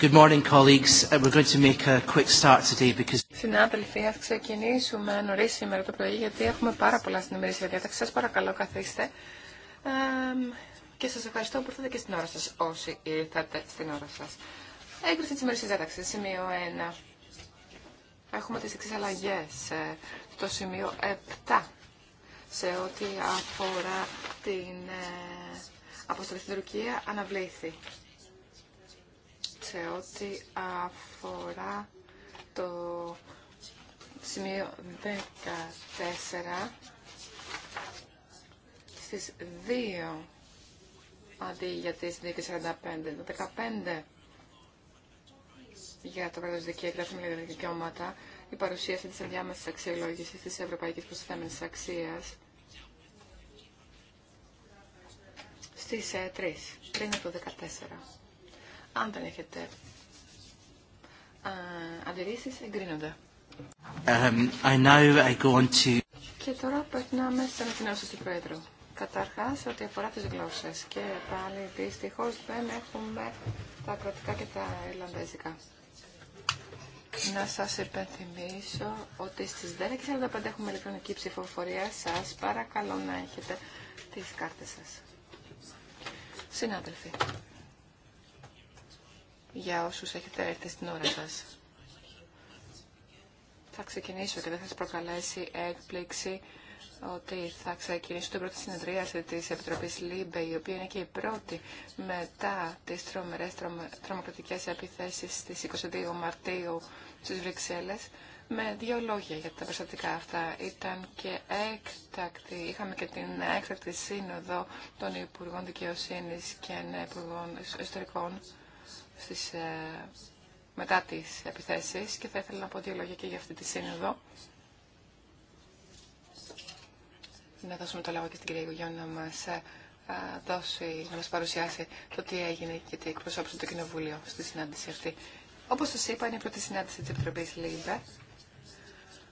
Good morning, Συνάδελφοι, ας ξεκινήσουμε νωρίς σήμερα το πρωί γιατί έχουμε πάρα πολλά στην ημερήσια διάταξη. Σας παρακαλώ καθίστε και σας ευχαριστώ που ήρθατε και στην ώρα σας όσοι ήρθατε στην ώρα σας. Έγκριση της ημερήσιας διάταξης, σημείο 1. Έχουμε τις εξής αλλαγές. Ε, το σημείο 7 σε ό,τι αφορά την ε, αποστολή στην Τουρκία αναβλήθη σε ό,τι αφορά το σημείο 14 στις 2 αντί για τις 2.45, το 15 για το κράτος δικαίου και τα θεμελιώδη δικαιώματα, η παρουσίαση της ενδιάμεσης αξιολόγησης της Ευρωπαϊκής Προσθέμενης Αξίας στις 3, ε, πριν από το 14. Αν δεν έχετε αντιρρήσει, εγκρίνονται. Um, I I to... Και τώρα περνάμε στι ανακοινώσει του Πρόεδρου. Καταρχά, ό,τι αφορά τι γλώσσε. Και πάλι δυστυχώ δεν έχουμε τα κρατικά και τα ελλανδέζικα. Να σα υπενθυμίσω ότι στι 10.45 έχουμε ηλεκτρονική ψηφοφορία. σα παρακαλώ να έχετε τι κάρτε σα. Συνάδελφοι, για όσους έχετε έρθει στην ώρα σας. Θα ξεκινήσω και δεν θα σας προκαλέσει έκπληξη ότι θα ξεκινήσω την πρώτη συνεδρία της Επιτροπής ΛΥΜΠΕ, η οποία είναι και η πρώτη μετά τις τρομερές τρομοκρατικές επιθέσεις στις 22 Μαρτίου στις Βρυξέλλες, με δύο λόγια για τα περιστατικά αυτά. Ήταν και έκτακτη, είχαμε και την έκτακτη σύνοδο των Υπουργών Δικαιοσύνης και Υπουργών Ιστορικών στις, ε, μετά τις επιθέσεις και θα ήθελα να πω δύο λόγια και για αυτή τη σύνοδο. Να δώσουμε το λόγο και στην κυρία Ιγουγιών να μας ε, ε, δώσει, να μας παρουσιάσει το τι έγινε και τι εκπροσώπησε το Κοινοβούλιο στη συνάντηση αυτή. Όπως σας είπα, είναι η πρώτη συνάντηση της Επιτροπής ΛΥΜΠΕ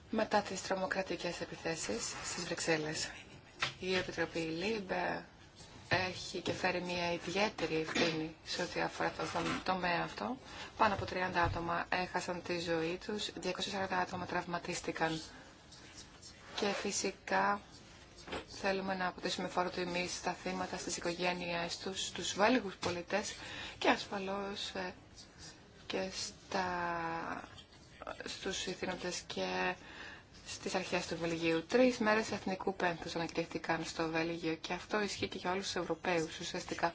μετά τις τρομοκρατικές επιθέσεις στις Βρυξέλλες. Η Επιτροπή ΛΥΜΠΕ έχει και φέρει μια ιδιαίτερη ευθύνη σε ό,τι αφορά το τομέα αυτό. Πάνω από 30 άτομα έχασαν τη ζωή τους, 240 άτομα τραυματίστηκαν. Και φυσικά θέλουμε να αποτίσουμε φόρο του εμείς στα θύματα, στις οικογένειές τους, στους Βέλγους πολιτές και ασφαλώς ε, και στα, στους ηθήνοντες και στις αρχές του Βελγίου. Τρεις μέρες εθνικού πένθους ανακηρύχθηκαν στο Βέλγιο και αυτό ισχύει και για όλους τους Ευρωπαίους ουσιαστικά.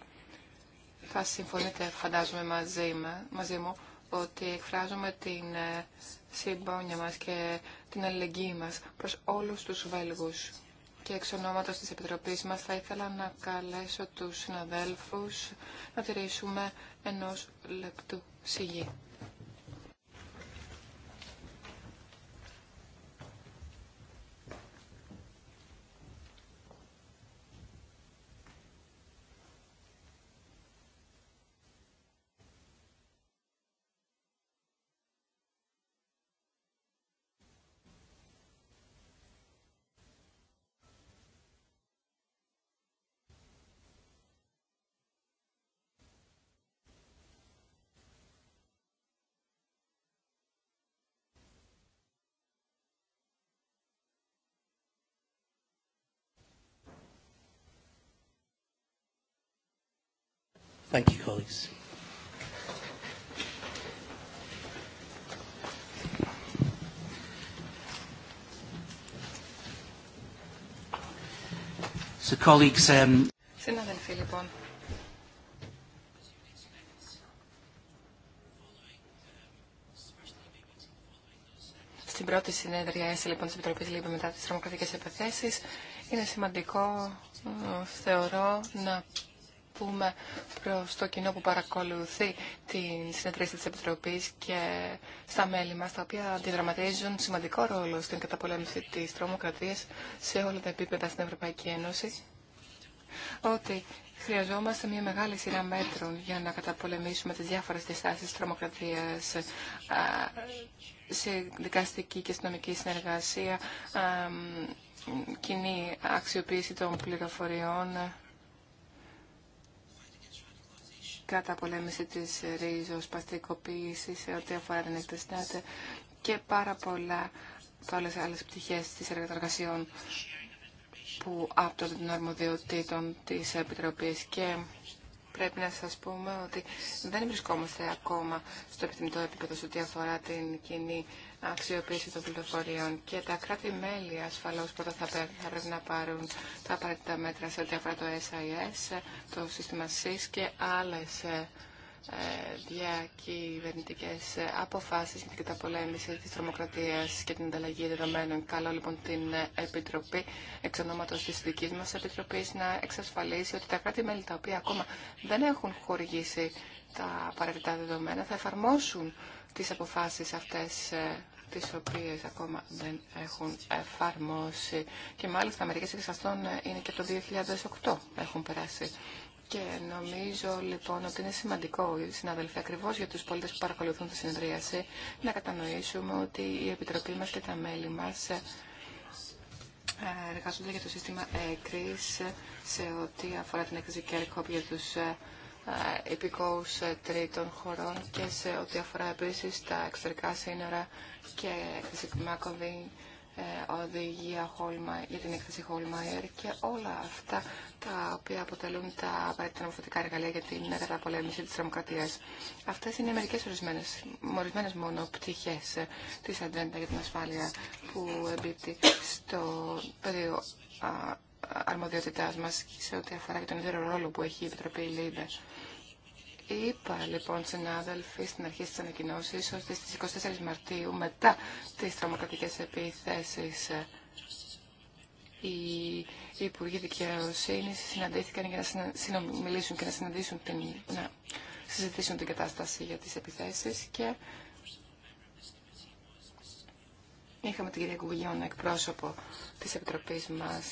Θα συμφωνείτε, φαντάζομαι, μαζί, μαζί μου ότι εκφράζουμε την ε, συμπόνια μας και την αλληλεγγύη μας προς όλους τους Βέλγους. Και εξ ονόματος της Επιτροπής μας θα ήθελα να καλέσω τους συναδέλφους να τηρήσουμε ενός λεπτού σιγή. Thank you, colleagues. So, colleagues, um... Συναδελφοί, λοιπόν, στην πρώτη συνέδρια λοιπόν, τη Επιτροπή ΛΥΜΠΕ μετά τι τρομοκρατικέ επιθέσει, είναι σημαντικό, ε, θεωρώ, να πούμε προς το κοινό που παρακολουθεί την συνεδρίαση της Επιτροπής και στα μέλη μας, τα οποία αντιδραματίζουν σημαντικό ρόλο στην καταπολέμηση της τρομοκρατίας σε όλα τα επίπεδα στην Ευρωπαϊκή Ένωση, ότι Χρειαζόμαστε μια μεγάλη σειρά μέτρων για να καταπολεμήσουμε τις διάφορες διστάσεις τη τρομοκρατίας ε, σε δικαστική και αστυνομική συνεργασία, ε, κοινή αξιοποίηση των πληροφοριών, καταπολέμηση της παστικοποίηση σε ό,τι αφορά την εκτεστάτε και πάρα πολλά πολλές άλλες πτυχές της εργασιών που άπτονται των αρμοδιοτήτων της Επιτροπής και πρέπει να σας πούμε ότι δεν βρισκόμαστε ακόμα στο επιθυμητό επίπεδο σε ό,τι αφορά την κοινή αξιοποίηση των πληροφοριών και τα κράτη-μέλη ασφαλώς πρώτα θα, πρέπει να πάρουν τα απαραίτητα μέτρα σε ό,τι αφορά το SIS, το σύστημα SIS και άλλες ε, διακυβερνητικέ αποφάσει για την καταπολέμηση τη τρομοκρατία και την ανταλλαγή δεδομένων. Καλό λοιπόν την Επιτροπή, εξ ονόματο τη δική μα Επιτροπή, να εξασφαλίσει ότι τα κράτη-μέλη τα οποία ακόμα δεν έχουν χορηγήσει τα απαραίτητα δεδομένα θα εφαρμόσουν τις αποφάσεις αυτές ε, τις οποίες ακόμα δεν έχουν εφαρμόσει. Και μάλιστα μερικές εξ αυτών ε, είναι και το 2008 έχουν περάσει. Και νομίζω λοιπόν ότι είναι σημαντικό, συναδελφοί, ακριβώς για τους πολίτες που παρακολουθούν τη συνεδρίαση, να κατανοήσουμε ότι η Επιτροπή μας και τα μέλη μας ε, εργάζονται για το σύστημα ΕΚΡΙΣ σε ό,τι αφορά την έκθεση Κέρκοπ για τους ε, υπηκόους ε, τρίτων χωρών και σε ό,τι αφορά επίσης τα εξωτερικά σύνορα και έκθεση Μάκοβη, ε, οδηγία Χόλμα για την έκθεση Χόλμαϊερ και όλα αυτά τα οποία αποτελούν τα απαραίτητα νομοθετικά εργαλεία για την καταπολέμηση της τρομοκρατίας. Αυτές είναι μερικές ορισμένες, ορισμένες μόνο πτυχές της Αντρέντα για την ασφάλεια που εμπίπτει στο πεδίο αρμοδιότητάς μας σε ό,τι αφορά και τον ιδιαίτερο ρόλο που έχει η Επιτροπή ΛΥΜΠΕ. Είπα λοιπόν συνάδελφοι στην αρχή τη ανακοινώση ότι στι 24 Μαρτίου μετά τι τρομοκρατικέ επιθέσει, οι Υπουργοί Δικαιοσύνη συναντήθηκαν για να συνομιλήσουν και να, συναντήσουν την, να συζητήσουν την κατάσταση για τις επιθέσεις και είχαμε την κυρία Κουγιώνα εκπρόσωπο της Επιτροπής μας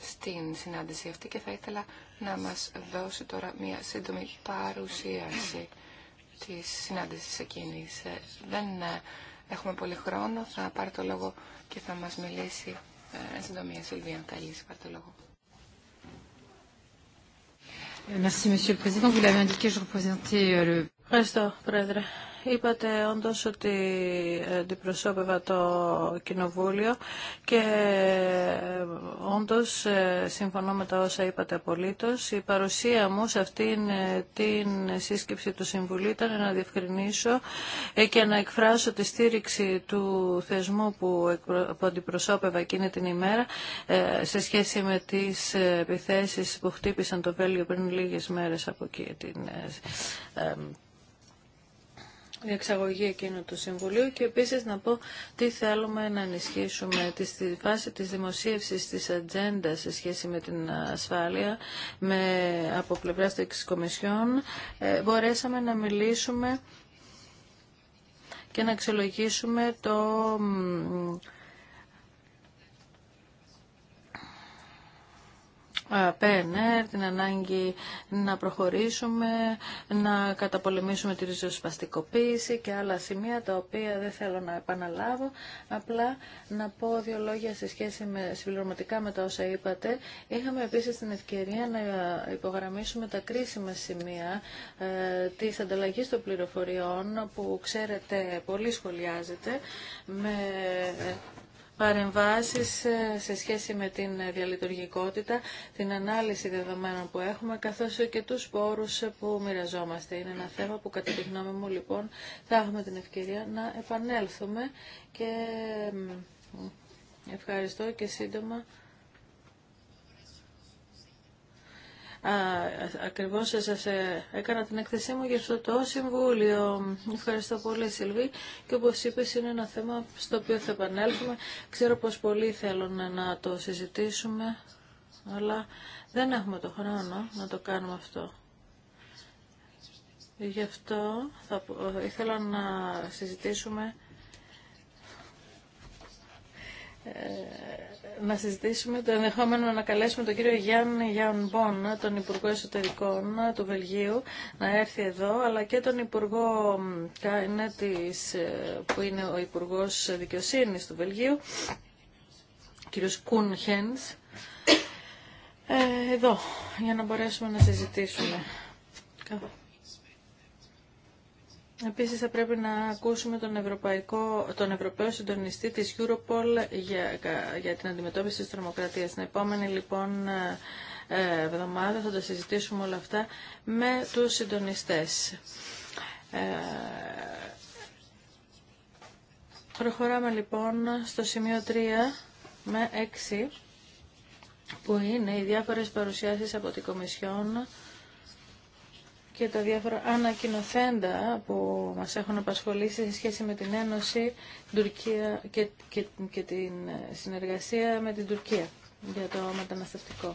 στην συνάντηση αυτή και θα ήθελα να μας δώσει τώρα μια σύντομη παρουσίαση της συνάντησης εκείνης. Ε, δεν ε, έχουμε πολύ χρόνο, θα πάρει το λόγο και θα μας μιλήσει ε, εν συντομία Σιλβία, αν θέλεις, πάρει το λόγο. Euh, Ευχαριστώ, Πρόεδρε. Είπατε όντως ότι αντιπροσώπευα το Κοινοβούλιο και ε, όντως ε, συμφωνώ με τα όσα είπατε απολύτως. Η παρουσία μου σε αυτήν ε, την σύσκεψη του Συμβουλίου ήταν να διευκρινίσω και να εκφράσω τη στήριξη του θεσμού που αντιπροσώπευα εκείνη την ημέρα σε σχέση με τις επιθέσεις που χτύπησαν το Βέλγιο πριν λίγες μέρες από εκεί την εξαγωγή εκείνου του Συμβουλίου και επίσης να πω τι θέλουμε να ενισχύσουμε στη βάση της δημοσίευσης της ατζέντα σε σχέση με την ασφάλεια με, από πλευρά των Κομισιόν ε, μπορέσαμε να μιλήσουμε και να αξιολογήσουμε το την ανάγκη να προχωρήσουμε, να καταπολεμήσουμε τη ριζοσπαστικοποίηση και άλλα σημεία τα οποία δεν θέλω να επαναλάβω. Απλά να πω δύο λόγια σε σχέση με συμπληρωματικά με τα όσα είπατε. Είχαμε επίσης την ευκαιρία να υπογραμμίσουμε τα κρίσιμα σημεία ε, της ανταλλαγής των πληροφοριών που ξέρετε πολύ σχολιάζεται με παρεμβάσεις ε, σε σχέση με την διαλειτουργικότητα, την ανάλυση δεδομένων που έχουμε, καθώς και τους πόρους που μοιραζόμαστε. Είναι ένα θέμα που κατά τη γνώμη μου λοιπόν θα έχουμε την ευκαιρία να επανέλθουμε και ευχαριστώ και σύντομα ακριβώς σας έκανα την έκθεσή μου για αυτό το Συμβούλιο. Ευχαριστώ πολύ Σιλβή και όπως είπες είναι ένα θέμα στο οποίο θα επανέλθουμε. Ξέρω πως πολλοί θέλουν να το συζητήσουμε, αλλά δεν έχουμε το χρόνο να το κάνουμε αυτό. Γι' αυτό θα, ε, ήθελα να συζητήσουμε ε, να συζητήσουμε το ενδεχόμενο να καλέσουμε τον κύριο Γιάννη Γιάνν Μπον, τον Υπουργό Εσωτερικών του Βελγίου, να έρθει εδώ, αλλά και τον Υπουργό της, ε, που είναι ο Υπουργός Δικαιοσύνης του Βελγίου, κύριος Κουν Χένς, ε, εδώ, για να μπορέσουμε να συζητήσουμε. Επίσης θα πρέπει να ακούσουμε τον, Ευρωπαϊκό, τον Ευρωπαίο Συντονιστή της Europol για, για την αντιμετώπιση της τρομοκρατίας. Στην επόμενη λοιπόν ε, εβδομάδα θα τα συζητήσουμε όλα αυτά με τους συντονιστές. Ε, προχωράμε λοιπόν στο σημείο 3 με 6 που είναι οι διάφορες παρουσιάσεις από την Κομισιόν και τα διάφορα ανακοινοθέντα που μας έχουν απασχολήσει σε σχέση με την Ένωση Τουρκία και, και, την ε, συνεργασία με την Τουρκία για το μεταναστευτικό.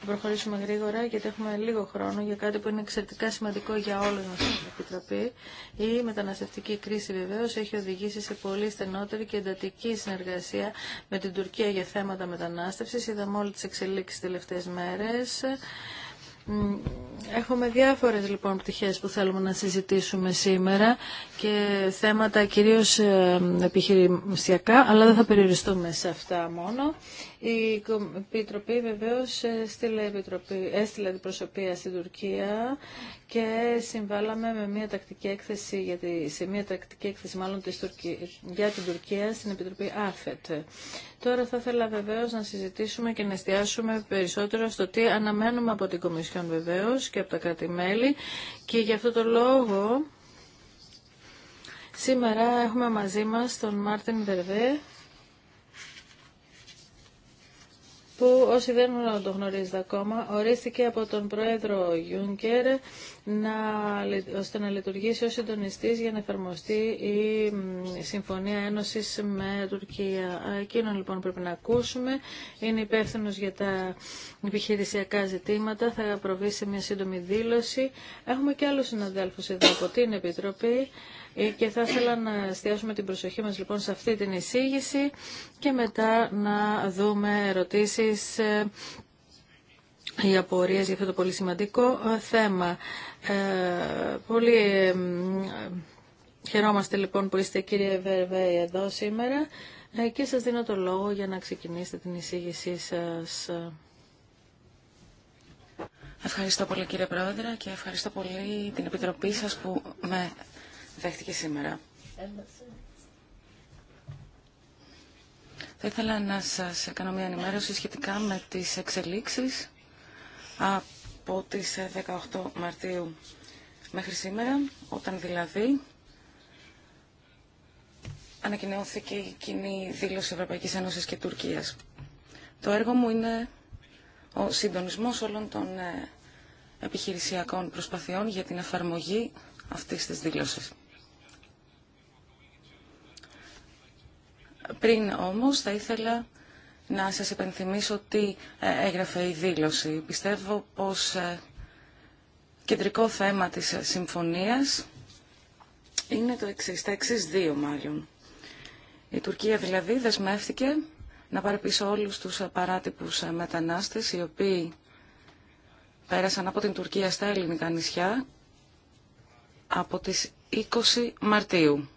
Θα προχωρήσουμε γρήγορα γιατί έχουμε λίγο χρόνο για κάτι που είναι εξαιρετικά σημαντικό για όλους μας στην Επιτροπή. Η μεταναστευτική κρίση βεβαίως έχει οδηγήσει σε πολύ στενότερη και εντατική συνεργασία με την Τουρκία για θέματα μετανάστευσης. Είδαμε όλες τις εξελίξεις τελευταίες μέρες. Έχουμε διάφορες λοιπόν πτυχές που θέλουμε να συζητήσουμε σήμερα και θέματα κυρίως ε, επιχειρησιακά, αλλά δεν θα περιοριστούμε σε αυτά μόνο. Η Επιτροπή βεβαίω έστειλε, την έστειλε αντιπροσωπεία στην Τουρκία και συμβάλαμε με μια τακτική έκθεση, για σε μια τακτική έκθεση μάλλον της για την Τουρκία στην Επιτροπή ΑΦΕΤ. Τώρα θα ήθελα βεβαίω να συζητήσουμε και να εστιάσουμε περισσότερο στο τι αναμένουμε από την Κομισιόν Βεβαίω και από τα κράτη-μέλη και γι' αυτό το λόγο Σήμερα έχουμε μαζί μας τον Μάρτιν Βερβέ, που όσοι δεν το γνωρίζετε ακόμα, ορίστηκε από τον πρόεδρο Γιούνκερ να, ώστε να λειτουργήσει ως συντονιστή για να εφαρμοστεί η Συμφωνία Ένωσης με Τουρκία. Εκείνο λοιπόν πρέπει να ακούσουμε. Είναι υπεύθυνο για τα επιχειρησιακά ζητήματα. Θα προβεί σε μια σύντομη δήλωση. Έχουμε και άλλους συναδέλφους εδώ από την Επιτροπή. Ε, και θα ήθελα να εστιάσουμε την προσοχή μας λοιπόν σε αυτή την εισήγηση και μετά να δούμε ερωτήσεις ε, ή απορίες για αυτό το πολύ σημαντικό ε, θέμα. πολύ ε, χαιρόμαστε λοιπόν που είστε κύριε Βερβέη εδώ σήμερα και σας δίνω το λόγο για να ξεκινήσετε την εισήγησή σας. Ευχαριστώ πολύ κύριε Πρόεδρε και ευχαριστώ πολύ την Επιτροπή σας που με δέχτηκε σήμερα. Θα ήθελα να σας κάνω μια ενημέρωση σχετικά με τις εξελίξεις από τις 18 ε, Μαρτίου μέχρι σήμερα, όταν δηλαδή ανακοινώθηκε η κοινή δήλωση Ευρωπαϊκής Ένωσης και Τουρκίας. Το έργο μου είναι ο συντονισμός όλων των ε, επιχειρησιακών προσπαθειών για την εφαρμογή αυτής της δήλωσης. Πριν όμως θα ήθελα να σας υπενθυμίσω τι ε, έγραφε η δήλωση. Πιστεύω πως ε, κεντρικό θέμα της συμφωνίας είναι το εξής, τα εξής δύο μάλλον. Η Τουρκία δηλαδή δεσμεύτηκε να πάρει πίσω όλους τους παράτυπους μετανάστες οι οποίοι πέρασαν από την Τουρκία στα ελληνικά νησιά από τις 20 Μαρτίου.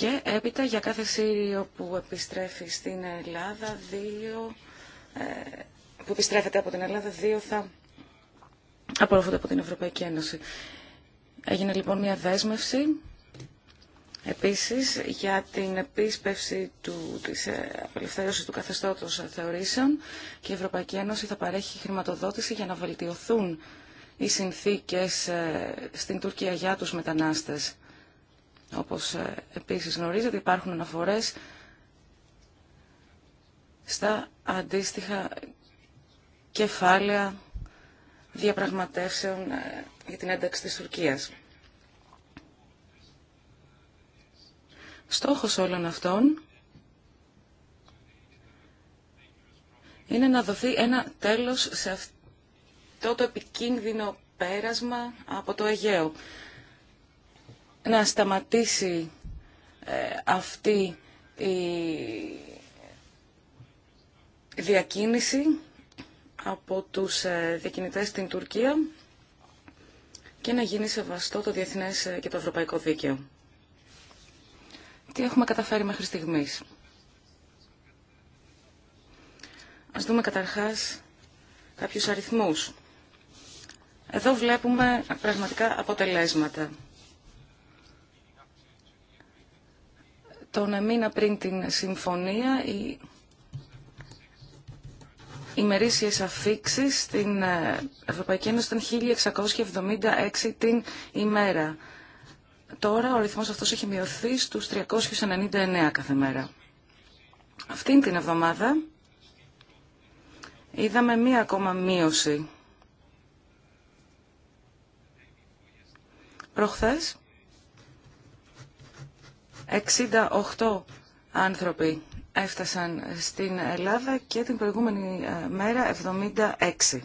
Και έπειτα για κάθε Σύριο που επιστρέφει στην Ελλάδα, δύο, ε, που επιστρέφεται από την Ελλάδα, δύο θα απορροφούνται από την Ευρωπαϊκή Ένωση. Έγινε λοιπόν μια δέσμευση επίσης για την επίσπευση του, της ε, απελευθέρωσης του καθεστώτος θεωρήσεων και η Ευρωπαϊκή Ένωση θα παρέχει χρηματοδότηση για να βελτιωθούν οι συνθήκες ε, στην Τουρκία για τους μετανάστες. Όπως ε, επίσης γνωρίζετε υπάρχουν αναφορές στα αντίστοιχα κεφάλαια διαπραγματεύσεων ε, για την ένταξη της Τουρκίας. Στόχος όλων αυτών είναι να δοθεί ένα τέλος σε αυτό το επικίνδυνο πέρασμα από το Αιγαίο να σταματήσει ε, αυτή η διακίνηση από τους ε, διακινητές στην Τουρκία και να γίνει σεβαστό το διεθνές ε, και το ευρωπαϊκό δίκαιο. Τι έχουμε καταφέρει μέχρι στιγμής. Ας δούμε καταρχάς κάποιους αριθμούς. Εδώ βλέπουμε πραγματικά αποτελέσματα. τον μήνα πριν την συμφωνία οι ημερήσιες αφήξεις στην ε, Ευρωπαϊκή Ένωση ήταν 1676 την ημέρα. Τώρα ο ρυθμός αυτός έχει μειωθεί στους 399 κάθε μέρα. Αυτήν την εβδομάδα είδαμε μία ακόμα μείωση. Προχθές 68 άνθρωποι έφτασαν στην Ελλάδα και την προηγούμενη ε, μέρα 76.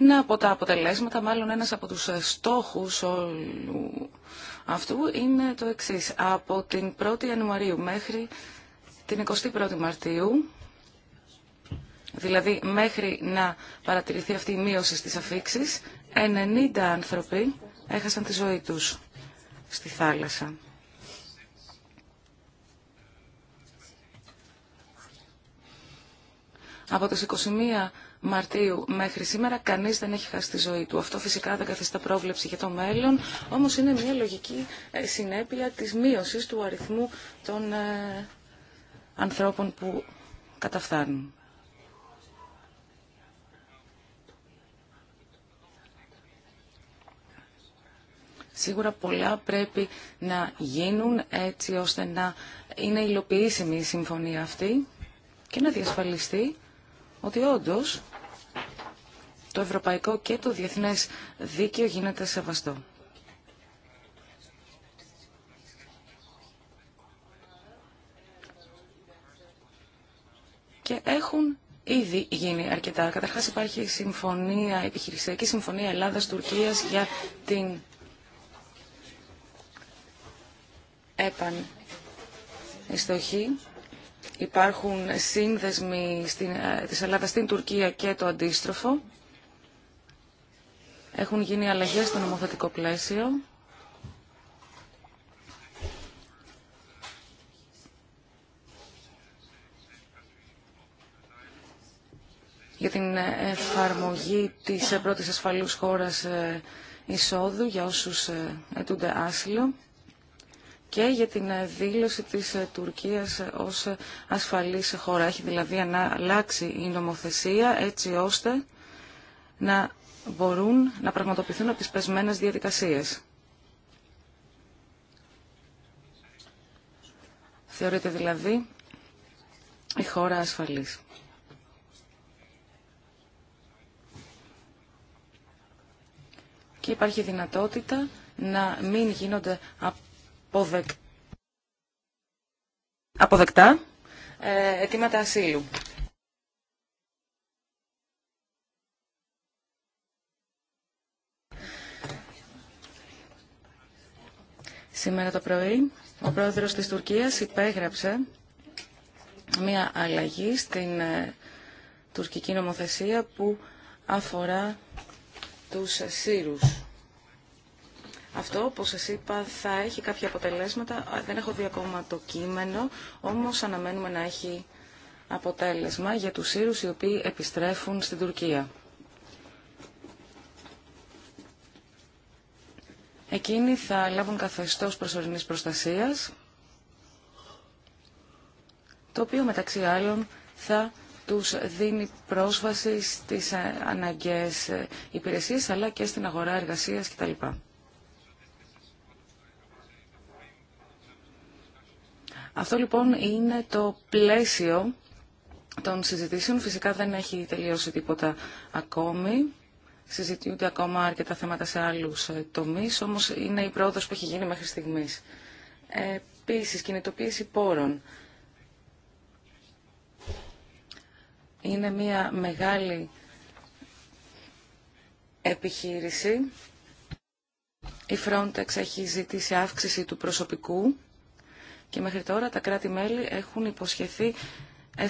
Ένα από τα αποτελέσματα, μάλλον ένας από τους ε, στόχους όλου αυτού είναι το εξής. Από την 1η Ιανουαρίου μέχρι την 21η Μαρτίου Δηλαδή, μέχρι να παρατηρηθεί αυτή η μείωση στις αφήξεις, 90 άνθρωποι έχασαν τη ζωή τους στη θάλασσα. Από τις 21 Μαρτίου μέχρι σήμερα κανείς δεν έχει χάσει τη ζωή του. Αυτό φυσικά δεν καθιστά πρόβλεψη για το μέλλον, όμως είναι μια λογική ε, συνέπεια της μείωσης του αριθμού των ε, ανθρώπων που καταφθάνουν. Σίγουρα πολλά πρέπει να γίνουν έτσι ώστε να είναι υλοποιήσιμη η συμφωνία αυτή και να διασφαλιστεί ότι όντως το ευρωπαϊκό και το διεθνές δίκαιο γίνεται σεβαστό. Και έχουν ήδη γίνει αρκετά. Καταρχάς υπάρχει συμφωνία, επιχειρησιακή συμφωνία Ελλάδας-Τουρκίας για την έπαν ιστοχή. Υπάρχουν σύνδεσμοι στην, ε, της Ελλάδας στην Τουρκία και το αντίστροφο. Έχουν γίνει αλλαγές στο νομοθετικό πλαίσιο. για την εφαρμογή της πρώτης ασφαλούς χώρας ε, εισόδου για όσους ετούνται άσυλο και για την ε, δήλωση της ε, Τουρκίας ε, ως ασφαλής χώρα. Έχει δηλαδή να αλλάξει η νομοθεσία έτσι ώστε να μπορούν να πραγματοποιηθούν από τις πεσμένες διαδικασίες. Θεωρείται δηλαδή η χώρα ασφαλής. Και υπάρχει δυνατότητα να μην γίνονται αποδεκτά ε, αιτήματα ασύλου. Σήμερα το πρωί ο πρόεδρος της Τουρκίας υπέγραψε μία αλλαγή στην ε, τουρκική νομοθεσία που αφορά τους Σύρους. Αυτό, όπω σα είπα, θα έχει κάποια αποτελέσματα. Δεν έχω δει ακόμα το κείμενο, όμως αναμένουμε να έχει αποτέλεσμα για τους σύρου οι οποίοι επιστρέφουν στην Τουρκία. Εκείνοι θα λάβουν καθεστώ προσωρινή προστασίας, το οποίο μεταξύ άλλων θα τους δίνει πρόσβαση στις ε, αναγκαίες ε, υπηρεσίες αλλά και στην αγορά εργασίας κτλ. Αυτό λοιπόν είναι το πλαίσιο των συζητήσεων. Φυσικά δεν έχει τελειώσει τίποτα ακόμη. Συζητούνται ακόμα αρκετά θέματα σε άλλους ε, τομείς, όμως είναι η πρόοδος που έχει γίνει μέχρι στιγμής. Επίσης, κινητοποίηση πόρων. Είναι μια μεγάλη επιχείρηση. Η Frontex έχει ζητήσει αύξηση του προσωπικού και μέχρι τώρα τα κράτη-μέλη έχουν υποσχεθεί 730,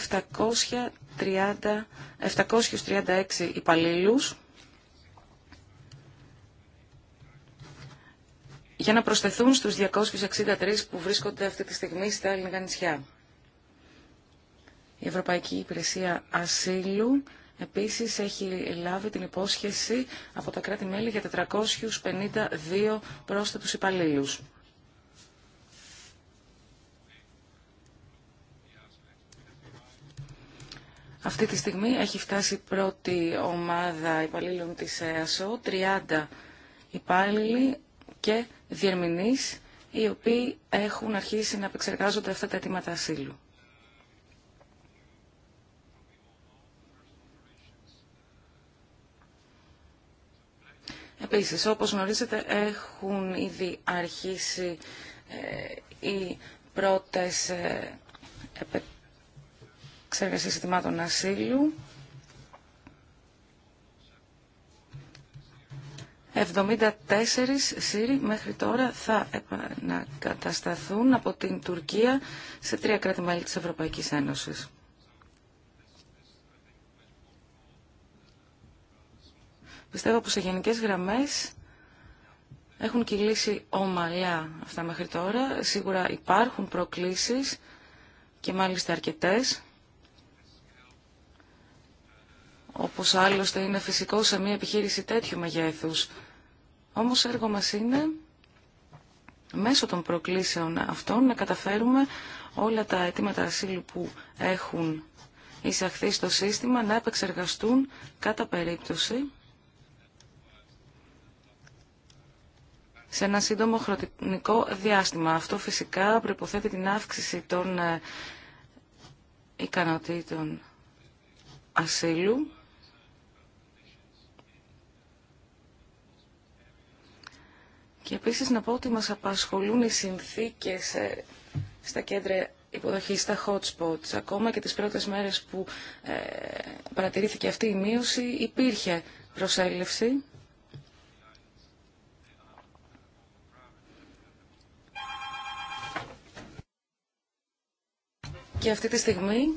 736 υπαλλήλου για να προσθεθούν στους 263 που βρίσκονται αυτή τη στιγμή στα ελληνικά νησιά. Η Ευρωπαϊκή Υπηρεσία Ασύλου επίσης έχει λάβει την υπόσχεση από τα κράτη-μέλη για 452 πρόσθετους υπαλλήλους. Αυτή τη στιγμή έχει φτάσει πρώτη ομάδα υπαλλήλων της ΕΑΣΟ, 30 υπάλληλοι και διερμηνείς, οι οποίοι έχουν αρχίσει να επεξεργάζονται αυτά τα αιτήματα ασύλου. Επίσης, όπως γνωρίζετε, έχουν ήδη αρχίσει ε, οι πρώτες ε, εξέργασης συστημάτων ασύλου. 74 Σύρι μέχρι τώρα θα κατασταθούν από την Τουρκία σε τρία κράτη-μέλη της Ευρωπαϊκής Ένωσης. Πιστεύω πως σε γενικές γραμμές έχουν κυλήσει ομαλιά αυτά μέχρι τώρα. Σίγουρα υπάρχουν προκλήσεις και μάλιστα αρκετές. όπως άλλωστε είναι φυσικό σε μια επιχείρηση τέτοιου μεγέθους. Όμως έργο μας είναι, μέσω των προκλήσεων αυτών, να καταφέρουμε όλα τα αιτήματα ασύλου που έχουν εισαχθεί στο σύστημα να επεξεργαστούν κατά περίπτωση σε ένα σύντομο χρονικό διάστημα. Αυτό φυσικά προϋποθέτει την αύξηση των ε, ικανοτήτων ασύλου Και επίσης να πω ότι μας απασχολούν οι συνθήκες ε, στα κέντρα υποδοχής, στα hot spots. Ακόμα και τις πρώτες μέρες που ε, παρατηρήθηκε αυτή η μείωση υπήρχε προσέλευση. Και αυτή τη στιγμή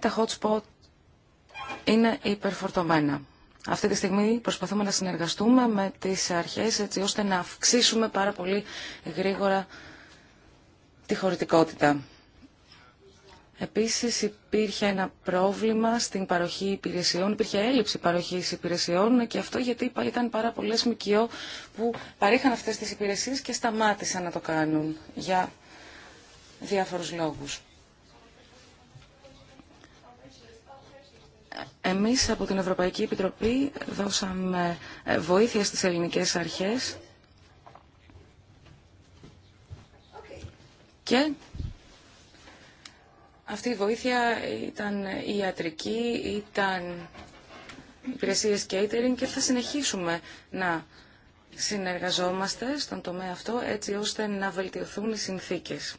τα hot spot είναι υπερφορτωμένα. Αυτή τη στιγμή προσπαθούμε να συνεργαστούμε με τις αρχές έτσι ώστε να αυξήσουμε πάρα πολύ γρήγορα τη χωρητικότητα. Επίσης υπήρχε ένα πρόβλημα στην παροχή υπηρεσιών, υπήρχε έλλειψη παροχής υπηρεσιών και αυτό γιατί ήταν πάρα πολλές ΜΚΟ που παρήχαν αυτές τις υπηρεσίες και σταμάτησαν να το κάνουν για διάφορους λόγους. Εμείς από την Ευρωπαϊκή Επιτροπή δώσαμε ε, βοήθεια στις ελληνικές αρχές και αυτή η βοήθεια ήταν η ιατρική, ήταν υπηρεσίες catering και θα συνεχίσουμε να συνεργαζόμαστε στον τομέα αυτό έτσι ώστε να βελτιωθούν οι συνθήκες.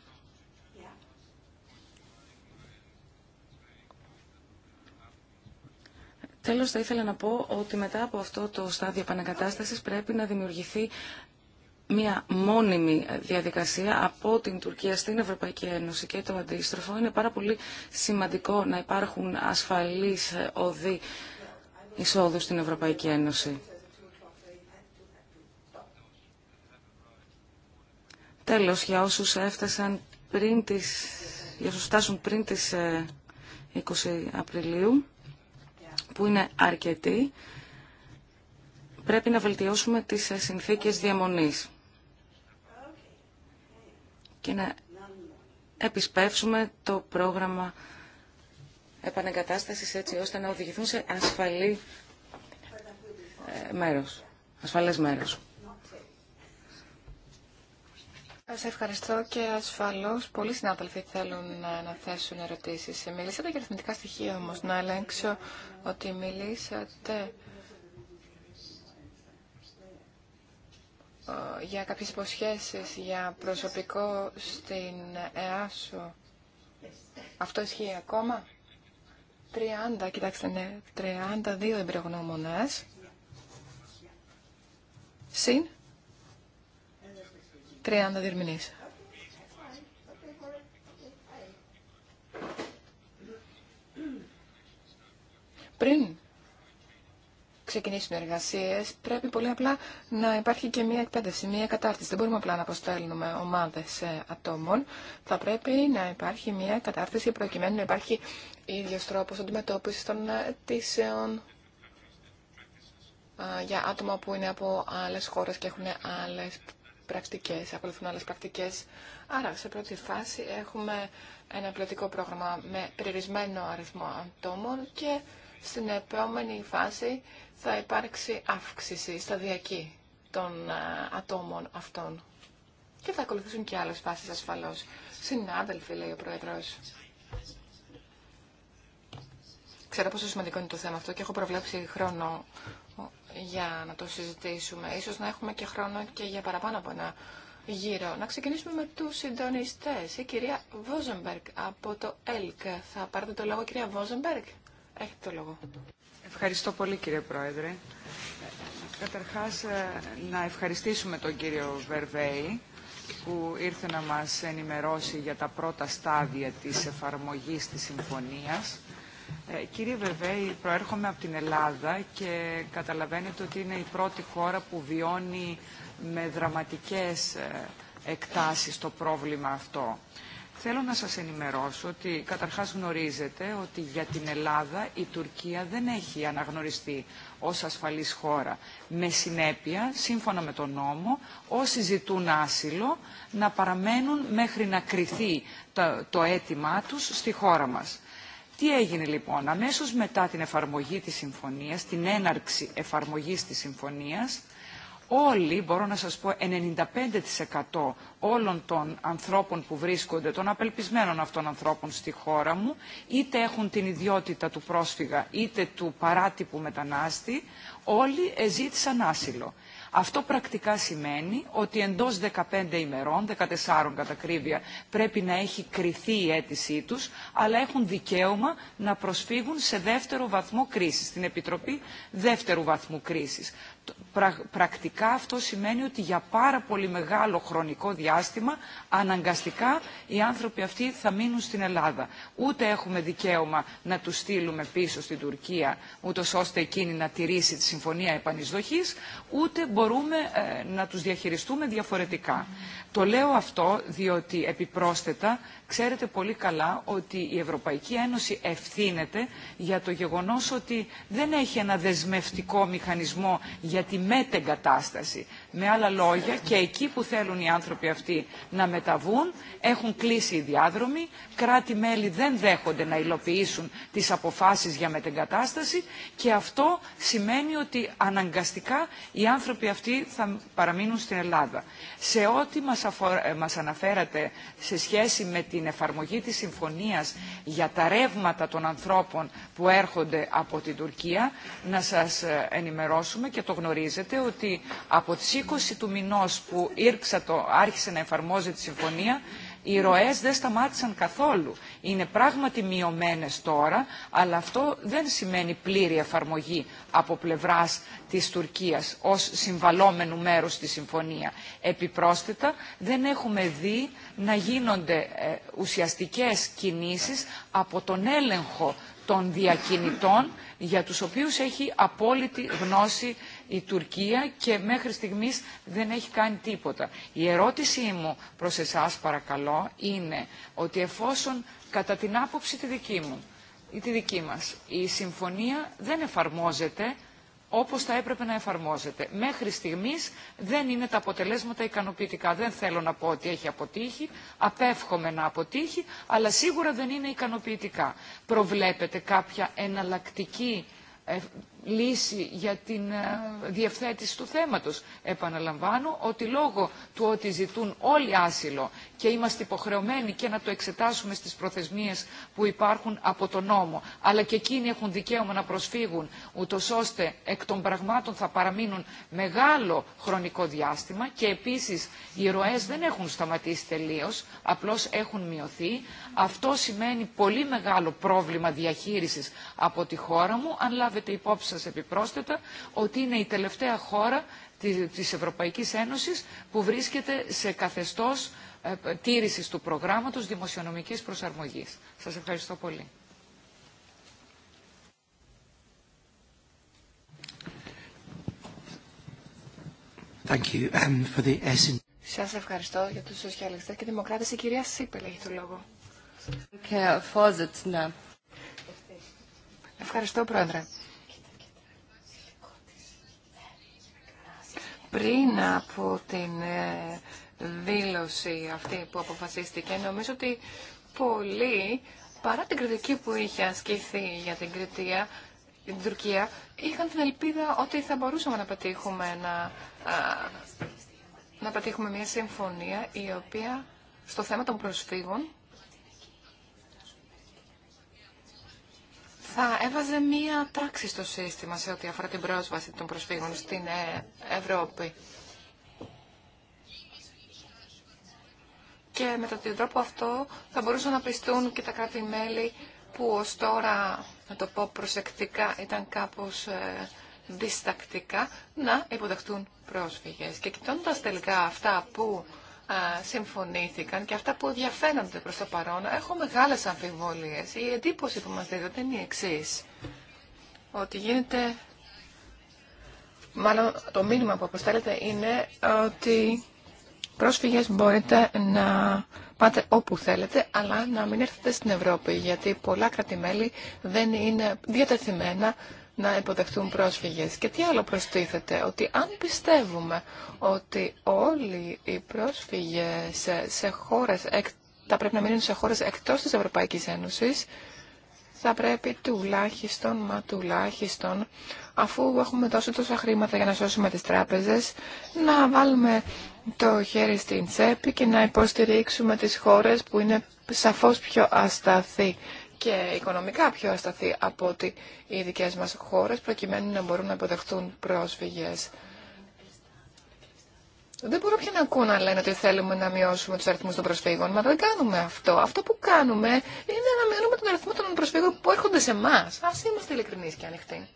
Τέλος, θα ήθελα να πω ότι μετά από αυτό το στάδιο επανακατάστασης πρέπει να δημιουργηθεί μια μόνιμη διαδικασία από την Τουρκία στην Ευρωπαϊκή Ένωση και το αντίστροφο. Είναι πάρα πολύ σημαντικό να υπάρχουν ασφαλείς οδοί εισόδου στην Ευρωπαϊκή Ένωση. Τέλος, για όσους έφτασαν πριν για όσους φτάσουν πριν τις 20 ε, Απριλίου, που είναι αρκετοί, πρέπει να βελτιώσουμε τις συνθήκες διαμονής και να επισπεύσουμε το πρόγραμμα επανεγκατάστασης έτσι ώστε να οδηγηθούν σε ασφαλή ε, μέρος, ασφαλές μέρος. Σας ευχαριστώ και ασφαλώς πολλοί συνάδελφοι θέλουν να, θέσουν ερωτήσεις. Μιλήσατε για αριθμητικά στοιχεία όμως. Να ελέγξω ότι μιλήσατε ε, για κάποιες υποσχέσεις για προσωπικό στην ΕΑΣΟ. Αυτό ισχύει ακόμα. 30, κοιτάξτε, ναι, 32 εμπειρογνώμονες. Συν 30 διερμηνείς. Πριν ξεκινήσουν οι εργασίες, πρέπει πολύ απλά να υπάρχει και μια εκπαίδευση, μια κατάρτιση. Δεν μπορούμε απλά να αποστέλνουμε ομάδες ε, ατόμων. Θα πρέπει να υπάρχει μια κατάρτιση προκειμένου να υπάρχει ίδιος τρόπος αντιμετώπισης των αιτήσεων ε, για άτομα που είναι από άλλες χώρες και έχουν άλλες πρακτικές, ακολουθούν άλλες πρακτικές. Άρα, σε πρώτη φάση έχουμε ένα πλωτικό πρόγραμμα με περιορισμένο αριθμό ατόμων και στην επόμενη φάση θα υπάρξει αύξηση σταδιακή των ε, ατόμων αυτών. Και θα ακολουθήσουν και άλλες φάσεις ασφαλώς. Συνάδελφοι, λέει ο Πρόεδρος. Ξέρω πόσο σημαντικό είναι το θέμα αυτό και έχω προβλέψει χρόνο για να το συζητήσουμε. Ίσως να έχουμε και χρόνο και για παραπάνω από ένα γύρο. Να ξεκινήσουμε με τους συντονιστές. Η κυρία Βόζεμπεργκ από το ΕΛΚ. Θα πάρετε το λόγο κυρία Βόζεμπεργκ. Έχετε το λόγο. Ευχαριστώ πολύ κύριε Πρόεδρε. Καταρχάς ε, να ευχαριστήσουμε τον κύριο Βερβέη που ήρθε να μας ενημερώσει για τα πρώτα στάδια της εφαρμογής της συμφωνίας ε, κύριε Βεβέη, προέρχομαι από την Ελλάδα και καταλαβαίνετε ότι είναι η πρώτη χώρα που βιώνει με δραματικές ε, εκτάσεις το πρόβλημα αυτό. Θέλω να σας ενημερώσω ότι καταρχάς γνωρίζετε ότι για την Ελλάδα η Τουρκία δεν έχει αναγνωριστεί ως ασφαλής χώρα. Με συνέπεια, σύμφωνα με τον νόμο, όσοι ζητούν άσυλο να παραμένουν μέχρι να κριθεί το αίτημά τους στη χώρα μας. Τι έγινε λοιπόν, αμέσως μετά την εφαρμογή της συμφωνίας, την έναρξη εφαρμογής της συμφωνίας, όλοι, μπορώ να σας πω, 95% όλων των ανθρώπων που βρίσκονται, των απελπισμένων αυτών ανθρώπων στη χώρα μου, είτε έχουν την ιδιότητα του πρόσφυγα, είτε του παράτυπου μετανάστη, όλοι ζήτησαν άσυλο. Αυτό πρακτικά σημαίνει ότι εντός 15 ημερών, 14 κατά πρέπει να έχει κριθεί η αίτησή τους, αλλά έχουν δικαίωμα να προσφύγουν σε δεύτερο βαθμό κρίσης, στην Επιτροπή δεύτερου βαθμού κρίσης πρακτικά αυτό σημαίνει ότι για πάρα πολύ μεγάλο χρονικό διάστημα αναγκαστικά οι άνθρωποι αυτοί θα μείνουν στην Ελλάδα. Ούτε έχουμε δικαίωμα να τους στείλουμε πίσω στην Τουρκία, ούτε ώστε εκείνη να τηρήσει τη συμφωνία επανεισδοχής, ούτε μπορούμε ε, να τους διαχειριστούμε διαφορετικά. Το λέω αυτό διότι επιπρόσθετα ξέρετε πολύ καλά ότι η Ευρωπαϊκή Ένωση ευθύνεται για το γεγονός ότι δεν έχει ένα δεσμευτικό μηχανισμό για τη μετεγκατάσταση. Με άλλα λόγια, και εκεί που θέλουν οι άνθρωποι αυτοί να μεταβούν, έχουν κλείσει οι διάδρομοι, κράτη-μέλη δεν δέχονται να υλοποιήσουν τις αποφάσεις για μετεγκατάσταση και αυτό σημαίνει ότι αναγκαστικά οι άνθρωποι αυτοί θα παραμείνουν στην Ελλάδα. Σε ό,τι μας, ε, αναφέρατε σε σχέση με την εφαρμογή της συμφωνίας για τα ρεύματα των ανθρώπων που έρχονται από την Τουρκία, να σας ε, ενημερώσουμε και το γνωρίζετε ότι από τις 20 του μηνός που το, άρχισε να εφαρμόζεται τη συμφωνία, οι ροές δεν σταμάτησαν καθόλου. Είναι πράγματι μειωμένες τώρα, αλλά αυτό δεν σημαίνει πλήρη εφαρμογή από πλευράς της Τουρκίας ως συμβαλόμενου μέρους στη συμφωνία. Επιπρόσθετα, δεν έχουμε δει να γίνονται ε, ουσιαστικές κινήσεις από τον έλεγχο των διακινητών για τους οποίους έχει απόλυτη γνώση η Τουρκία και μέχρι στιγμής δεν έχει κάνει τίποτα. Η ερώτησή μου προς εσάς παρακαλώ είναι ότι εφόσον κατά την άποψη τη δική μου ή τη δική μας η συμφωνία δεν εφαρμόζεται όπως θα έπρεπε να εφαρμόζεται. Μέχρι στιγμής δεν είναι τα αποτελέσματα ικανοποιητικά. Δεν θέλω να πω ότι έχει αποτύχει, απέφχομαι να αποτύχει, αλλά σίγουρα δεν είναι ικανοποιητικά. Προβλέπετε κάποια εναλλακτική ε, λύση για την ε, διευθέτηση του θέματος. Επαναλαμβάνω ότι λόγω του ότι ζητούν όλοι άσυλο και είμαστε υποχρεωμένοι και να το εξετάσουμε στις προθεσμίες που υπάρχουν από τον νόμο. Αλλά και εκείνοι έχουν δικαίωμα να προσφύγουν, ούτω ώστε εκ των πραγμάτων θα παραμείνουν μεγάλο χρονικό διάστημα και επίσης οι ροές δεν έχουν σταματήσει τελείως, απλώς έχουν μειωθεί. Αυτό σημαίνει πολύ μεγάλο πρόβλημα διαχείρισης από τη χώρα μου, αν λάβετε υπόψη σας επιπρόσθετα ότι είναι η τελευταία χώρα της Ευρωπαϊκής Ένωσης που βρίσκεται σε καθεστώς ε, ε, τήρησης του προγράμματος δημοσιονομικής προσαρμογής. Σας ευχαριστώ πολύ. Thank you. Um, for the Σας ευχαριστώ για τους σοσιαλιστές και δημοκράτες. Η κυρία Σίπελ έχει το λόγο. ευχαριστώ, Πρόεδρε. Πριν από την ε, δήλωση αυτή που αποφασίστηκε. Νομίζω ότι πολλοί, παρά την κριτική που είχε ασκηθεί για την Κριτία, την Τουρκία, είχαν την ελπίδα ότι θα μπορούσαμε να πετύχουμε, να, να πετύχουμε μια συμφωνία η οποία στο θέμα των προσφύγων θα έβαζε μία τάξη στο σύστημα σε ό,τι αφορά την πρόσβαση των προσφύγων στην ε, Ευρώπη. και με τον τρόπο αυτό θα μπορούσαν να πιστούν και τα κράτη-μέλη που ως τώρα, να το πω προσεκτικά, ήταν κάπως ε, διστακτικά να υποδεχτούν πρόσφυγες. Και κοιτώντα τελικά αυτά που ε, συμφωνήθηκαν και αυτά που διαφαίνονται προς το παρόν, έχω μεγάλες αμφιβολίες. Η εντύπωση που μας δίδεται είναι η εξή ότι γίνεται, μάλλον το μήνυμα που αποστέλλεται είναι ότι πρόσφυγες μπορείτε να πάτε όπου θέλετε, αλλά να μην έρθετε στην Ευρώπη, γιατί πολλά κρατημέλη δεν είναι διατεθειμένα να υποδεχτούν πρόσφυγες. Και τι άλλο προστίθεται, ότι αν πιστεύουμε ότι όλοι οι πρόσφυγες σε χώρες, θα πρέπει να μείνουν σε χώρες εκτός της Ευρωπαϊκής Ένωσης, θα πρέπει τουλάχιστον, μα τουλάχιστον, αφού έχουμε δώσει τόσα χρήματα για να σώσουμε τις τράπεζες, να βάλουμε το χέρι στην τσέπη και να υποστηρίξουμε τις χώρες που είναι σαφώς πιο ασταθή και οικονομικά πιο ασταθή από ότι οι δικές μας χώρες προκειμένου να μπορούν να υποδεχτούν πρόσφυγες. Δεν μπορώ πια να ακούω να λένε ότι θέλουμε να μειώσουμε του αριθμού των προσφύγων, μα δεν κάνουμε αυτό. Αυτό που κάνουμε είναι να μειώνουμε τον αριθμό των προσφύγων που έρχονται σε εμά. Α είμαστε ειλικρινεί και ανοιχτοί.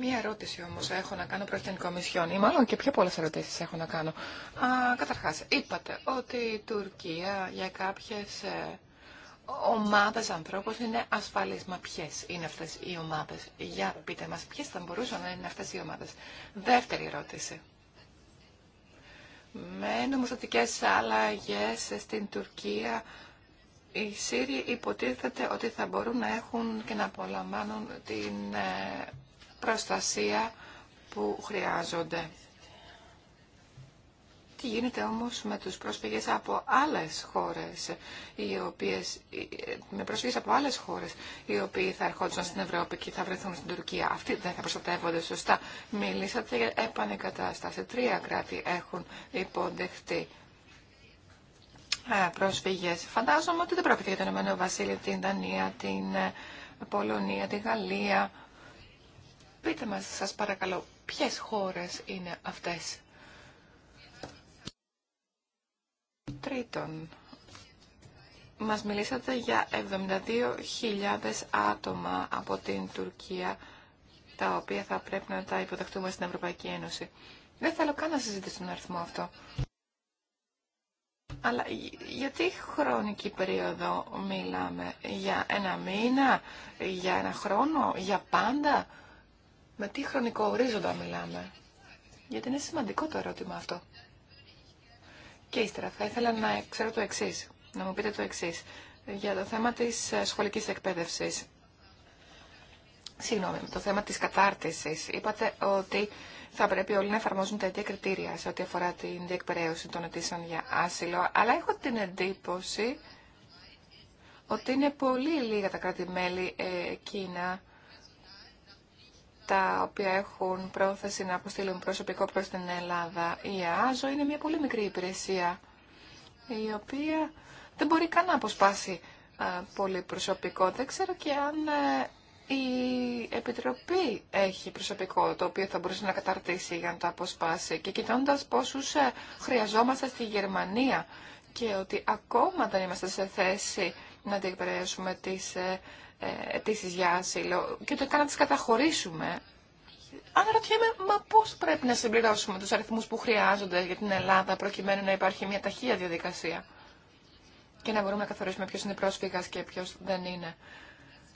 Μία ερώτηση όμω έχω να κάνω προ την Κομισιόν, ή μάλλον και πιο πολλέ ερωτήσει έχω να κάνω. Καταρχά, καταρχάς, είπατε ότι η Τουρκία για κάποιε ομάδε ανθρώπων είναι ασφαλή. Μα ποιες είναι αυτές οι ομάδες. Για πείτε μας ποιε θα μπορούσαν να είναι αυτέ οι ομάδες. Δεύτερη ερώτηση. Με νομοθετικέ αλλαγέ στην Τουρκία οι Σύριοι υποτίθεται ότι θα μπορούν να έχουν και να απολαμβάνουν την ε, προστασία που χρειάζονται. Τι γίνεται όμως με τους πρόσφυγες από άλλες χώρες, οι οποίες, με πρόσφυγες από άλλες χώρες, οι οποίοι θα ερχόντουσαν στην Ευρώπη και θα βρεθούν στην Τουρκία. Αυτοί δεν θα προστατεύονται σωστά. Μιλήσατε για επανεκατάσταση. Τρία κράτη έχουν υποδεχτεί ε, πρόσφυγες. Φαντάζομαι ότι δεν πρόκειται για το Ηνωμένο την Δανία, την ε, Πολωνία, τη Γαλλία. Πείτε μας, σας παρακαλώ, ποιες χώρες είναι αυτές. Τρίτον, μας μιλήσατε για 72.000 άτομα από την Τουρκία, τα οποία θα πρέπει να τα υποδεχτούμε στην Ευρωπαϊκή Ένωση. Δεν θέλω καν να συζητήσω τον αριθμό αυτό. Αλλά για τι χρονική περίοδο μιλάμε, για ένα μήνα, για ένα χρόνο, για πάντα. Με τι χρονικό ορίζοντα μιλάμε. Γιατί είναι σημαντικό το ερώτημα αυτό. Και ύστερα θα ήθελα να ξέρω το εξή, να μου πείτε το εξή, για το θέμα της ε, σχολικής εκπαίδευση. Συγγνώμη, το θέμα της κατάρτιση. Είπατε ότι θα πρέπει όλοι να εφαρμόζουν τα ίδια κριτήρια σε ό,τι αφορά την διεκπαιρέωση των αιτήσεων για άσυλο, αλλά έχω την εντύπωση ότι είναι πολύ λίγα τα κράτη-μέλη εκείνα τα οποία έχουν πρόθεση να αποστείλουν προσωπικό προς την Ελλάδα. Η ΑΖΟ είναι μια πολύ μικρή υπηρεσία, η οποία δεν μπορεί καν να αποσπάσει πολύ προσωπικό. Δεν ξέρω και αν ε, η Επιτροπή έχει προσωπικό το οποίο θα μπορούσε να καταρτήσει για να το αποσπάσει και κοιτώντας πόσους ε, χρειαζόμαστε στη Γερμανία και ότι ακόμα δεν είμαστε σε θέση να αντιπρέσουμε τις ε, ε, αιτήσει για άσυλο και ούτε καν να τι καταχωρήσουμε. Αναρωτιέμαι, μα πώς πρέπει να συμπληρώσουμε τους αριθμούς που χρειάζονται για την Ελλάδα προκειμένου να υπάρχει μια ταχεία διαδικασία και να μπορούμε να καθορίσουμε ποιο είναι πρόσφυγα και ποιο δεν είναι.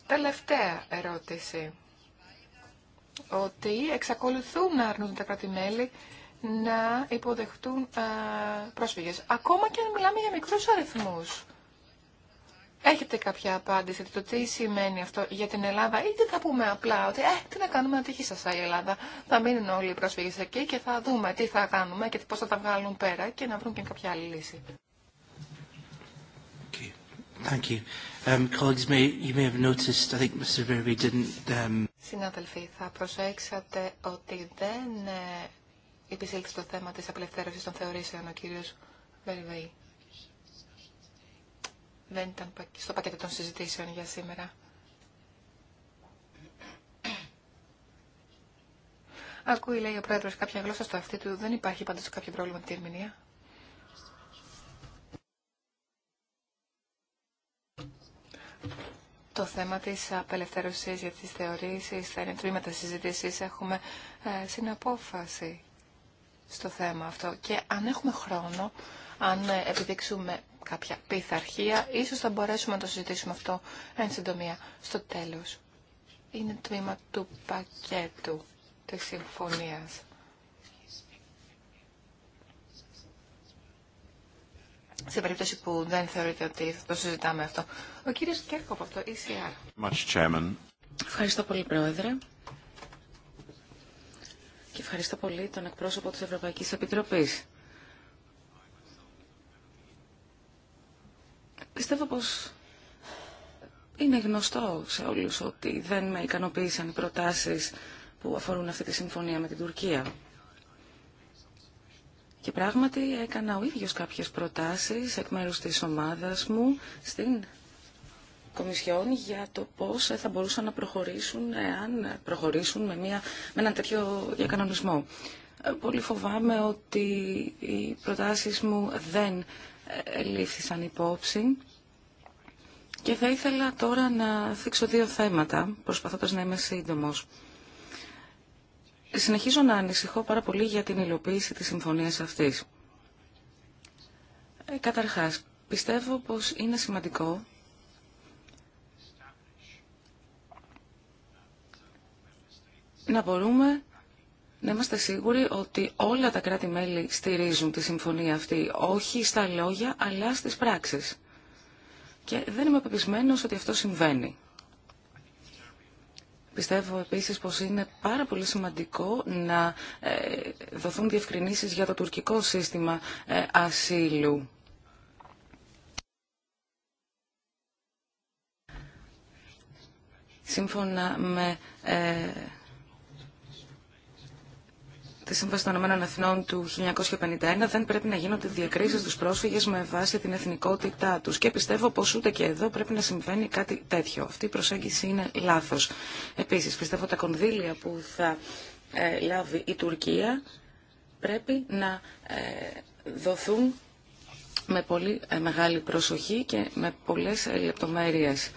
Τελευταία ερώτηση. Ότι εξακολουθούν να αρνούνται τα κράτη-μέλη να υποδεχτούν ε, πρόσφυγες. Ακόμα και αν μιλάμε για μικρούς αριθμούς. Έχετε κάποια απάντηση το τι σημαίνει αυτό για την Ελλάδα ή τι θα πούμε απλά ότι ε, τι να κάνουμε να τύχει σας η Ελλάδα. Θα μείνουν όλοι οι πρόσφυγες εκεί και θα δούμε τι θα κάνουμε και πώς θα τα βγάλουν πέρα και να βρουν και κάποια άλλη λύση. Thank you. Um, colleagues, you may have noticed, I think Mr. didn't... Um, Συνάδελφοι, θα προσέξατε ότι δεν ε, στο θέμα της απελευθέρωσης των θεωρήσεων ο κύριος Βερβέη δεν ήταν στο πακέτο των συζητήσεων για σήμερα. Ακούει, λέει ο πρόεδρος, κάποια γλώσσα στο αυτή του. Δεν υπάρχει πάντως κάποιο πρόβλημα με την ερμηνεία. Το θέμα της απελευθέρωσης για τις θεωρήσεις θα είναι τμήματα συζητήσεις. Έχουμε ε, συναπόφαση στο θέμα αυτό. Και αν έχουμε χρόνο, αν ε, επιδείξουμε κάποια πειθαρχία. Ίσως θα μπορέσουμε να το συζητήσουμε αυτό εν συντομία στο τέλος. Είναι το τμήμα του πακέτου της συμφωνίας. σε περίπτωση που δεν θεωρείτε ότι θα το συζητάμε αυτό. Ο κύριος Κέρκο από το ECR. Ευχαριστώ πολύ, Πρόεδρε. Και ευχαριστώ πολύ τον εκπρόσωπο της Ευρωπαϊκής Επιτροπής. Πιστεύω πως είναι γνωστό σε όλους ότι δεν με ικανοποίησαν οι προτάσεις που αφορούν αυτή τη συμφωνία με την Τουρκία. Και πράγματι έκανα ο ίδιος κάποιες προτάσεις εκ μέρους της ομάδας μου στην Κομισιόν για το πώς θα μπορούσαν να προχωρήσουν εάν προχωρήσουν με, μια, έναν τέτοιο διακανονισμό. Ε, πολύ φοβάμαι ότι οι προτάσεις μου δεν ε, λήφθησαν υπόψη και θα ήθελα τώρα να θίξω δύο θέματα, προσπαθώντας να είμαι σύντομος. Συνεχίζω να ανησυχώ πάρα πολύ για την υλοποίηση της συμφωνίας αυτής. Ε, καταρχάς, πιστεύω πως είναι σημαντικό να μπορούμε να είμαστε σίγουροι ότι όλα τα κράτη-μέλη στηρίζουν τη συμφωνία αυτή, όχι στα λόγια, αλλά στις πράξεις. Και δεν είμαι πεπισμένος ότι αυτό συμβαίνει. Πιστεύω επίσης πως είναι πάρα πολύ σημαντικό να ε, δοθούν διευκρινήσεις για το τουρκικό σύστημα ε, ασύλου. Σύμφωνα με ε, τη Σύμβαση των Ηνωμένων Εθνών του 1951 δεν πρέπει να γίνονται διακρίσει στου πρόσφυγε με βάση την εθνικότητά του. Και πιστεύω πω ούτε και εδώ πρέπει να συμβαίνει κάτι τέτοιο. Αυτή η προσέγγιση είναι λάθο. Επίση, πιστεύω τα κονδύλια που θα ε, λάβει η Τουρκία πρέπει να ε, δοθούν με πολύ ε, μεγάλη προσοχή και με πολλές λεπτομέρειες.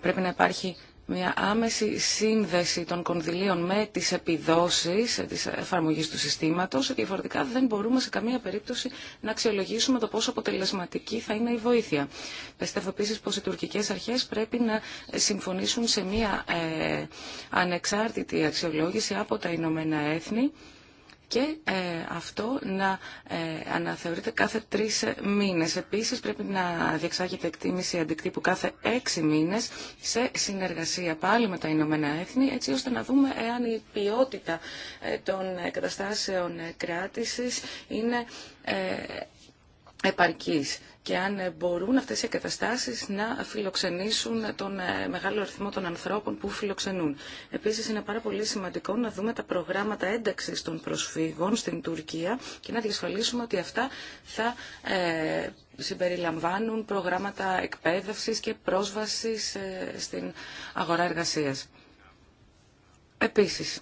Πρέπει να υπάρχει μια άμεση σύνδεση των κονδυλίων με τις επιδόσεις ε, της εφαρμογής του συστήματος. Διαφορετικά δεν μπορούμε σε καμία περίπτωση να αξιολογήσουμε το πόσο αποτελεσματική θα είναι η βοήθεια. Πιστεύω επίση πως οι τουρκικές αρχές πρέπει να συμφωνήσουν σε μια ε, ανεξάρτητη αξιολόγηση από τα Ηνωμένα Έθνη και ε, αυτό να ε, αναθεωρείται κάθε τρεις ε, μήνες. Επίσης πρέπει να διεξάγεται εκτίμηση αντικτύπου κάθε έξι μήνες σε συνεργασία πάλι με τα Ηνωμένα Έθνη έτσι ώστε να δούμε εάν η ποιότητα των καταστάσεων κράτησης είναι επαρκής και αν μπορούν αυτές οι εγκαταστάσεις να φιλοξενήσουν τον ε, μεγάλο αριθμό των ανθρώπων που φιλοξενούν. Επίσης είναι πάρα πολύ σημαντικό να δούμε τα προγράμματα ένταξης των προσφύγων στην Τουρκία και να διασφαλίσουμε ότι αυτά θα ε, συμπεριλαμβάνουν προγράμματα εκπαίδευσης και πρόσβασης ε, στην αγορά εργασίας. Επίσης,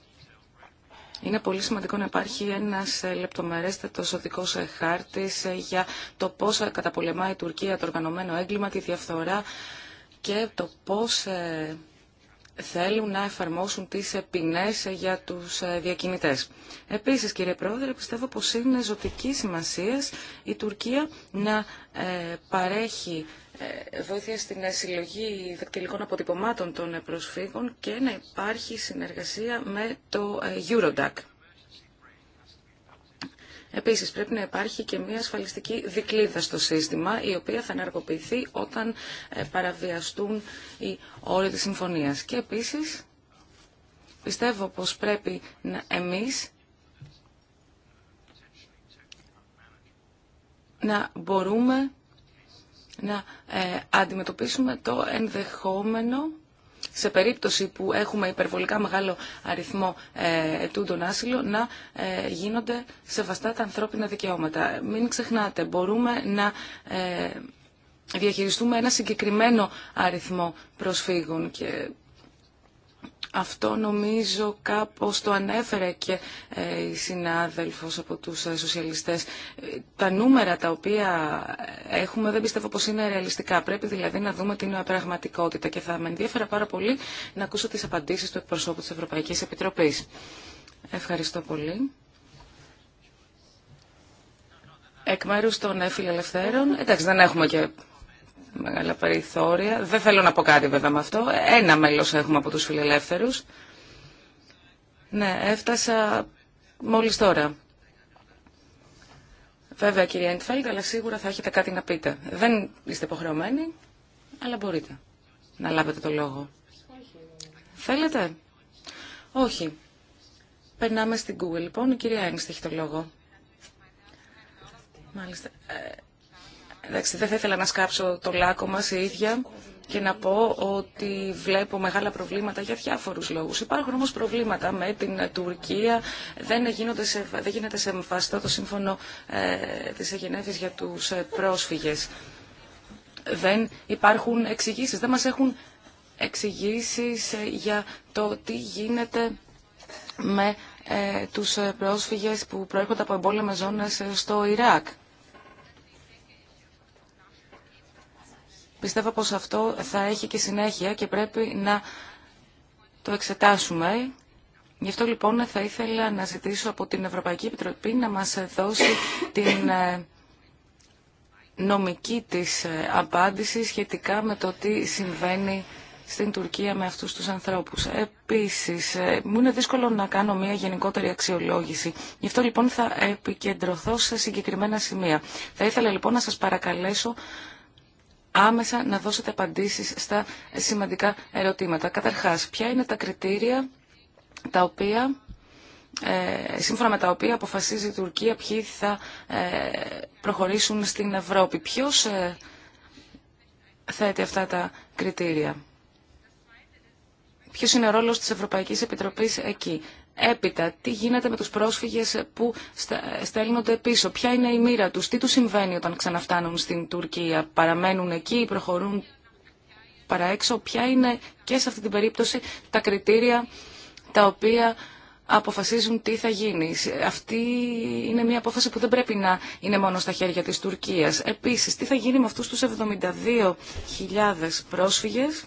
είναι πολύ σημαντικό να υπάρχει ένας ε, λεπτομερέστατο οδικό ε, χάρτη ε, για το πώ καταπολεμάει η Τουρκία το οργανωμένο έγκλημα, τη διαφθορά και το πώ θέλουν να εφαρμόσουν τις ποινές για τους ε, διακινητές. Επίσης, κύριε Πρόεδρε, πιστεύω πως είναι ζωτική σημασία η Τουρκία να ε, παρέχει ε, βοήθεια στην συλλογή δεκτυλικών αποτυπωμάτων των προσφύγων και να υπάρχει συνεργασία με το Eurodac. Επίσης πρέπει να υπάρχει και μια ασφαλιστική δικλίδα στο σύστημα η οποία θα ενεργοποιηθεί όταν ε, παραβιαστούν οι όροι της συμφωνίας. Και επίσης πιστεύω πως πρέπει να εμείς να μπορούμε να ε, αντιμετωπίσουμε το ενδεχόμενο σε περίπτωση που έχουμε υπερβολικά μεγάλο αριθμό ε, ετούντων άσυλο να ε, γίνονται σεβαστά τα ανθρώπινα δικαιώματα. Μην ξεχνάτε, μπορούμε να ε, διαχειριστούμε ένα συγκεκριμένο αριθμό προσφύγων και αυτό νομίζω κάπως το ανέφερε και ε, η συνάδελφος από τους ε, σοσιαλιστές. Τα νούμερα τα οποία έχουμε δεν πιστεύω πως είναι ρεαλιστικά. Πρέπει δηλαδή να δούμε την πραγματικότητα και θα με ενδιαφέρα πάρα πολύ να ακούσω τις απαντήσεις του εκπροσώπου της Ευρωπαϊκής Επιτροπής. Ευχαριστώ πολύ. Εκ μέρους των φιλελευθέρων, εντάξει δεν έχουμε και μεγάλα περιθώρια. Δεν θέλω να πω κάτι βέβαια με αυτό. Ένα μέλος έχουμε από τους φιλελεύθερους. Ναι, έφτασα μόλις τώρα. Βέβαια, κυρία Εντφέλντ, αλλά σίγουρα θα έχετε κάτι να πείτε. Δεν είστε υποχρεωμένοι, αλλά μπορείτε να λάβετε το λόγο. Θέλετε? Όχι. Περνάμε στην Google, λοιπόν. Η κυρία Ένστ έχει το λόγο. Μάλιστα. Ε, Εντάξει, δεν θα ήθελα να σκάψω το λάκκο μας η ίδια και να πω ότι βλέπω μεγάλα προβλήματα για διάφορους λόγους. Υπάρχουν όμως προβλήματα με την Τουρκία, δεν, σε, δεν γίνεται σε εμφαστό το σύμφωνο ε, της Αγενέφης για τους ε, πρόσφυγες. Δεν υπάρχουν εξηγήσεις, δεν μας έχουν εξηγήσεις ε, για το τι γίνεται με ε, τους ε, πρόσφυγες που προέρχονται από εμπόλεμες ζώνες στο Ιράκ. Πιστεύω πως αυτό θα έχει και συνέχεια και πρέπει να το εξετάσουμε. Γι' αυτό λοιπόν θα ήθελα να ζητήσω από την Ευρωπαϊκή Επιτροπή να μας δώσει την ε, νομική της ε, απάντηση σχετικά με το τι συμβαίνει στην Τουρκία με αυτούς τους ανθρώπους. Επίσης, ε, μου είναι δύσκολο να κάνω μια γενικότερη αξιολόγηση. Γι' αυτό λοιπόν θα επικεντρωθώ σε συγκεκριμένα σημεία. Θα ήθελα λοιπόν να σας παρακαλέσω άμεσα να δώσετε απαντήσεις στα σημαντικά ερωτήματα. Καταρχάς, ποια είναι τα κριτήρια τα οποία, ε, σύμφωνα με τα οποία αποφασίζει η Τουρκία ποιοι θα ε, προχωρήσουν στην Ευρώπη. Ποιος ε, θέτει αυτά τα κριτήρια. Ποιος είναι ο ρόλος της Ευρωπαϊκής Επιτροπής εκεί έπειτα, τι γίνεται με τους πρόσφυγες που στέλνονται πίσω, ποια είναι η μοίρα τους, τι τους συμβαίνει όταν ξαναφτάνουν στην Τουρκία, παραμένουν εκεί, προχωρούν παραέξω, ποια είναι και σε αυτή την περίπτωση τα κριτήρια τα οποία αποφασίζουν τι θα γίνει. Αυτή είναι μια απόφαση που δεν πρέπει να είναι μόνο στα χέρια της Τουρκίας. Επίσης, τι θα γίνει με αυτούς τους 72.000 πρόσφυγες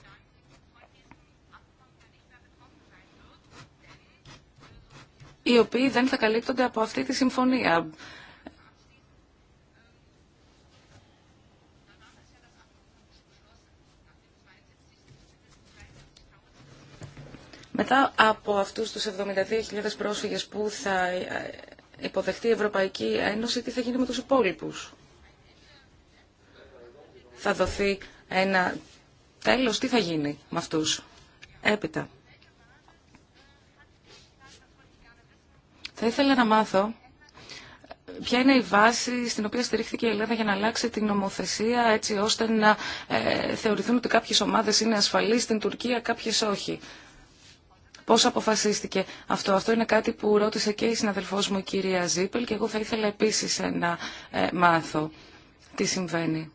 οι οποίοι δεν θα καλύπτονται από αυτή τη συμφωνία. Μετά από αυτούς τους 72.000 πρόσφυγες που θα ε, υποδεχτεί η Ευρωπαϊκή Ένωση, τι θα γίνει με τους υπόλοιπους. Θα δοθεί ένα τέλος, τι θα γίνει με αυτούς. Έπειτα. Θα ήθελα να μάθω ποια είναι η βάση στην οποία στηρίχθηκε η Ελλάδα για να αλλάξει την νομοθεσία έτσι ώστε να ε, θεωρηθούν ότι κάποιες ομάδες είναι ασφαλείς στην Τουρκία, κάποιες όχι. Πώς αποφασίστηκε αυτό. Αυτό είναι κάτι που ρώτησε και η συναδελφός μου η κυρία Ζήπελ και εγώ θα ήθελα επίσης να ε, μάθω τι συμβαίνει.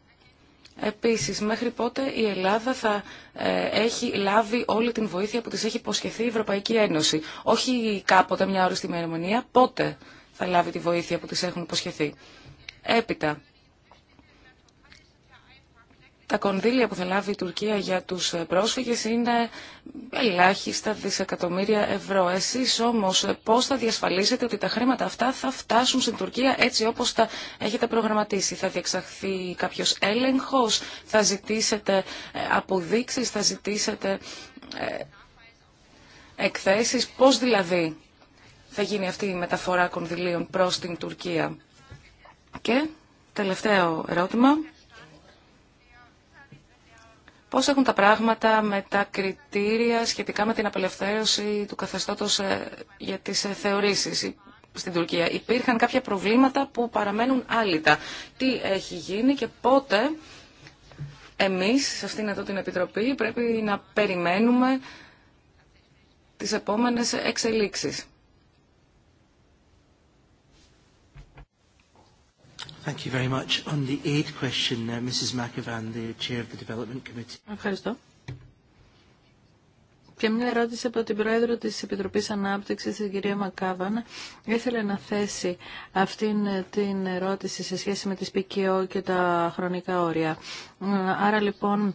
Επίσης, μέχρι πότε η Ελλάδα θα ε, έχει λάβει όλη την βοήθεια που της έχει υποσχεθεί η Ευρωπαϊκή Ένωση. Όχι κάποτε μια ώρα στη πότε θα λάβει τη βοήθεια που της έχουν υποσχεθεί. Έπειτα, τα κονδύλια που θα λάβει η Τουρκία για τους πρόσφυγες είναι ελάχιστα δισεκατομμύρια ευρώ. Εσείς όμως πώς θα διασφαλίσετε ότι τα χρήματα αυτά θα φτάσουν στην Τουρκία έτσι όπως τα έχετε προγραμματίσει. Θα διεξαχθεί κάποιος έλεγχος, θα ζητήσετε ε, αποδείξεις, θα ζητήσετε ε, εκθέσεις. Πώς δηλαδή θα γίνει αυτή η μεταφορά κονδυλίων προς την Τουρκία. Και τελευταίο ερώτημα. Πώς έχουν τα πράγματα με τα κριτήρια σχετικά με την απελευθέρωση του καθεστώτος ε, για τις ε, θεωρήσεις στην Τουρκία. Υπήρχαν κάποια προβλήματα που παραμένουν άλυτα. Τι έχει γίνει και πότε εμείς σε αυτήν εδώ την Επιτροπή πρέπει να περιμένουμε τις επόμενες εξελίξεις. Thank you very much. On the aid question, uh, Mrs. McEvan, the chair of the Development Committee. Ευχαριστώ. Και μια ερώτηση από την Πρόεδρο της Επιτροπής Ανάπτυξης, την κυρία Μακάβαν. Ήθελε να θέσει αυτήν την ερώτηση σε σχέση με τις ΠΚΟ και τα χρονικά όρια. Άρα λοιπόν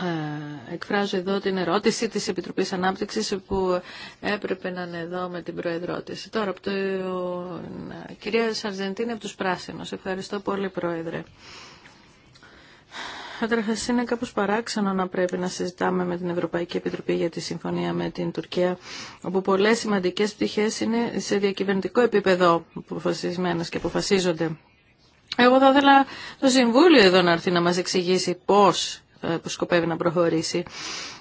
ε, εκφράζω εδώ την ερώτηση της Επιτροπής Ανάπτυξης που έπρεπε να είναι εδώ με την Προεδρότηση. Τώρα, από το... κυρία Σαρζεντίνη από τους Πράσινους. Ευχαριστώ πολύ, Πρόεδρε. Καταρχά, είναι κάπω παράξενο να πρέπει να συζητάμε με την Ευρωπαϊκή Επιτροπή για τη συμφωνία με την Τουρκία, όπου πολλέ σημαντικέ πτυχέ είναι σε διακυβερνητικό επίπεδο αποφασισμένε και αποφασίζονται. Εγώ θα ήθελα το Συμβούλιο εδώ να έρθει να μα εξηγήσει πώ που σκοπεύει να προχωρήσει.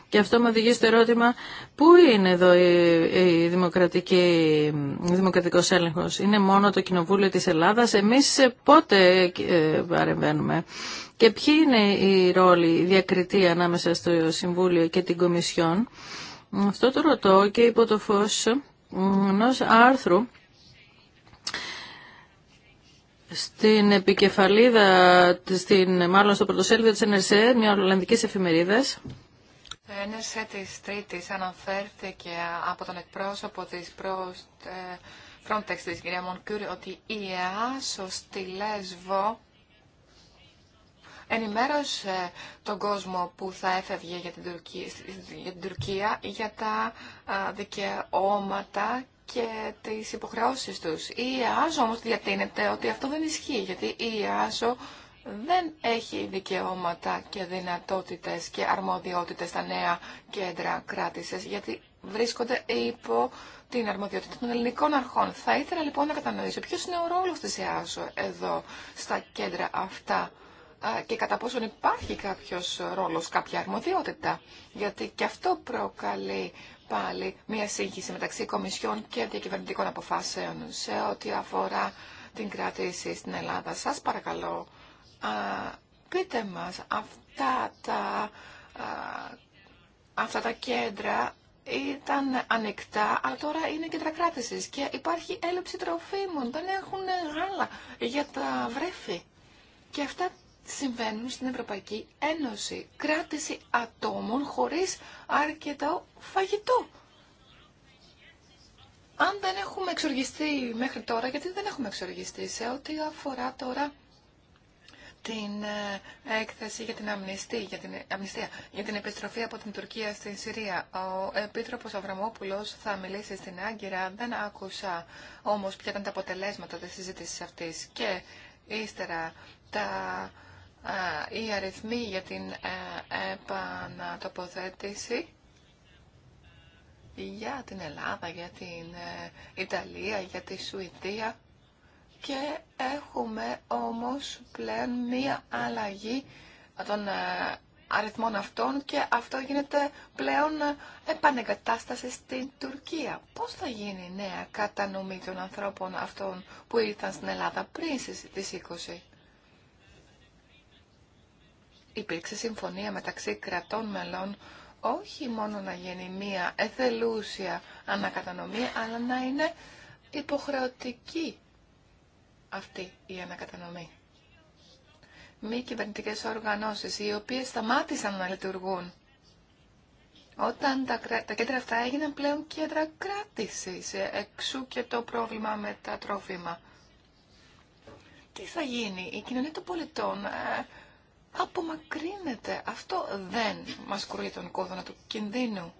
Και αυτό με οδηγεί στο ερώτημα πού είναι εδώ η, δημοκρατική, ο δημοκρατικός Είναι μόνο το Κοινοβούλιο της Ελλάδας. Εμείς πότε ε, παρεμβαίνουμε. Και ποιοι είναι οι ρόλοι διακριτή ανάμεσα στο Συμβούλιο και την Κομισιόν. Αυτό το ρωτώ και υπό το φως ενός άρθρου στην επικεφαλίδα, στην, μάλλον στο πρωτοσέλιδο της NRC, μια Ολλανδική Εφημερίδα, Το NRC της Τρίτης αναφέρθηκε από τον εκπρόσωπο της ε, Frontex της κυρία Μονκούρη ότι η ΕΑΣΟ στη Λέσβο ενημέρωσε τον κόσμο που θα έφευγε για, την Τουρκία, για τα δικαιώματα και τις υποχρεώσεις τους. Η ΕΑΖΟ όμως διατείνεται ότι αυτό δεν ισχύει, γιατί η ΕΑΖΟ δεν έχει δικαιώματα και δυνατότητες και αρμοδιότητες στα νέα κέντρα κράτησης, γιατί βρίσκονται υπό την αρμοδιότητα των ελληνικών αρχών. Θα ήθελα λοιπόν να κατανοήσω ποιος είναι ο ρόλος της ΕΑΖΟ εδώ στα κέντρα αυτά και κατά πόσον υπάρχει κάποιος ρόλος, κάποια αρμοδιότητα. Γιατί και αυτό προκαλεί πάλι μια σύγχυση μεταξύ κομισιών και διακυβερνητικών αποφάσεων σε ό,τι αφορά την κράτηση στην Ελλάδα. Σας παρακαλώ, α, πείτε μας αυτά τα, αυτά τα κέντρα ήταν ανοιχτά, αλλά τώρα είναι κέντρα κράτηση και υπάρχει έλλειψη τροφίμων. Δεν έχουν γάλα για τα βρέφη. Και αυτά συμβαίνουν στην Ευρωπαϊκή Ένωση. Κράτηση ατόμων χωρίς αρκετό φαγητό. Αν δεν έχουμε εξοργιστεί μέχρι τώρα, γιατί δεν έχουμε εξοργιστεί σε ό,τι αφορά τώρα την ε, έκθεση για την, για την αμνηστία, για την επιστροφή από την Τουρκία στην Συρία. Ο Επίτροπος Αβραμόπουλος θα μιλήσει στην Άγκυρα, δεν άκουσα όμως ποια ήταν τα αποτελέσματα της συζήτησης αυτής και ύστερα τα οι αριθμοί για την ε, επανατοποθέτηση για την Ελλάδα, για την ε, Ιταλία, για τη Σουηδία και έχουμε όμως πλέον μία αλλαγή των ε, αριθμών αυτών και αυτό γίνεται πλέον επανεγκατάσταση στην Τουρκία. Πώς θα γίνει η νέα κατανομή των ανθρώπων αυτών που ήρθαν στην Ελλάδα πριν στις 20 υπήρξε συμφωνία μεταξύ κρατών μελών όχι μόνο να γίνει μία εθελούσια ανακατανομή, αλλά να είναι υποχρεωτική αυτή η ανακατανομή. Μη κυβερνητικέ οργανώσεις, οι οποίες σταμάτησαν να λειτουργούν. Όταν τα, κέντρα αυτά έγιναν πλέον κέντρα κράτησης, ε, εξού και το πρόβλημα με τα τρόφιμα. Τι θα γίνει, η κοινωνία των πολιτών ε, απομακρύνεται. Αυτό δεν μας κουρεί τον κόδωνα του κινδύνου.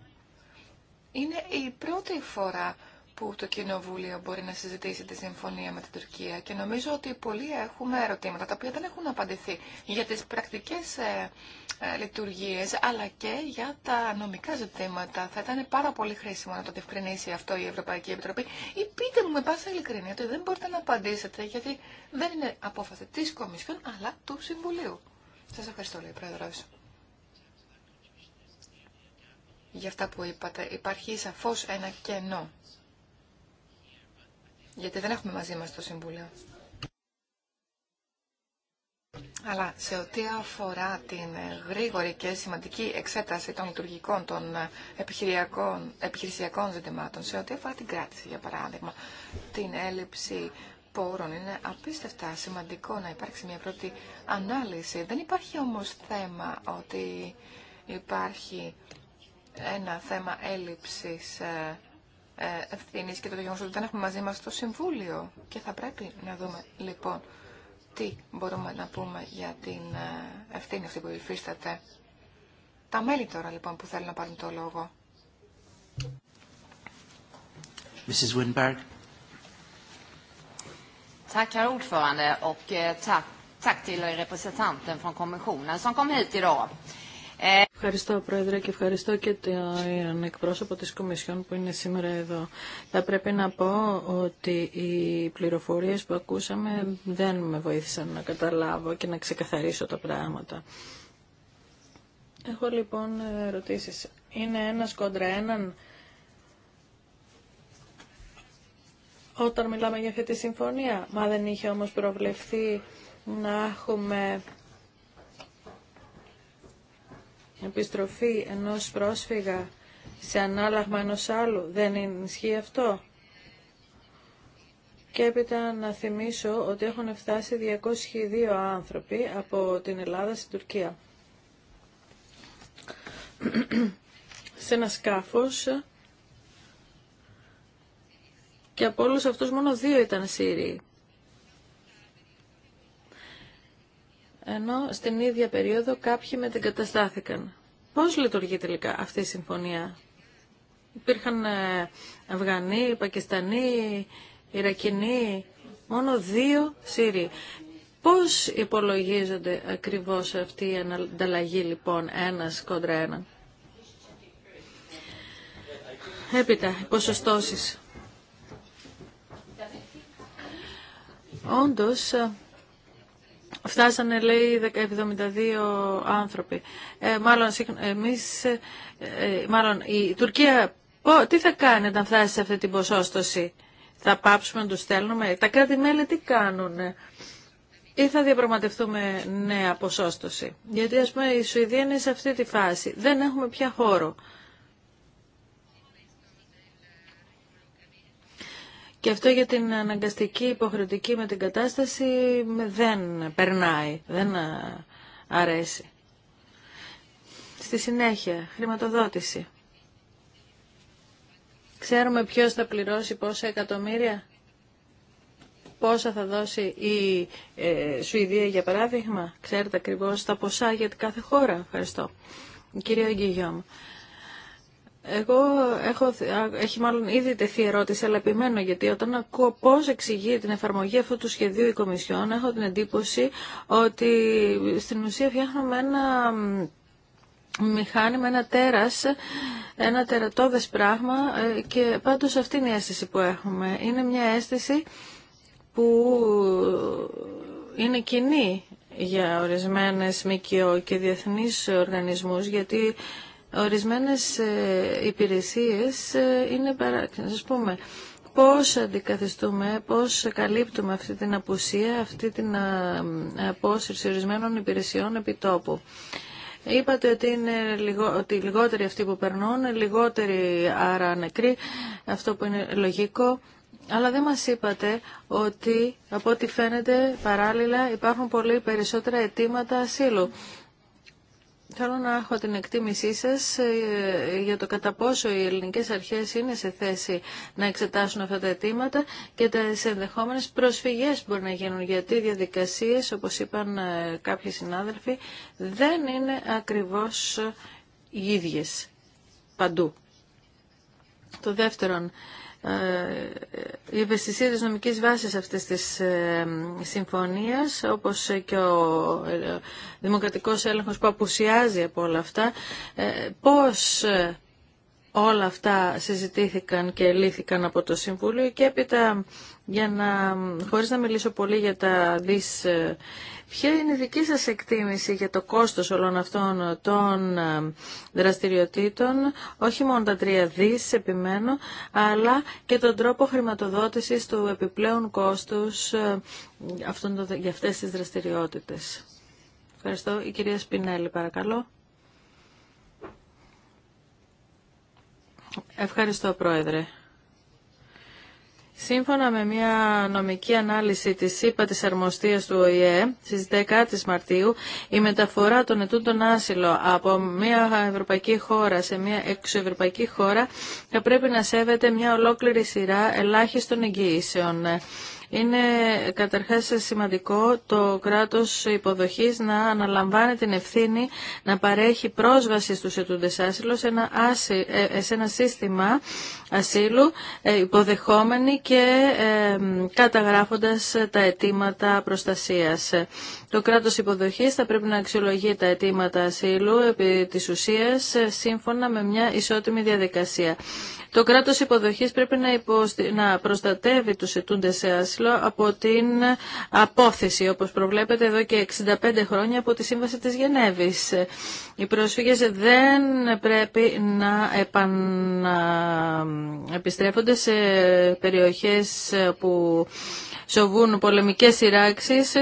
Είναι η πρώτη φορά που το Κοινοβούλιο μπορεί να συζητήσει τη συμφωνία με την Τουρκία και νομίζω ότι πολλοί έχουμε ερωτήματα τα οποία δεν έχουν απαντηθεί για τις πρακτικές ε, ε, λειτουργίες αλλά και για τα νομικά ζητήματα. Θα ήταν πάρα πολύ χρήσιμο να το διευκρινίσει αυτό η Ευρωπαϊκή Επιτροπή ή πείτε μου με πάσα ειλικρίνεια ότι δεν μπορείτε να απαντήσετε γιατί δεν είναι απόφαση της Κομισιόν αλλά του Συμβουλίου. Σας ευχαριστώ, λέει ο Πρόεδρος. Για αυτά που είπατε, υπάρχει σαφώς ένα κενό. Γιατί δεν έχουμε μαζί μας το Συμβούλιο. Αλλά σε ό,τι αφορά την γρήγορη και σημαντική εξέταση των λειτουργικών, των επιχειρησιακών ζητημάτων, σε ό,τι αφορά την κράτηση, για παράδειγμα, την έλλειψη πόρων. Είναι απίστευτα σημαντικό να υπάρξει μια πρώτη ανάλυση. Δεν υπάρχει όμως θέμα ότι υπάρχει ένα θέμα έλλειψης ε, ε, ευθύνης και το γεγονό ότι δεν έχουμε μαζί μας το Συμβούλιο. Και θα πρέπει να δούμε λοιπόν τι μπορούμε να πούμε για την ε, ευθύνη αυτή που υφίσταται. Τα μέλη τώρα λοιπόν που θέλουν να πάρουν το λόγο. Tack, herr ordförande, och eh, tack, tack till representanten från kommissionen som kom hit idag. Eh, ευχαριστώ Πρόεδρε και ευχαριστώ και τον εκπρόσωπο της Κομισιόν που είναι σήμερα εδώ. Θα πρέπει να πω ότι οι πληροφορίες που ακούσαμε δεν με βοήθησαν να καταλάβω και να ξεκαθαρίσω τα πράγματα. Έχω λοιπόν ερωτήσεις. Είναι ένας κόντρα έναν όταν μιλάμε για αυτή τη συμφωνία. Μα δεν είχε όμως προβλεφθεί να έχουμε επιστροφή ενός πρόσφυγα σε ανάλλαγμα ενός άλλου. Δεν ισχύει αυτό. Και έπειτα να θυμίσω ότι έχουν φτάσει 202 άνθρωποι από την Ελλάδα στην Τουρκία. σε ένα σκάφος και από όλους αυτούς μόνο δύο ήταν Σύριοι. Ενώ στην ίδια περίοδο κάποιοι μετεγκαταστάθηκαν. Πώς λειτουργεί τελικά αυτή η συμφωνία. Υπήρχαν ε, Αυγανοί, Πακιστανοί, Ιρακινοί, μόνο δύο Σύριοι. Πώς υπολογίζονται ακριβώς αυτή η ανταλλαγή λοιπόν ένας κόντρα έναν. Έπειτα, οι ποσοστώσεις. Όντως, Φτάσανε, λέει, 172 άνθρωποι. Ε, μάλλον, εμείς, ε, ε, μάλλον η Τουρκία πω, τι θα κάνει όταν φτάσει σε αυτή την ποσόστοση. Θα πάψουμε να τους στέλνουμε. Τα κράτη-μέλη τι κάνουν. Ή θα διαπραγματευτούμε νέα ποσόστοση. Γιατί, ας πούμε, η Σουηδία είναι σε αυτή τη φάση. Δεν έχουμε πια χώρο. Και αυτό για την αναγκαστική υποχρεωτική με την κατάσταση δεν περνάει, δεν αρέσει. Στη συνέχεια, χρηματοδότηση. Ξέρουμε ποιος θα πληρώσει πόσα εκατομμύρια, πόσα θα δώσει η ε, Σουηδία για παράδειγμα. Ξέρετε ακριβώς τα ποσά για κάθε χώρα. Ευχαριστώ. Κύριε εγώ έχω, έχει μάλλον ήδη τεθεί ερώτηση, αλλά επιμένω γιατί όταν ακούω πώς εξηγεί την εφαρμογή αυτού του σχεδίου η Κομισιόν, έχω την εντύπωση ότι στην ουσία φτιάχνουμε ένα μηχάνημα, ένα τέρας, ένα τερατώδες πράγμα ε, και πάντως αυτή είναι η αίσθηση που έχουμε. Είναι μια αίσθηση που είναι κοινή για ορισμένες ΜΚΟ και διεθνείς οργανισμούς, γιατί Ορισμένες ε, υπηρεσίες ε, είναι παράξενες. Ας πούμε, πώς αντικαθιστούμε, πώς καλύπτουμε αυτή την απουσία, αυτή την απόσυρση ορισμένων υπηρεσιών επιτόπου. Είπατε ότι είναι ότι λιγότεροι αυτοί που περνούν, λιγότεροι άρα νεκροί, αυτό που είναι λογικό. Αλλά δεν μας είπατε ότι από ό,τι φαίνεται παράλληλα υπάρχουν πολύ περισσότερα αιτήματα ασύλου. Θέλω να έχω την εκτίμησή σας ε, για το κατά πόσο οι ελληνικές αρχές είναι σε θέση να εξετάσουν αυτά τα αιτήματα και τα ενδεχόμενες προσφυγές που μπορεί να γίνουν, γιατί οι διαδικασίες, όπως είπαν ε, κάποιοι συνάδελφοι, δεν είναι ακριβώς ε, οι ίδιες παντού. Το δεύτερον, ε, η ευαισθησία της νομικής βάσης αυτής της ε, συμφωνίας, όπως και ο ε, δημοκρατικός έλεγχος που απουσιάζει από όλα αυτά, πώς όλα αυτά συζητήθηκαν και λύθηκαν από το Συμβούλιο και έπειτα για να, χωρίς να μιλήσω πολύ για τα δις, ε, ποια είναι η δική σας εκτίμηση για το κόστος όλων αυτών των ε, δραστηριοτήτων, όχι μόνο τα τρία δις επιμένω, αλλά και τον τρόπο χρηματοδότησης του επιπλέον κόστους ε, αυτών, για αυτές τις δραστηριότητες. Ευχαριστώ. Η κυρία Σπινέλη, παρακαλώ. Ευχαριστώ, Πρόεδρε. Σύμφωνα με μια νομική ανάλυση της ΥΠΑ της Αρμοστίας του ΟΗΕ στις 10 Μαρτίου, η μεταφορά των ετούντων άσυλο από μια ευρωπαϊκή χώρα σε μια εξωευρωπαϊκή χώρα θα πρέπει να σέβεται μια ολόκληρη σειρά ελάχιστων εγγυήσεων. Είναι καταρχάς σημαντικό το κράτος υποδοχής να αναλαμβάνει την ευθύνη να παρέχει πρόσβαση στους ετούντες άσυλο σε ένα ε, σύστημα ασύλου ε, υποδεχόμενοι και ε, καταγράφοντας τα αιτήματα προστασίας. Το κράτος υποδοχής θα πρέπει να αξιολογεί τα αιτήματα ασύλου επί της ουσίας ε, σύμφωνα με μια ισότιμη διαδικασία. Το κράτος υποδοχής πρέπει να, να προστατεύει τους ετούντες σε άσυλο από την απόθεση, όπως προβλέπεται εδώ και 65 χρόνια από τη Σύμβαση της Γενέβης. Οι πρόσφυγες δεν πρέπει να έπαν επιστρέφονται σε περιοχές που σοβούν πολεμικές σειράξεις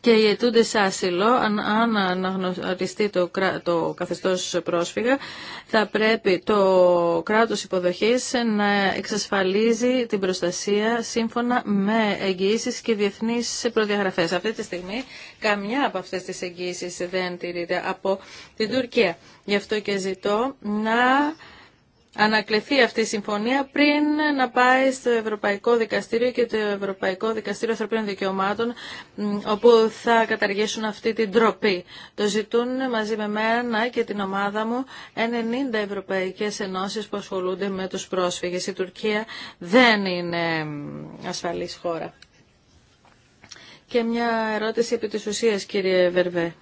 και οι σε άσυλο, αν, αν αναγνωριστεί το, το καθεστώς πρόσφυγα, θα πρέπει το κράτος υποδοχής να εξασφαλίζει την προστασία σύμφωνα με εγγυήσει και διεθνείς προδιαγραφές. Αυτή τη στιγμή καμιά από αυτές τις εγγυήσει δεν τηρείται από την Τουρκία. Γι' αυτό και ζητώ να ανακληθεί αυτή η συμφωνία πριν να πάει στο Ευρωπαϊκό Δικαστήριο και το Ευρωπαϊκό Δικαστήριο Ανθρωπίνων Δικαιωμάτων όπου θα καταργήσουν αυτή την τροπή. Το ζητούν μαζί με μένα και την ομάδα μου 90 ευρωπαϊκές ενώσεις που ασχολούνται με τους πρόσφυγες. Η Τουρκία δεν είναι ασφαλής χώρα. Και μια ερώτηση επί της ουσίας κύριε Βερβέ.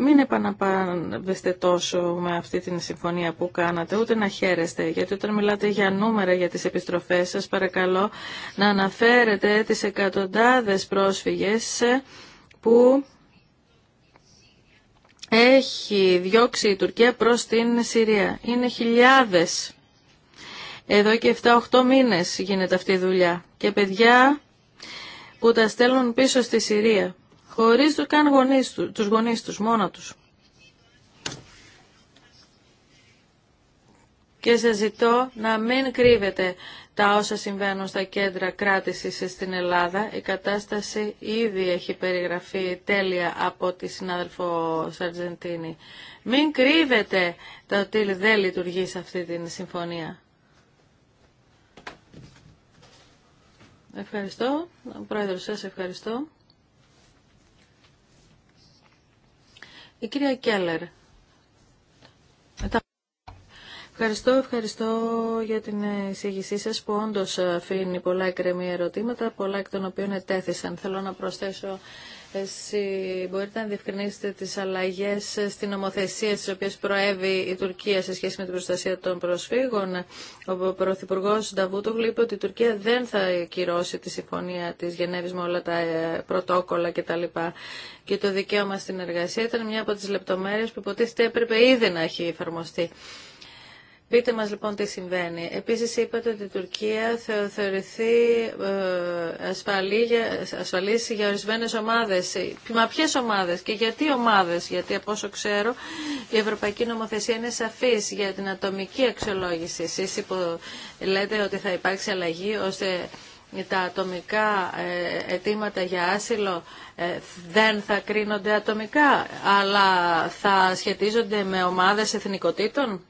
Μην επαναπαύεστε τόσο με αυτή την συμφωνία που κάνατε, ούτε να χαίρεστε, γιατί όταν μιλάτε για νούμερα για τις επιστροφές σας, παρακαλώ να αναφέρετε τις εκατοντάδες πρόσφυγες που έχει διώξει η Τουρκία προς την Συρία. Είναι χιλιάδες. Εδώ και 7-8 μήνες γίνεται αυτή η δουλειά. Και παιδιά που τα στέλνουν πίσω στη Συρία χωρίς το καν γονείς, τους γονείς τους, μόνο τους. Και σας ζητώ να μην κρύβετε τα όσα συμβαίνουν στα κέντρα κράτησης στην Ελλάδα. Η κατάσταση ήδη έχει περιγραφεί τέλεια από τη συνάδελφο Σαρτζεντίνη. Μην κρύβετε το ότι δεν λειτουργεί σε αυτή την συμφωνία. Ευχαριστώ. Πρόεδρο, σας ευχαριστώ. Η κυρία Κέλλερ. Ευχαριστώ, ευχαριστώ για την εισήγησή σας που όντως αφήνει πολλά εκκρεμή ερωτήματα, πολλά εκ των οποίων ετέθησαν. Θέλω να προσθέσω μπορείτε να διευκρινίσετε τις αλλαγές στην νομοθεσία στις οποίες προέβη η Τουρκία σε σχέση με την προστασία των προσφύγων. Ο Πρωθυπουργό Νταβούτογλου είπε ότι η Τουρκία δεν θα κυρώσει τη συμφωνία της Γενέβης με όλα τα ε, πρωτόκολλα κτλ. Και το δικαίωμα στην εργασία ήταν μια από τις λεπτομέρειες που υποτίθεται έπρεπε ήδη να έχει εφαρμοστεί. Πείτε μας λοιπόν τι συμβαίνει. Επίσης είπατε ότι η Τουρκία θα θεωρηθεί ε, ασφαλή για, ασφαλής για ορισμένες ομάδες. Μα ποιες ομάδες και γιατί ομάδες, γιατί από όσο ξέρω η Ευρωπαϊκή Νομοθεσία είναι σαφής για την ατομική αξιολόγηση. Εσείς υπο, λέτε ότι θα υπάρξει αλλαγή ώστε τα ατομικά ε, αιτήματα για άσυλο ε, δεν θα κρίνονται ατομικά, αλλά θα σχετίζονται με ομάδες εθνικοτήτων.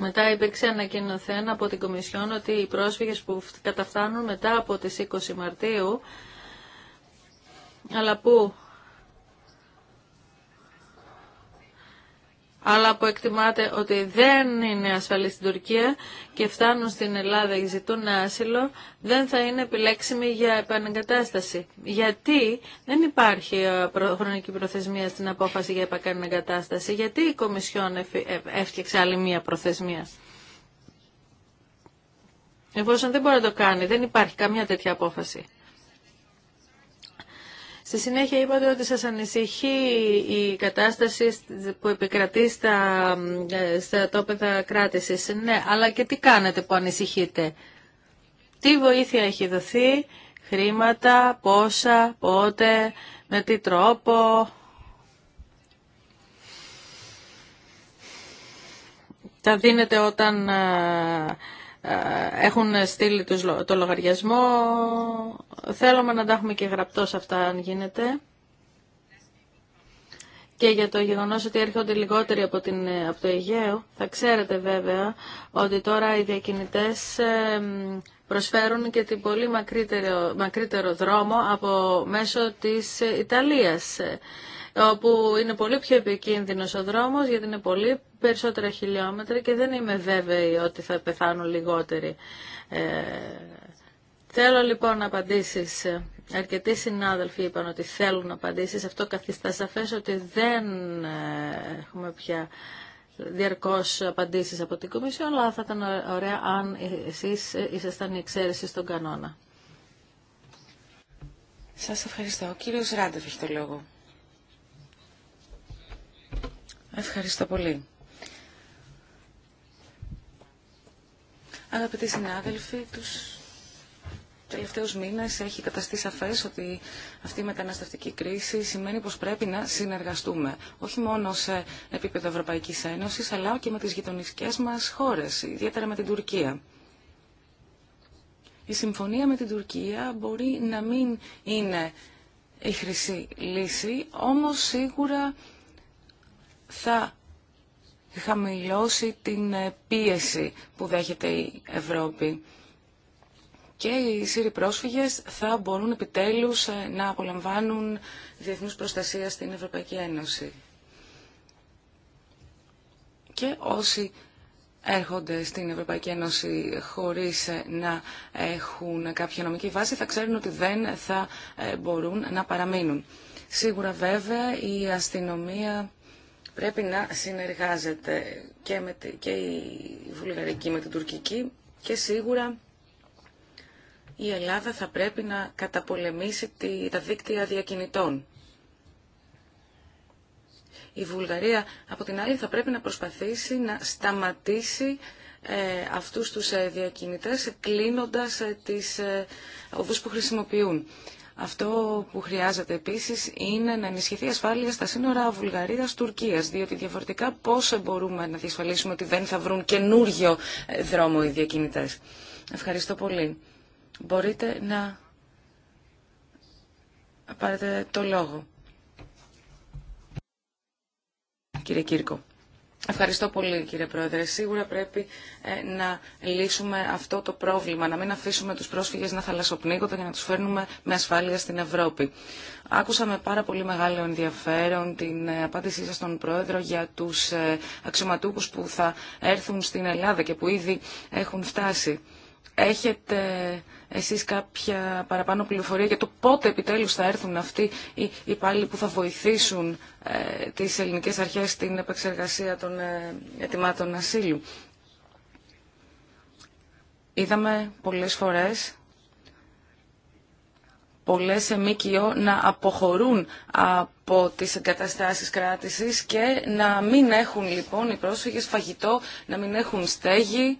Μετά υπήρξε ανακοινωθέν από την Κομισιόν ότι οι πρόσφυγες που καταφτάνουν μετά από τις 20 Μαρτίου αλλά που αλλά που εκτιμάται ότι δεν είναι ασφαλή στην Τουρκία και φτάνουν στην Ελλάδα και ζητούν άσυλο, δεν θα είναι επιλέξιμη για επανεγκατάσταση. Γιατί δεν υπάρχει ε, χρονική προθεσμία στην απόφαση για επανεγκατάσταση, γιατί η Κομισιόν ε, έφτιαξε άλλη μία προθεσμία. Εφόσον δεν μπορεί να το κάνει, δεν υπάρχει καμία τέτοια απόφαση. Στη συνέχεια είπατε ότι σας ανησυχεί η κατάσταση που επικρατεί στα, ε, στα τόπεδα κράτησης. Ναι, αλλά και τι κάνετε που ανησυχείτε. Τι βοήθεια έχει δοθεί, χρήματα, πόσα, πότε, με τι τρόπο. Τα δίνετε όταν ε, ε, έχουν στείλει το λογαριασμό. Θέλουμε να τα έχουμε και γραπτός αυτά αν γίνεται. Και για το γεγονός ότι έρχονται λιγότεροι από, την, ε, από το Αιγαίο, θα ξέρετε βέβαια ότι τώρα οι διακινητές προσφέρουν και την πολύ μακρύτερο, μακρύτερο δρόμο από μέσω της Ιταλίας ε, όπου είναι πολύ πιο επικίνδυνος ο δρόμος γιατί είναι πολύ περισσότερα χιλιόμετρα και δεν είμαι βέβαιη ότι θα πεθάνουν λιγότεροι. Ε, θέλω λοιπόν να απαντήσεις. Αρκετοί συνάδελφοι είπαν ότι θέλουν να απαντήσεις. Αυτό καθιστά σαφές ότι δεν ε, έχουμε πια διαρκώς απαντήσεις από την Κομισιό, αλλά θα ήταν ωραία αν εσείς ήσασταν η εξαίρεση στον κανόνα. Σας ευχαριστώ. Ο κύριος Ράντεφ έχει το λόγο. Ευχαριστώ πολύ. Αγαπητοί συνάδελφοι, τους τελευταίους μήνες έχει καταστεί σαφές ότι αυτή η μεταναστευτική κρίση σημαίνει πως πρέπει να συνεργαστούμε. Όχι μόνο σε επίπεδο Ευρωπαϊκής Ένωσης, αλλά και με τις γειτονικές μας χώρες, ιδιαίτερα με την Τουρκία. Η συμφωνία με την Τουρκία μπορεί να μην είναι η χρυσή λύση, όμως σίγουρα θα χαμηλώσει την ε, πίεση που δέχεται η Ευρώπη. Και οι Σύριοι πρόσφυγες θα μπορούν επιτέλους ε, να απολαμβάνουν διεθνούς προστασία στην Ευρωπαϊκή Ένωση. Και όσοι έρχονται στην Ευρωπαϊκή Ένωση χωρίς ε, να έχουν κάποια νομική βάση θα ξέρουν ότι δεν θα μπορούν να παραμείνουν. Σίγουρα βέβαια η αστυνομία πρέπει να συνεργάζεται και, με, και η βουλγαρική με την τουρκική και σίγουρα η Ελλάδα θα πρέπει να καταπολεμήσει τη, τα δίκτυα διακινητών. Η Βουλγαρία, από την άλλη, θα πρέπει να προσπαθήσει να σταματήσει ε, αυτούς τους ε, διακινητές κλείνοντας ε, τις ε, οδούς που χρησιμοποιούν. Αυτό που χρειάζεται επίσης είναι να ενισχυθεί η ασφάλεια στα συνορα βουλγαρια Βουλγαρίας-Τουρκίας, διότι διαφορετικά πώς μπορούμε να διασφαλίσουμε ότι δεν θα βρουν καινούριο ε, δρόμο οι διακινητέ. Ευχαριστώ πολύ. Μπορείτε να πάρετε το λόγο. Κύριε Κύρκο. Ευχαριστώ πολύ κύριε Πρόεδρε. Σίγουρα πρέπει ε, να λύσουμε αυτό το πρόβλημα, να μην αφήσουμε τους πρόσφυγες να θαλασσοπνίγονται και να τους φέρνουμε με ασφάλεια στην Ευρώπη. Άκουσα με πάρα πολύ μεγάλο ενδιαφέρον την ε, απάντησή σας στον Πρόεδρο για τους ε, αξιωματούχους που θα έρθουν στην Ελλάδα και που ήδη έχουν φτάσει. Έχετε εσείς κάποια παραπάνω πληροφορία για το πότε επιτέλους θα έρθουν αυτοί οι υπάλληλοι που θα βοηθήσουν ε, τις ελληνικές αρχές στην επεξεργασία των ε, ετοιμάτων ασύλου. Είδαμε πολλές φορές πολλές εμίκιο να αποχωρούν από τις εγκαταστάσεις κράτησης και να μην έχουν λοιπόν οι πρόσφυγες φαγητό, να μην έχουν στέγη,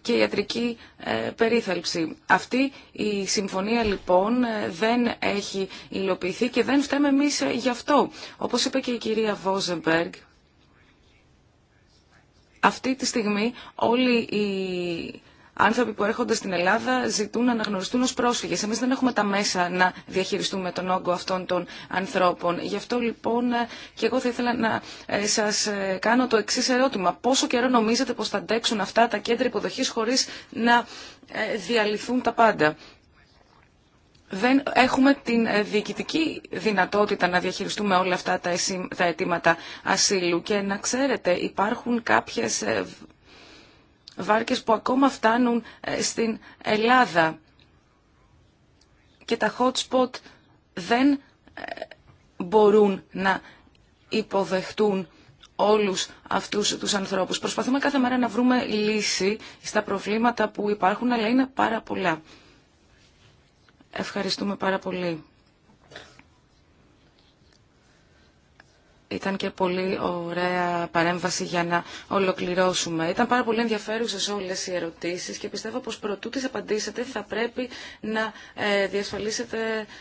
και ιατρική ε, περίθαλψη. Αυτή η συμφωνία λοιπόν ε, δεν έχει υλοποιηθεί και δεν φταίμε εμεί ε, γι' αυτό. Όπως είπε και η κυρία Βόζεμπεργκ, αυτή τη στιγμή όλοι οι άνθρωποι που έρχονται στην Ελλάδα ζητούν να αναγνωριστούν ως πρόσφυγες. Εμείς δεν έχουμε τα μέσα να διαχειριστούμε τον όγκο αυτών των ανθρώπων. Γι' αυτό λοιπόν και εγώ θα ήθελα να ε, σας ε, κάνω το εξή ερώτημα. Πόσο καιρό νομίζετε πως θα αντέξουν αυτά τα κέντρα υποδοχής χωρίς να ε, διαλυθούν τα πάντα. Δεν έχουμε την διοικητική δυνατότητα να διαχειριστούμε όλα αυτά τα αιτήματα ασύλου και να ξέρετε υπάρχουν κάποιες βάρκες που ακόμα φτάνουν ε, στην Ελλάδα και τα hot spot δεν ε, μπορούν να υποδεχτούν όλους αυτούς τους ανθρώπους. Προσπαθούμε κάθε μέρα να βρούμε λύση στα προβλήματα που υπάρχουν, αλλά είναι πάρα πολλά. Ευχαριστούμε πάρα πολύ. Ήταν και πολύ ωραία παρέμβαση για να ολοκληρώσουμε. Ήταν πάρα πολύ ενδιαφέρουσες όλες οι ερωτήσεις και πιστεύω πως προτού τις απαντήσετε θα πρέπει να ε, διασφαλίσετε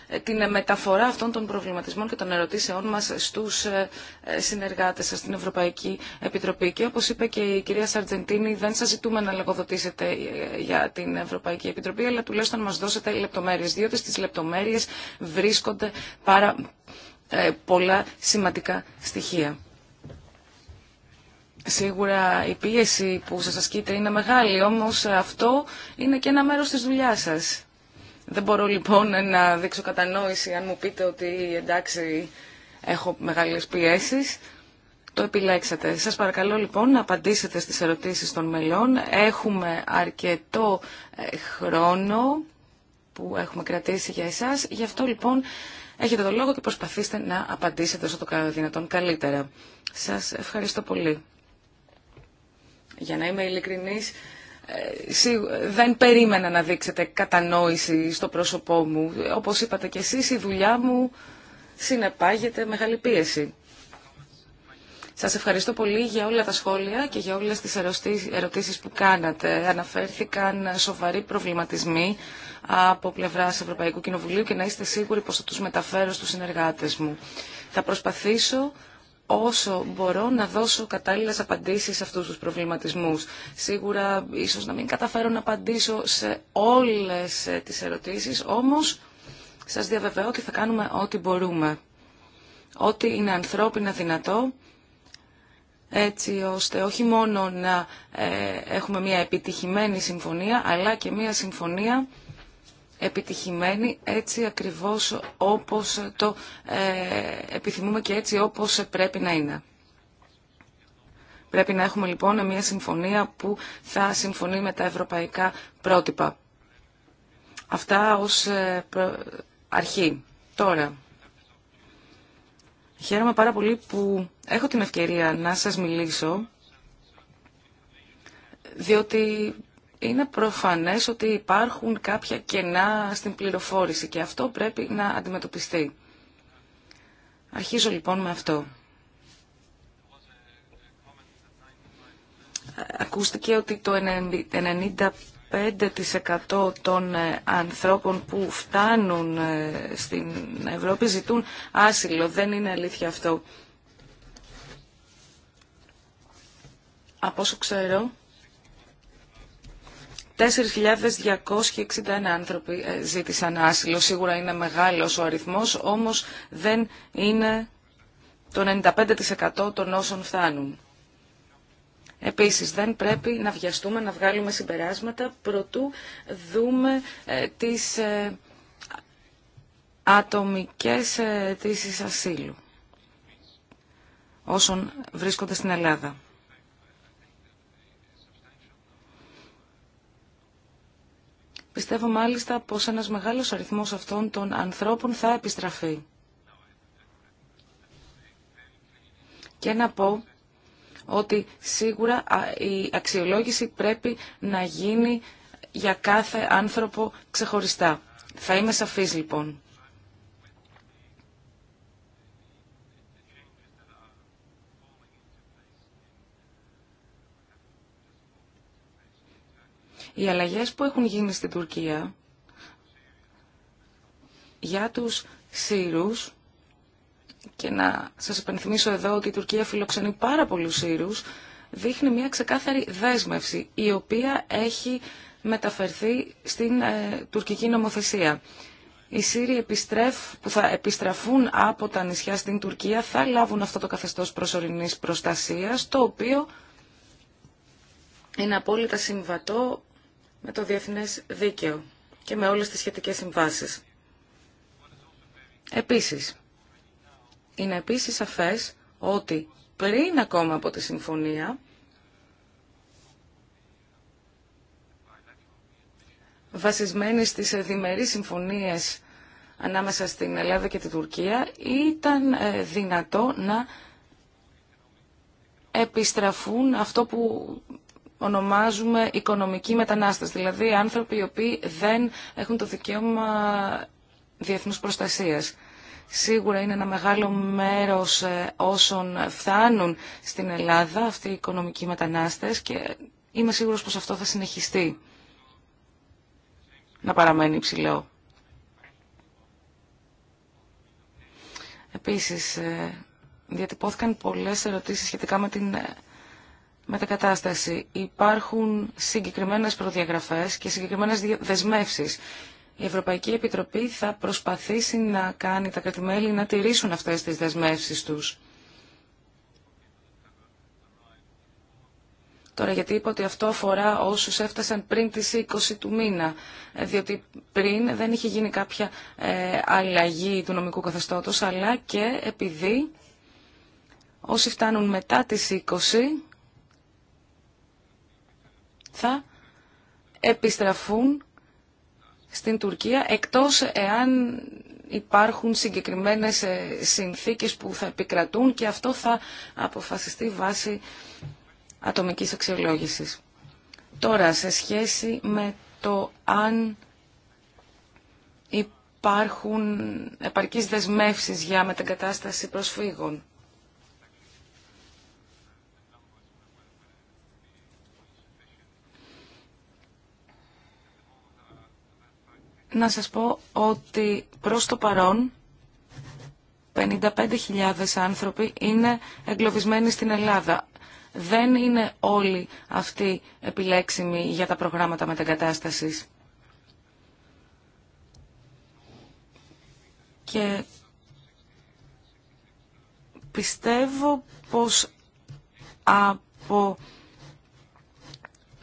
ε, την μεταφορά αυτών των προβληματισμών και των ερωτήσεών μας στους ε, συνεργάτες σας στην Ευρωπαϊκή Επιτροπή. Και όπως είπε και η κυρία Σαρτζεντίνη, δεν σας ζητούμε να λογοδοτήσετε για την Ευρωπαϊκή Επιτροπή, αλλά τουλάχιστον μας δώσετε λεπτομέρειες, διότι στις λεπτομέρειες βρίσκονται πάρα ε, πολλά σημαντικά στοιχεία. Σίγουρα η πίεση που σας ασκείται είναι μεγάλη, όμως αυτό είναι και ένα μέρος της δουλειάς σας. Δεν μπορώ λοιπόν να δείξω κατανόηση αν μου πείτε ότι εντάξει έχω μεγάλες πιέσεις. Το επιλέξατε. Σας παρακαλώ λοιπόν να απαντήσετε στις ερωτήσεις των μελών. Έχουμε αρκετό ε, χρόνο που έχουμε κρατήσει για εσάς. Γι' αυτό λοιπόν Έχετε το λόγο και προσπαθήστε να απαντήσετε όσο το δυνατόν καλύτερα. Σας ευχαριστώ πολύ. Για να είμαι ειλικρινής, ε, δεν περίμενα να δείξετε κατανόηση στο πρόσωπό μου. Όπως είπατε και εσείς, η δουλειά μου συνεπάγεται μεγάλη πίεση. Σας ευχαριστώ πολύ για όλα τα σχόλια και για όλες τις ερωτήσεις που κάνατε. Αναφέρθηκαν σοβαροί προβληματισμοί από πλευράς Ευρωπαϊκού Κοινοβουλίου και να είστε σίγουροι πως θα τους μεταφέρω στους συνεργάτες μου. Θα προσπαθήσω όσο μπορώ να δώσω κατάλληλες απαντήσεις σε αυτούς τους προβληματισμούς. Σίγουρα ίσως να μην καταφέρω να απαντήσω σε όλες ε, τις ερωτήσεις, όμως σας διαβεβαιώ ότι θα κάνουμε ό,τι μπορούμε. Ό,τι είναι ανθρώπινα δυνατό έτσι ώστε όχι μόνο να ε, έχουμε μια επιτυχημένη συμφωνία, αλλά και μια συμφωνία επιτυχημένη έτσι ακριβώς όπως το ε, επιθυμούμε και έτσι όπως πρέπει να είναι. Πρέπει να έχουμε λοιπόν μια συμφωνία που θα συμφωνεί με τα ευρωπαϊκά πρότυπα. Αυτά ως ε, αρχή. Τώρα, Χαίρομαι πάρα πολύ που έχω την ευκαιρία να σας μιλήσω, διότι είναι προφανές ότι υπάρχουν κάποια κενά στην πληροφόρηση και αυτό πρέπει να αντιμετωπιστεί. Αρχίζω λοιπόν με αυτό. Ακούστηκε ότι το 5% των ε, ανθρώπων που φτάνουν ε, στην Ευρώπη ζητούν άσυλο. Δεν είναι αλήθεια αυτό. Από όσο ξέρω, 4.261 άνθρωποι ε, ζήτησαν άσυλο. Σίγουρα είναι μεγάλος ο αριθμός, όμως δεν είναι το 95% των όσων φτάνουν. Επίσης, δεν πρέπει να βιαστούμε να βγάλουμε συμπεράσματα προτού δούμε ε, τις ε, ατομικές ε, αιτήσει ασύλου όσων βρίσκονται στην Ελλάδα. Πιστεύω μάλιστα πως ένας μεγάλος αριθμός αυτών των ανθρώπων θα επιστραφεί. Και να πω ότι σίγουρα η αξιολόγηση πρέπει να γίνει για κάθε άνθρωπο ξεχωριστά. Θα είμαι σαφής λοιπόν. Οι αλλαγές που έχουν γίνει στην Τουρκία για τους Σύρους και να σας υπενθυμίσω εδώ ότι η Τουρκία φιλοξενεί πάρα πολλούς Σύρους, δείχνει μια ξεκάθαρη δέσμευση, η οποία έχει μεταφερθεί στην ε, τουρκική νομοθεσία. Οι Σύροι επιστρέφ, που θα επιστραφούν από τα νησιά στην Τουρκία θα λάβουν αυτό το καθεστώς προσωρινής προστασίας, το οποίο είναι απόλυτα συμβατό με το διεθνές δίκαιο και με όλες τις σχετικές συμβάσεις. Επίσης, είναι επίσης σαφές ότι πριν ακόμα από τη συμφωνία βασισμένη στις διμερείς συμφωνίες ανάμεσα στην Ελλάδα και την Τουρκία ήταν ε, δυνατό να επιστραφούν αυτό που ονομάζουμε οικονομική μετανάστες, δηλαδή άνθρωποι οι οποίοι δεν έχουν το δικαίωμα διεθνούς προστασίας. Σίγουρα είναι ένα μεγάλο μέρος ε, όσων φτάνουν στην Ελλάδα αυτοί οι οικονομικοί μετανάστες και είμαι σίγουρος πως αυτό θα συνεχιστεί να παραμένει υψηλό. Επίσης, ε, διατυπώθηκαν πολλές ερωτήσεις σχετικά με την ε, μετακατάσταση. Υπάρχουν συγκεκριμένες προδιαγραφές και συγκεκριμένες δεσμεύσεις η Ευρωπαϊκή Επιτροπή θα προσπαθήσει να κάνει τα κρατημέλη να τηρήσουν αυτές τις δεσμεύσεις τους. Τώρα γιατί είπα ότι αυτό αφορά όσους έφτασαν πριν τις 20 του μήνα, ε, διότι πριν δεν είχε γίνει κάποια ε, αλλαγή του νομικού καθεστώτος, αλλά και επειδή όσοι φτάνουν μετά τις 20 θα επιστραφούν στην Τουρκία, εκτός εάν υπάρχουν συγκεκριμένες ε, συνθήκες που θα επικρατούν και αυτό θα αποφασιστεί βάσει ατομικής αξιολόγησης. Τώρα, σε σχέση με το αν υπάρχουν επαρκείς δεσμεύσεις για μετεγκατάσταση προσφύγων. να σας πω ότι προς το παρόν 55.000 άνθρωποι είναι εγκλωβισμένοι στην Ελλάδα. Δεν είναι όλοι αυτοί επιλέξιμοι για τα προγράμματα μεταγκατάστασης. Και πιστεύω πως από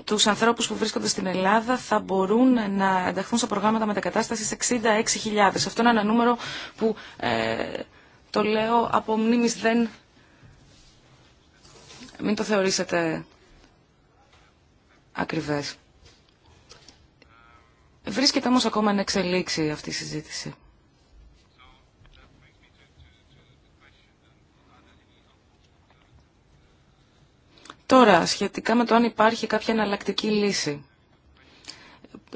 του ανθρώπου που βρίσκονται στην Ελλάδα θα μπορούν να ενταχθούν σε προγράμματα μετακατάστασης 66.000. Αυτό είναι ένα νούμερο που ε, το λέω από μνήμης δεν... Μην το θεωρήσετε ακριβές. Βρίσκεται όμως ακόμα να εξελίξει αυτή η συζήτηση. Τώρα, σχετικά με το αν υπάρχει κάποια εναλλακτική λύση.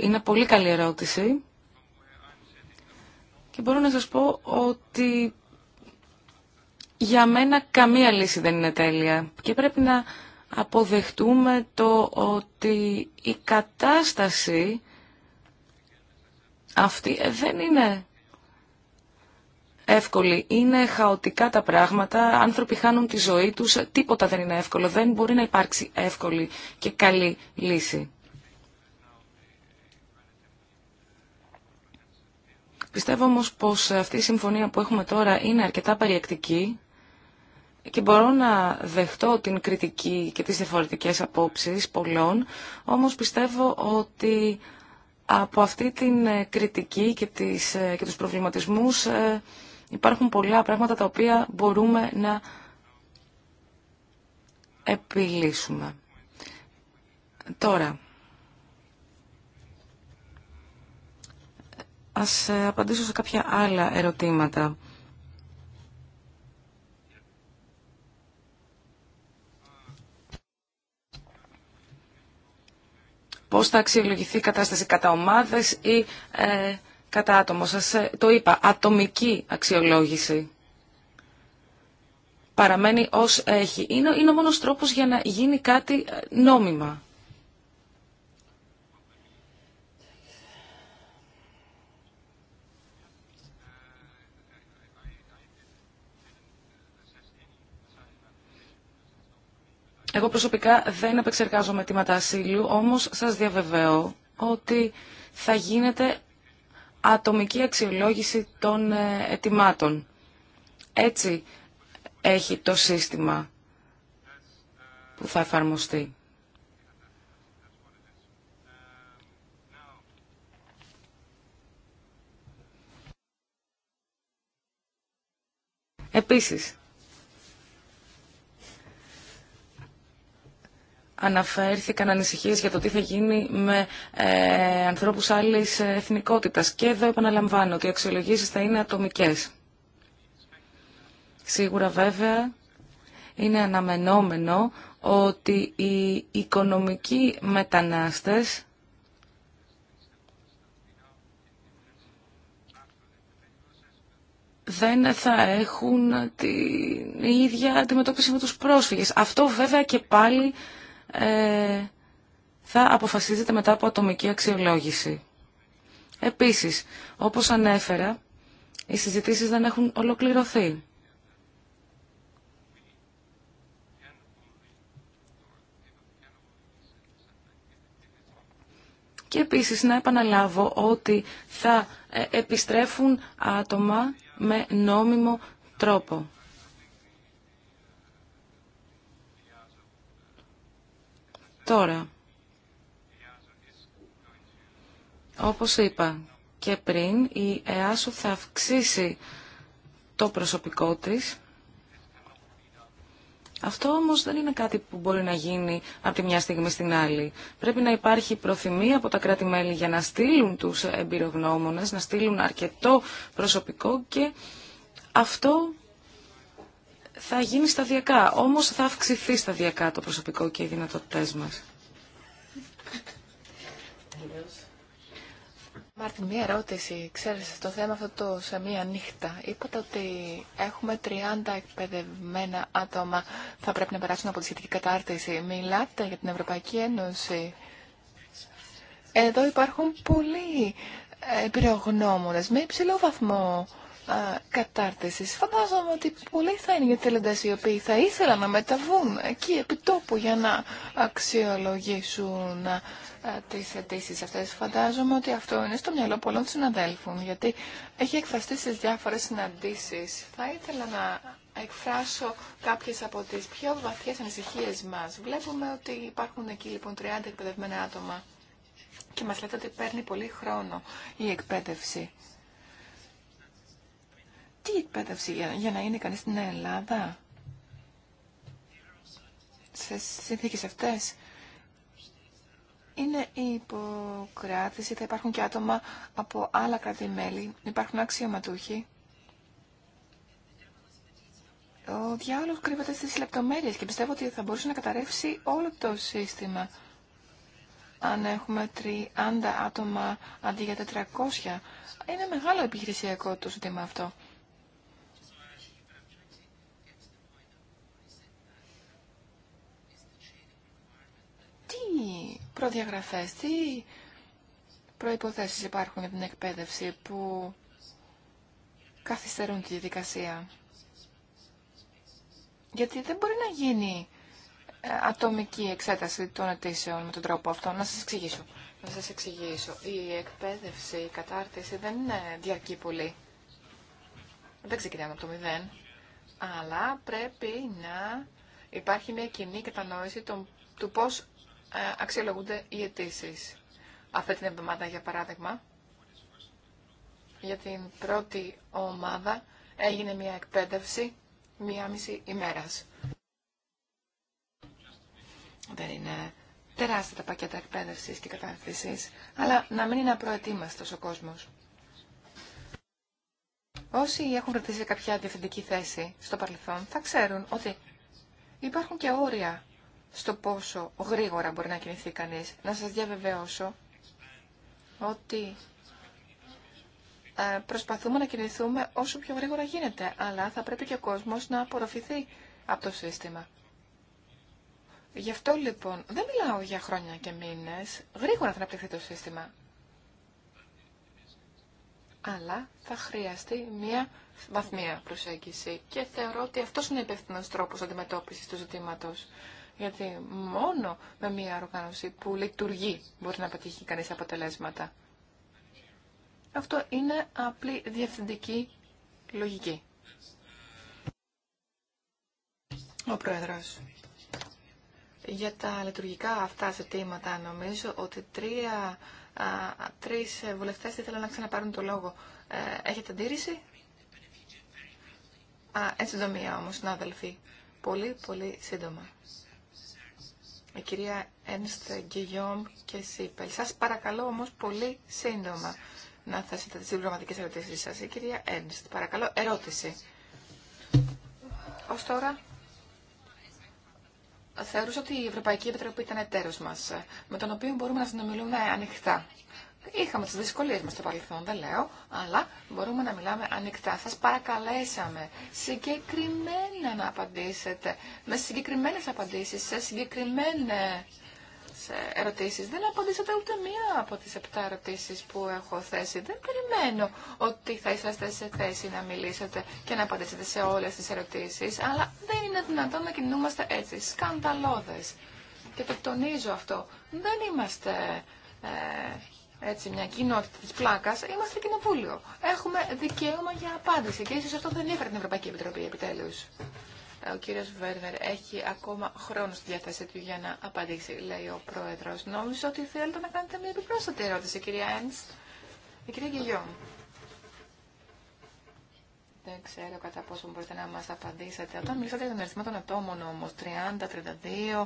Είναι πολύ καλή ερώτηση. Και μπορώ να σας πω ότι για μένα καμία λύση δεν είναι τέλεια. Και πρέπει να αποδεχτούμε το ότι η κατάσταση αυτή ε, δεν είναι εύκολη. Είναι χαοτικά τα πράγματα, άνθρωποι χάνουν τη ζωή τους, τίποτα δεν είναι εύκολο, δεν μπορεί να υπάρξει εύκολη και καλή λύση. Πιστεύω όμως πως αυτή η συμφωνία που έχουμε τώρα είναι αρκετά περιεκτική και μπορώ να δεχτώ την κριτική και τις διαφορετικές απόψεις πολλών, όμως πιστεύω ότι από αυτή την κριτική και, τις, ε, και τους προβληματισμούς ε, Υπάρχουν πολλά πράγματα τα οποία μπορούμε να επιλύσουμε. Τώρα, ας ε, απαντήσω σε κάποια άλλα ερωτήματα. Πώς θα αξιολογηθεί η κατάσταση κατά ομάδες ή ε, κατά άτομο. Σας ε, το είπα, ατομική αξιολόγηση παραμένει ως έχει. Είναι, είναι ο μόνος τρόπος για να γίνει κάτι ε, νόμιμα. Εγώ προσωπικά δεν επεξεργάζομαι τη ασύλου, όμως σας διαβεβαιώ ότι θα γίνεται ατομική αξιολόγηση των ε, ετοιμάτων. Έτσι έχει το σύστημα που θα εφαρμοστεί. Επίσης, αναφέρθηκαν ανησυχίες για το τι θα γίνει με ε, ανθρώπους άλλης εθνικότητας. Και εδώ επαναλαμβάνω ότι οι αξιολογήσεις θα είναι ατομικέ. Σίγουρα βέβαια είναι αναμενόμενο ότι οι οικονομικοί μετανάστες δεν θα έχουν την ίδια αντιμετώπιση με τους πρόσφυγες. Αυτό βέβαια και πάλι ε, θα αποφασίζεται μετά από ατομική αξιολόγηση. Επίσης, όπως ανέφερα, οι συζητήσεις δεν έχουν ολοκληρωθεί. Και επίσης να επαναλάβω ότι θα ε, επιστρέφουν άτομα με νόμιμο τρόπο. Τώρα, όπως είπα και πριν, η ΕΑΣΟ θα αυξήσει το προσωπικό της. Αυτό όμως δεν είναι κάτι που μπορεί να γίνει από τη μια στιγμή στην άλλη. Πρέπει να υπάρχει προθυμία από τα κράτη-μέλη για να στείλουν τους εμπειρογνώμονες, να στείλουν αρκετό προσωπικό και αυτό θα γίνει σταδιακά, όμως θα αυξηθεί σταδιακά το προσωπικό και οι δυνατότητέ μας. Μάρτιν, μία ερώτηση. Ξέρεις, το θέμα αυτό το σε μία νύχτα. Είπατε ότι έχουμε 30 εκπαιδευμένα άτομα θα πρέπει να περάσουν από τη σχετική κατάρτιση. Μιλάτε για την Ευρωπαϊκή Ένωση. Εδώ υπάρχουν πολλοί εμπειρογνώμονες με υψηλό βαθμό κατάρτισης. Φαντάζομαι ότι πολλοί θα είναι οι εθελοντές οι οποίοι θα ήθελαν να μεταβούν εκεί επί τόπου για να αξιολογήσουν τις αιτήσει αυτές. Φαντάζομαι ότι αυτό είναι στο μυαλό πολλών συναδέλφων, γιατί έχει εκφραστεί σε διάφορες συναντήσεις. Θα ήθελα να εκφράσω κάποιες από τις πιο βαθιές ανησυχίε μας. Βλέπουμε ότι υπάρχουν εκεί λοιπόν 30 εκπαιδευμένα άτομα και μας λέτε ότι παίρνει πολύ χρόνο η εκπαίδευση τι εκπαίδευση για, να είναι κανείς στην Ελλάδα σε συνθήκες αυτές είναι υποκράτηση, θα υπάρχουν και άτομα από άλλα κράτη-μέλη, υπάρχουν αξιωματούχοι. Ο διάολος κρύβεται στις λεπτομέρειες και πιστεύω ότι θα μπορούσε να καταρρεύσει όλο το σύστημα. Αν έχουμε 30 άτομα αντί για 400, είναι μεγάλο επιχειρησιακό το ζήτημα αυτό. προδιαγραφές, τι προϋποθέσεις υπάρχουν για την εκπαίδευση που καθυστερούν τη διαδικασία. Γιατί δεν μπορεί να γίνει ε, ατομική εξέταση των αιτήσεων με τον τρόπο αυτό. Να σας εξηγήσω. Να σας εξηγήσω. Η εκπαίδευση, η κατάρτιση δεν διαρκεί πολύ. Δεν ξεκινάμε από το μηδέν. Αλλά πρέπει να υπάρχει μια κοινή κατανόηση του πώς ε, αξιολογούνται οι αιτήσει. Αυτή την εβδομάδα, για παράδειγμα, για την πρώτη ομάδα έγινε μια εκπαίδευση μία μισή ημέρας. Δεν είναι τεράστια τα πακέτα εκπαίδευση και κατάρτιση, αλλά να μην είναι απροετοίμαστο ο κόσμος. Όσοι έχουν σε κάποια διευθυντική θέση στο παρελθόν θα ξέρουν ότι υπάρχουν και όρια στο πόσο γρήγορα μπορεί να κινηθεί κανείς. Να σας διαβεβαιώσω ότι ε, προσπαθούμε να κινηθούμε όσο πιο γρήγορα γίνεται, αλλά θα πρέπει και ο κόσμος να απορροφηθεί από το σύστημα. Γι' αυτό λοιπόν δεν μιλάω για χρόνια και μήνες. Γρήγορα θα αναπτυχθεί το σύστημα. Αλλά θα χρειαστεί μια βαθμία προσέγγιση και θεωρώ ότι αυτός είναι ο υπεύθυνο τρόπος αντιμετώπισης του ζητήματος. Γιατί μόνο με μια οργάνωση που λειτουργεί μπορεί να πετύχει κανείς αποτελέσματα. Αυτό είναι απλή διευθυντική λογική. Ο Πρόεδρος. Για τα λειτουργικά αυτά ζητήματα νομίζω ότι τρία, α, τρεις βουλευτές ήθελαν να ξαναπάρουν το λόγο. Ε, έχετε αντίρρηση? Α, εν συντομία όμως, συνάδελφοι. Πολύ, πολύ σύντομα η κυρία Ένστ Γκυγιόμ και Σίπελ. Σας παρακαλώ όμως πολύ σύντομα να θέσετε τις διπλωματικές ερωτήσεις σας. Η κυρία Ένστ, παρακαλώ, ερώτηση. Ως τώρα, θεωρούσα ότι η Ευρωπαϊκή Επιτροπή ήταν εταίρος μας, με τον οποίο μπορούμε να συνομιλούμε ανοιχτά. Είχαμε τις δυσκολίες μας στο παρελθόν, δεν λέω, αλλά μπορούμε να μιλάμε ανοιχτά. Σα παρακαλέσαμε συγκεκριμένα να απαντήσετε, με συγκεκριμένε απαντήσεις, σε συγκεκριμένε ερωτήσεις. Δεν απαντήσατε ούτε μία από τις επτά ερωτήσεις που έχω θέσει. Δεν περιμένω ότι θα είσαστε σε θέση να μιλήσετε και να απαντήσετε σε όλε τι ερωτήσει, αλλά δεν είναι δυνατόν να κινούμαστε έτσι, Σκανδαλώδε. Και το τονίζω αυτό. Δεν είμαστε... Ε, έτσι μια κοινότητα της πλάκας, είμαστε κοινοβούλιο. Έχουμε δικαίωμα για απάντηση και ίσως αυτό δεν έφερε την Ευρωπαϊκή Επιτροπή επιτέλους. Ε, ο κύριος Βέρνερ έχει ακόμα χρόνο στη διάθεσή του για να απαντήσει, λέει ο πρόεδρος. Νόμιζα ότι θέλετε να κάνετε μια επιπρόσθετη ερώτηση, κυρία Ένς. Η κυρία Γεγιόμ. Δεν ξέρω κατά πόσο μπορείτε να μας απαντήσετε. Όταν μιλήσατε για τον αριθμό των ατόμων όμω 30, 32,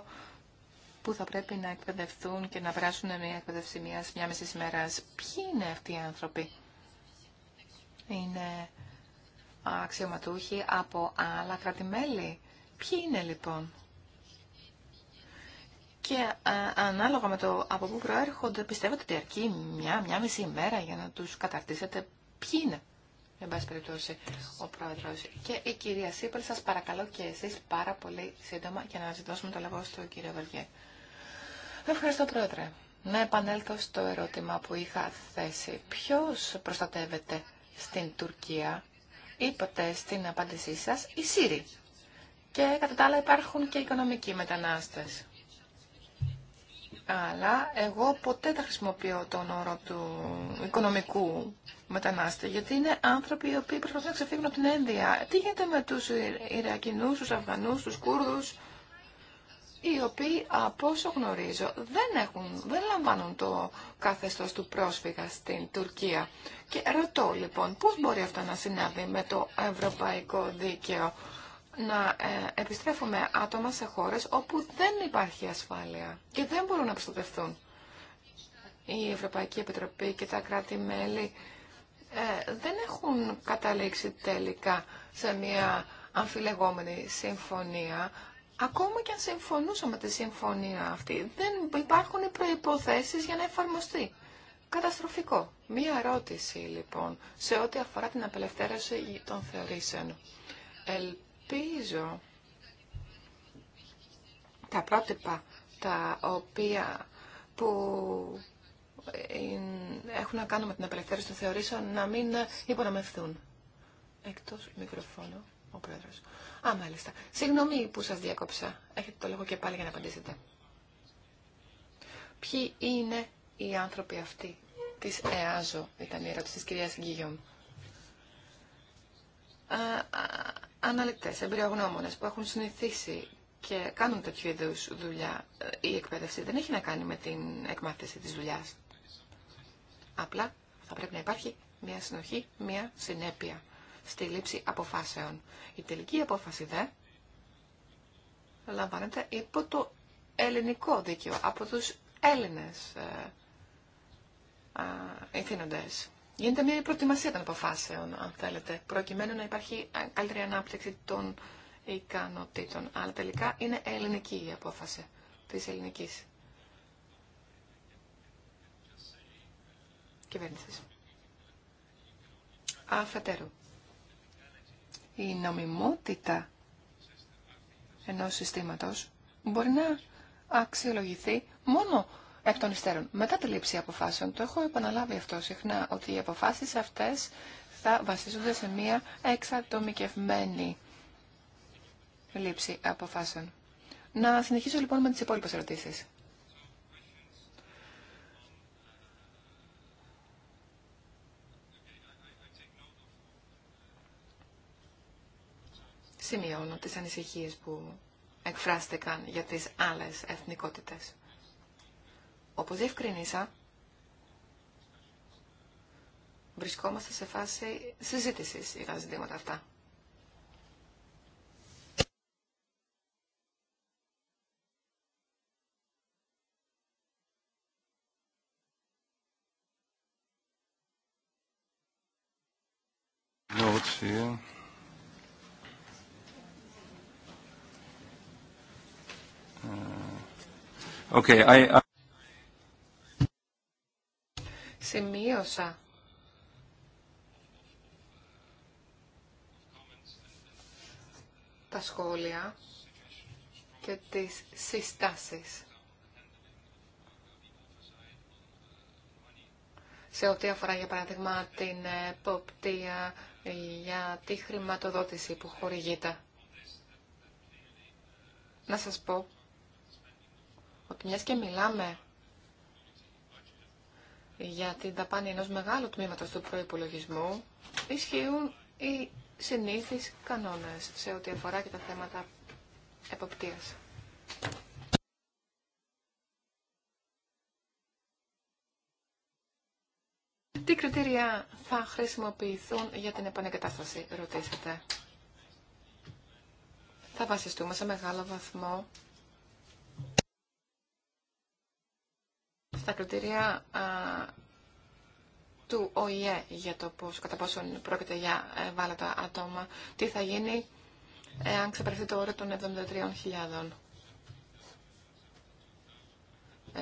που θα πρέπει να εκπαιδευτούν και να περάσουν μια εκπαίδευση μια μια μισή ημέρα. Ποιοι είναι αυτοί οι άνθρωποι. Είναι αξιωματούχοι από άλλα κράτη-μέλη Ποιοι είναι λοιπόν. Και ανάλογα με το από πού προέρχονται, πιστεύετε ότι αρκεί μια, μια μισή ημέρα για να τους καταρτήσετε. Ποιοι είναι, εν πάση περιπτώσει, ο Και η κυρία Σίπελ, σας παρακαλώ και εσείς πάρα πολύ σύντομα για να ζητώσουμε το λόγο στον κύριο Βεργέ. Ευχαριστώ, Πρόεδρε. Να επανέλθω στο ερώτημα που είχα θέσει. Ποιος προστατεύεται στην Τουρκία, είπατε στην απάντησή σας, οι Σύριοι. Και κατά τα άλλα υπάρχουν και οικονομικοί μετανάστες. Αλλά εγώ ποτέ δεν χρησιμοποιώ τον όρο του οικονομικού μετανάστε, γιατί είναι άνθρωποι οι οποίοι προσπαθούν να ξεφύγουν από την ένδυα. Τι γίνεται με τους Ιρακινούς, τους Αφγανούς, τους Κούρδους, οι οποίοι από όσο γνωρίζω δεν, έχουν, δεν λαμβάνουν το καθεστώς του πρόσφυγα στην Τουρκία. Και ρωτώ λοιπόν πώς μπορεί αυτό να συνάδει με το ευρωπαϊκό δίκαιο να ε, επιστρέφουμε άτομα σε χώρες όπου δεν υπάρχει ασφάλεια και δεν μπορούν να προστατευτούν. Η Ευρωπαϊκή Επιτροπή και τα κράτη-μέλη ε, δεν έχουν καταλήξει τελικά σε μια αμφιλεγόμενη συμφωνία Ακόμα και αν συμφωνούσαμε τη συμφωνία αυτή, δεν υπάρχουν προϋποθέσεις για να εφαρμοστεί. Καταστροφικό. Μία ερώτηση λοιπόν σε ό,τι αφορά την απελευθέρωση των θεωρήσεων. Ελπίζω τα πρότυπα τα οποία που έχουν να κάνουν με την απελευθέρωση των θεωρήσεων να μην υπονομευθούν. Εκτός μικροφώνου ο Α, μάλιστα. Συγγνώμη που σας διάκοψα. Έχετε το λόγο και πάλι για να απαντήσετε. Ποιοι είναι οι άνθρωποι αυτοί της ΕΑΖΟ, ήταν η ερώτηση της κυρία Γκίγιον. Αναλυτέ, εμπειρογνώμονε που έχουν συνηθίσει και κάνουν τέτοιου είδου δουλειά. Ε, η εκπαίδευση δεν έχει να κάνει με την εκμάθηση της δουλειά. Απλά θα πρέπει να υπάρχει μια συνοχή, μια συνέπεια στη λήψη αποφάσεων. Η τελική απόφαση δε λαμβάνεται υπό το ελληνικό δίκαιο, από τους Έλληνες ε, ηθήνοντες. Γίνεται μια προετοιμασία των αποφάσεων, αν θέλετε, προκειμένου να υπάρχει ε, καλύτερη ανάπτυξη των ικανοτήτων. Αλλά τελικά είναι ελληνική η απόφαση της ελληνικής κυβέρνησης. Αφετέρου η νομιμότητα ενός συστήματος μπορεί να αξιολογηθεί μόνο εκ των υστέρων. Μετά τη λήψη αποφάσεων, το έχω επαναλάβει αυτό συχνά, ότι οι αποφάσεις αυτές θα βασίζονται σε μία εξατομικευμένη λήψη αποφάσεων. Να συνεχίσω λοιπόν με τις υπόλοιπες ερωτήσεις. σημειώνω τις ανησυχίες που εκφράστηκαν για τις άλλες εθνικότητες. Όπως διευκρινίσα, βρισκόμαστε σε φάση συζήτησης για τα ζητήματα αυτά. Notes Σημείωσα. τα σχόλια και τις συστάσεις. σε ό,τι αφορά για παράδειγμα την εποπτεία για τη χρηματοδότηση που χορηγείται. Να σας πω ότι μιας και μιλάμε για την ταπάνη ενός μεγάλου τμήματος του προϋπολογισμού, ισχύουν οι συνήθεις κανόνες σε ό,τι αφορά και τα θέματα εποπτείας. Τι κριτήρια θα χρησιμοποιηθούν για την επανεγκατάσταση, ρωτήσατε. Θα βασιστούμε σε μεγάλο βαθμό στα κριτήρια ε, του ΟΗΕ για το πώς, κατά πόσο πρόκειται για ευάλωτα άτομα. Τι θα γίνει αν ξεπερθεί το όριο των 73.000. 72.000.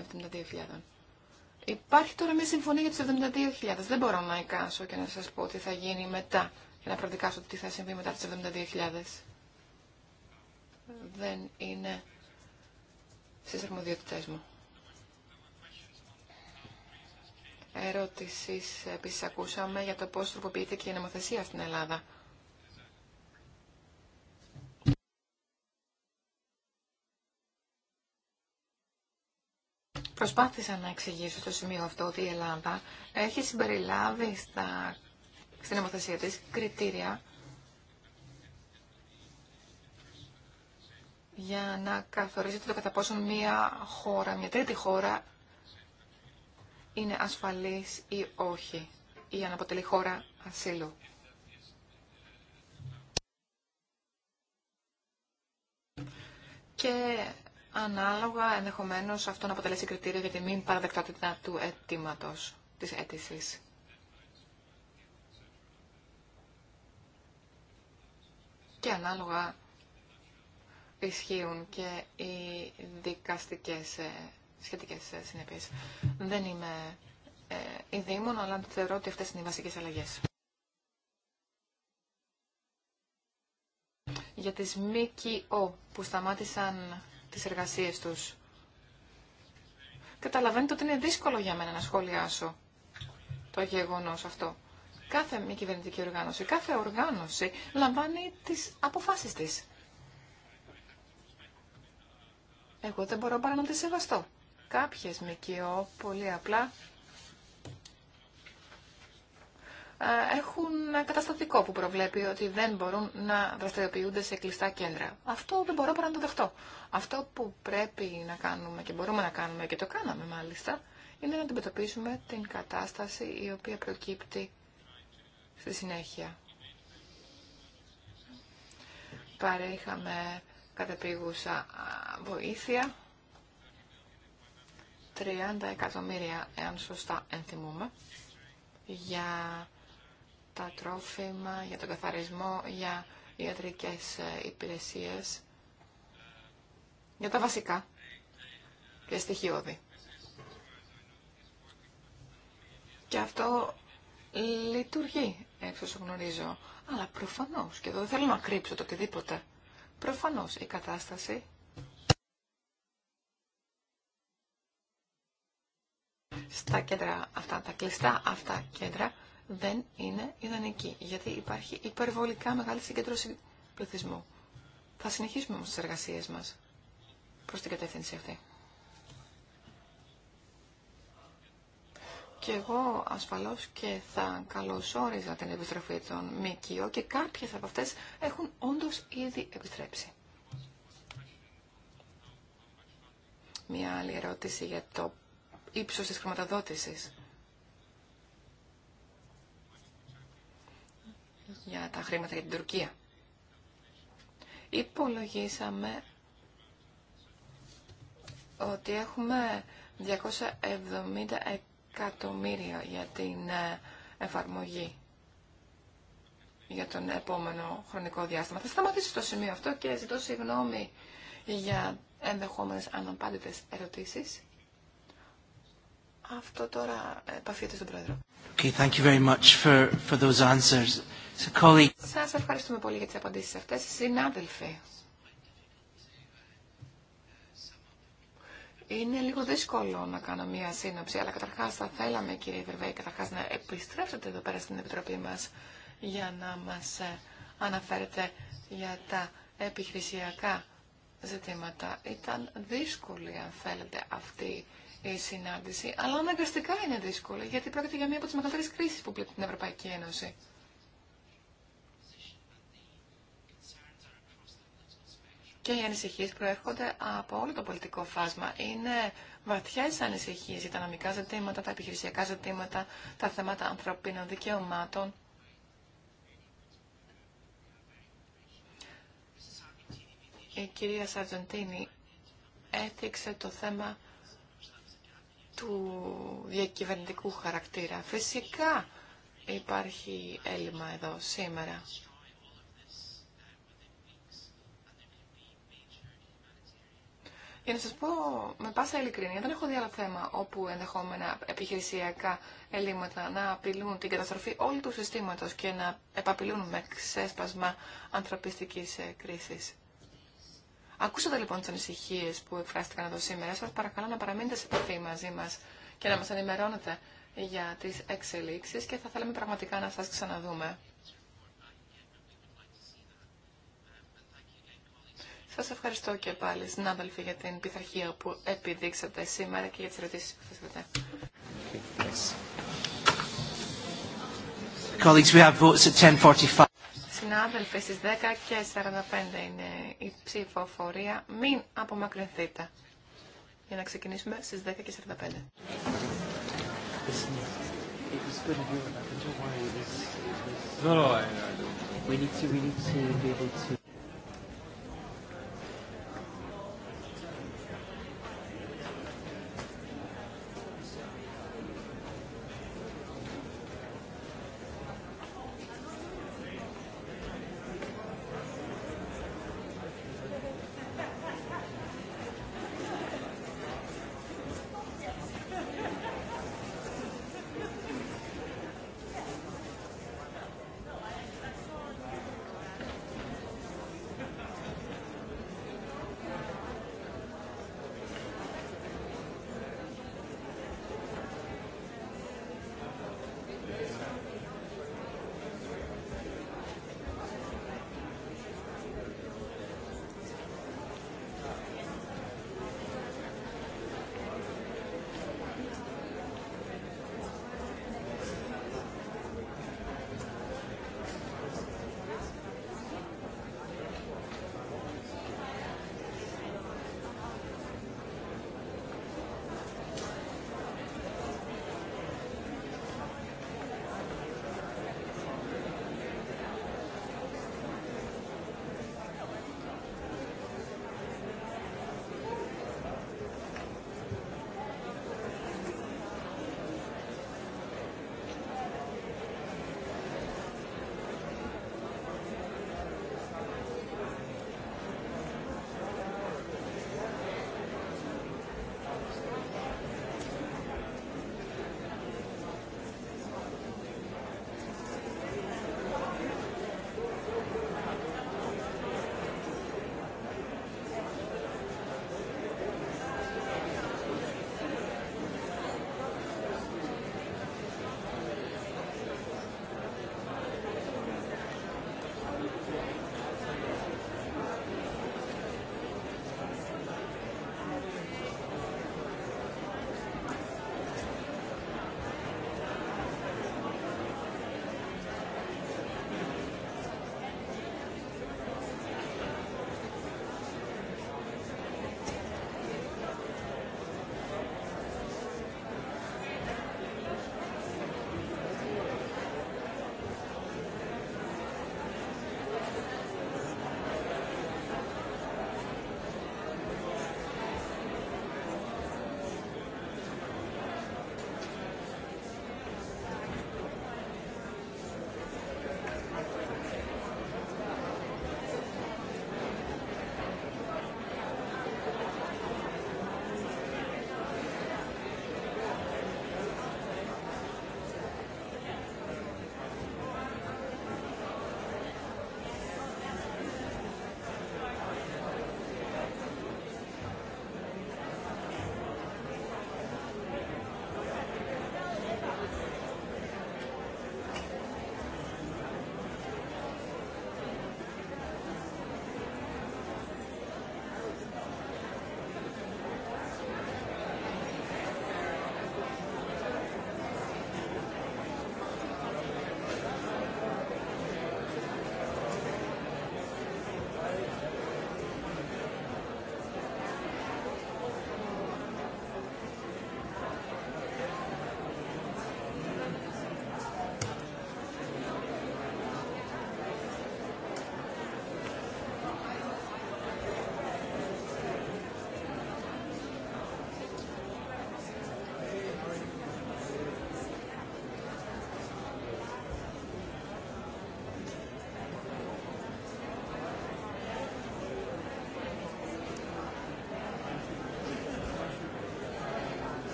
Υπάρχει τώρα μια συμφωνία για τις 72.000. Δεν μπορώ να εικάσω και να σας πω τι θα γίνει μετά Και να προδικάσω τι θα συμβεί μετά τις 72.000. Δεν είναι στις αρμοδιότητές μου. ερώτηση επίση ακούσαμε για το τροποποιείται και η νομοθεσία στην Ελλάδα. Προσπάθησα να εξηγήσω στο σημείο αυτό ότι η Ελλάδα έχει συμπεριλάβει στα, στην νομοθεσία της κριτήρια για να καθορίζεται το κατά πόσον μία χώρα, μια τρίτη χώρα είναι ασφαλής ή όχι, ή αν αποτελεί χώρα ασύλου. Και ανάλογα ενδεχομένως αυτό να αποτελέσει κριτήριο για τη μη παραδεκτότητα του αιτήματο της αίτησης. Και ανάλογα ισχύουν και οι δικαστικές ε, Σχετικέ ε, συνέπειε. Δεν είμαι ε, ειδήμων, αλλά θεωρώ ότι αυτέ είναι οι βασικέ αλλαγέ. Για τις ΜΚΟ που σταμάτησαν τις εργασίες τους. Καταλαβαίνετε ότι είναι δύσκολο για μένα να σχολιάσω το γεγονός αυτό. Κάθε μη κυβερνητική οργάνωση, κάθε οργάνωση λαμβάνει τις αποφάσεις της. Εγώ δεν μπορώ παρά να τη σεβαστώ. Κάποιες ΜΚΟ πολύ απλά έχουν καταστατικό που προβλέπει ότι δεν μπορούν να δραστηριοποιούνται σε κλειστά κέντρα. Αυτό δεν μπορώ παρά να το δεχτώ. Αυτό που πρέπει να κάνουμε και μπορούμε να κάνουμε και το κάναμε μάλιστα, είναι να αντιμετωπίσουμε την κατάσταση η οποία προκύπτει στη συνέχεια. Παρέχαμε κατεπίγουσα βοήθεια 30 εκατομμύρια, εάν σωστά ενθυμούμε, για τα τρόφιμα, για τον καθαρισμό, για ιατρικές ε, υπηρεσίες, για τα βασικά και στοιχειώδη. Και αυτό λειτουργεί, έξω όσο γνωρίζω. Αλλά προφανώς, και εδώ δεν θέλω να κρύψω το οτιδήποτε, προφανώς η κατάσταση στα κέντρα αυτά, τα κλειστά αυτά κέντρα δεν είναι ιδανική, γιατί υπάρχει υπερβολικά μεγάλη συγκέντρωση πληθυσμού. Θα συνεχίσουμε όμως τις εργασίες μας προς την κατεύθυνση αυτή. Και εγώ ασφαλώς και θα καλωσόριζα την επιστροφή των ΜΚΙΟ και κάποιες από αυτές έχουν όντως ήδη επιστρέψει. Μία άλλη ερώτηση για το ύψος της χρηματοδότησης. για τα χρήματα για την Τουρκία. Υπολογίσαμε ότι έχουμε 270 εκατομμύρια για την ε, εφαρμογή για τον επόμενο χρονικό διάστημα. Θα σταματήσω στο σημείο αυτό και ζητώ συγγνώμη για ενδεχόμενες αναπάντητες ερωτήσεις. Αυτό τώρα επαφείται στον Πρόεδρο. Okay, thank you very much for, for those answers. So, colleague... Σας ευχαριστούμε πολύ για τις απαντήσεις αυτές. Συνάδελφοι, Είναι λίγο δύσκολο να κάνω μία σύνοψη, αλλά καταρχάς θα θέλαμε, κύριε Βερβέη, καταρχάς να επιστρέψετε εδώ πέρα στην Επιτροπή μας για να μας ε, αναφέρετε για τα επιχειρησιακά ζητήματα. Ήταν δύσκολη, αν θέλετε, αυτή η συνάντηση, αλλά αναγκαστικά είναι δύσκολη, γιατί πρόκειται για μία από τις μεγαλύτερες κρίσεις που πλήττει την Ευρωπαϊκή Ένωση. Και οι ανησυχίε προέρχονται από όλο το πολιτικό φάσμα. Είναι βαθιέ ανησυχίε για τα νομικά ζητήματα, τα επιχειρησιακά ζητήματα, τα θέματα ανθρωπίνων δικαιωμάτων. Η κυρία Σαρτζεντίνη έθιξε το θέμα του διακυβερνητικού χαρακτήρα. Φυσικά υπάρχει έλλειμμα εδώ σήμερα. Για να σας πω με πάσα ειλικρίνεια, δεν έχω δει θέμα όπου ενδεχόμενα επιχειρησιακά ελλείμματα να απειλούν την καταστροφή όλου του συστήματος και να επαπειλούν με ξέσπασμα ανθρωπιστικής ε, κρίσης. Ακούσατε λοιπόν τι ανησυχίε που εκφράστηκαν εδώ σήμερα. Σα παρακαλώ να παραμείνετε σε επαφή μαζί μα και να μα ενημερώνετε για τι εξελίξει και θα θέλαμε πραγματικά να σα ξαναδούμε. Σας ευχαριστώ και πάλι, συνάδελφοι, για την πειθαρχία που επιδείξατε σήμερα και για τις ερωτήσει που θέσατε. Colleagues, we have votes at 10.45. Συνάδελφοι, στις 10 και 45 είναι η ψηφοφορία. Μην απομακρυνθείτε. Για να ξεκινήσουμε στις 10 και 45.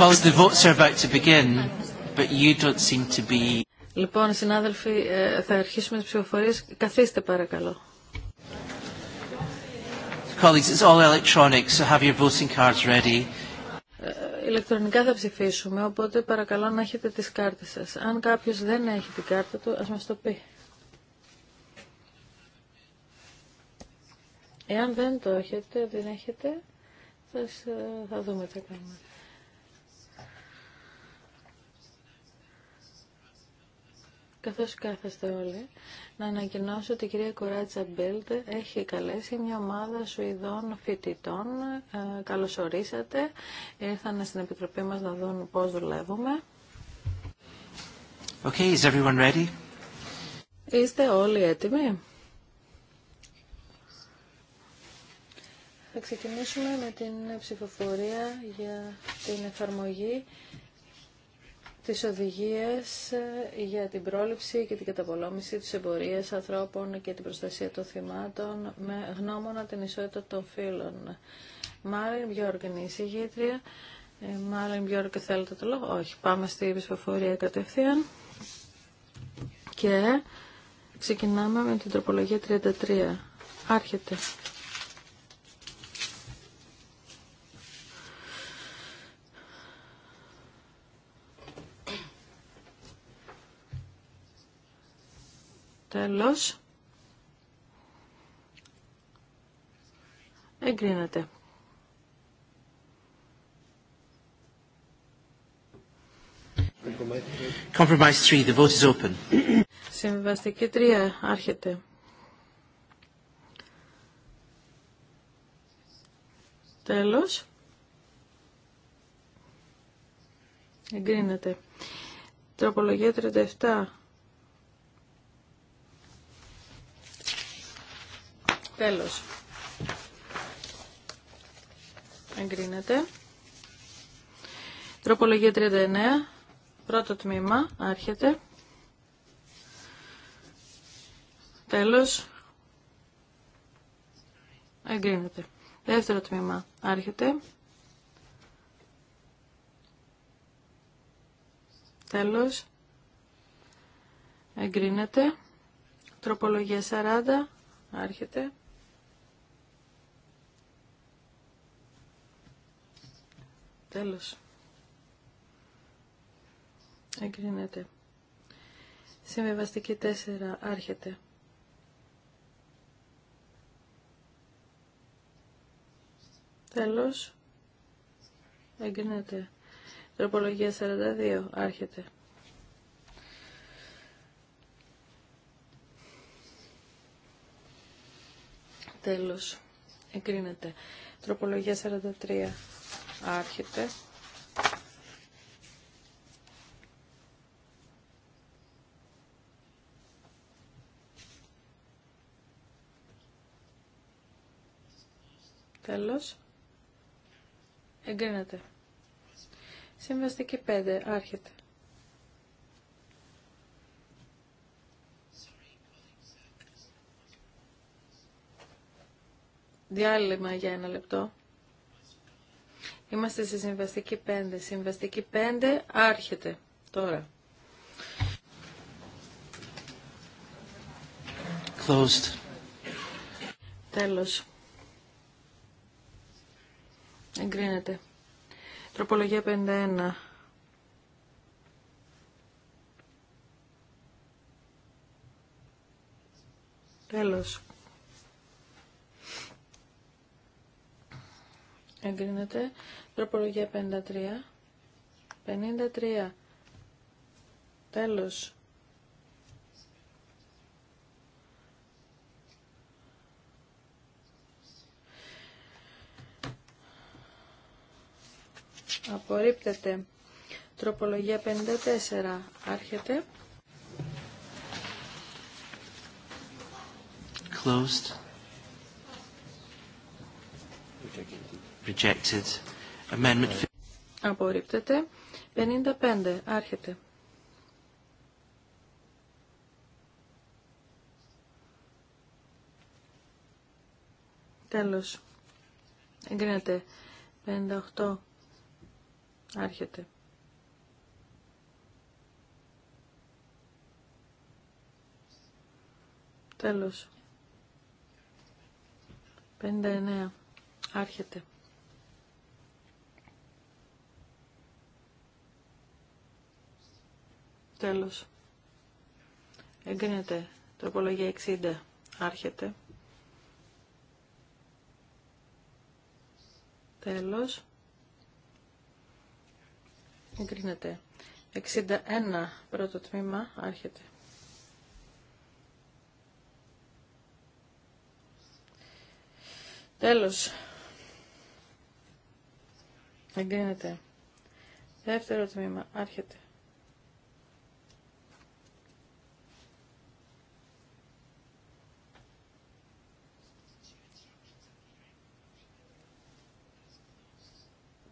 Because the votes are about to begin, but you don't seem to be... Λοιπόν, συνάδελφοι, ε, θα αρχίσουμε τις ψηφοφορίες. Καθίστε παρακαλώ. Colleagues, it's all electronic, so have your voting cards ready. Ε, ηλεκτρονικά θα ψηφίσουμε, οπότε παρακαλώ να έχετε τις κάρτες σας. Αν κάποιος δεν έχει την κάρτα του, ας μας το πει. Εάν δεν το έχετε, δεν έχετε, θα, θα δούμε τι κάνουμε. καθώς κάθεστε όλοι, να ανακοινώσω ότι η κυρία Κοράτσα Μπέλτ έχει καλέσει μια ομάδα Σουηδών φοιτητών. Ε, καλωσορίσατε. Ήρθαν στην Επιτροπή μας να δουν πώς δουλεύουμε. Okay, is everyone ready? Είστε όλοι έτοιμοι? Θα ξεκινήσουμε με την ψηφοφορία για την εφαρμογή τις οδηγίες ε, για την πρόληψη και την καταπολόμηση της εμπορίας ανθρώπων και την προστασία των θυμάτων με γνώμονα την ισότητα των φύλων. Μάλλον είναι η συγγήτρια. Ε, Μάλλον Μπιόρκ θέλετε το λόγο. Όχι, πάμε στη εμπιστοφορία κατευθείαν. Και ξεκινάμε με την τροπολογία 33. Άρχεται. Τέλος. Εγκρίνεται. Compromise 3, the vote is open. Συμβαστική 3, άρχεται. Τέλος. Εγκρίνεται. Τροπολογία 37, Τέλος. Εγκρίνεται. Τροπολογία 39. Πρώτο τμήμα. Άρχεται. Τέλος. Εγκρίνεται. Δεύτερο τμήμα. Άρχεται. Τέλος. Εγκρίνεται. Τροπολογία 40. Άρχεται. Τέλος. Εγκρίνεται. Συμβιβαστική 4. Άρχεται. Τέλος. Εγκρίνεται. Τροπολογία 42. Άρχεται. Τέλος. Εγκρίνεται. Τροπολογία 43. Άρχεται. Τέλος. Εγκρίνεται. Συμβαστική 5. Άρχεται. Διάλειμμα για ένα λεπτό. Είμαστε στη συμβαστική 5. Συμβαστική 5 άρχεται τώρα. Closed. Τέλος. Εγκρίνεται. Τροπολογία 51. Τέλος. Εγκρίνεται. Τροπολογία 53. 53. Τέλος. Απορρίπτεται. Τροπολογία 54. Άρχεται. Closed. Rejected. Amendment... Απορρίπτεται. 55. Άρχεται. Τέλος. Εγκρίνεται. 58. Άρχεται. Τέλος. 59. Άρχεται. Τέλος. Εγκρίνεται. Τροπολογία 60. Άρχεται. Τέλος. Εγκρίνεται. 61. Πρώτο τμήμα. Άρχεται. Τέλος. Εγκρίνεται. Δεύτερο τμήμα. Άρχεται.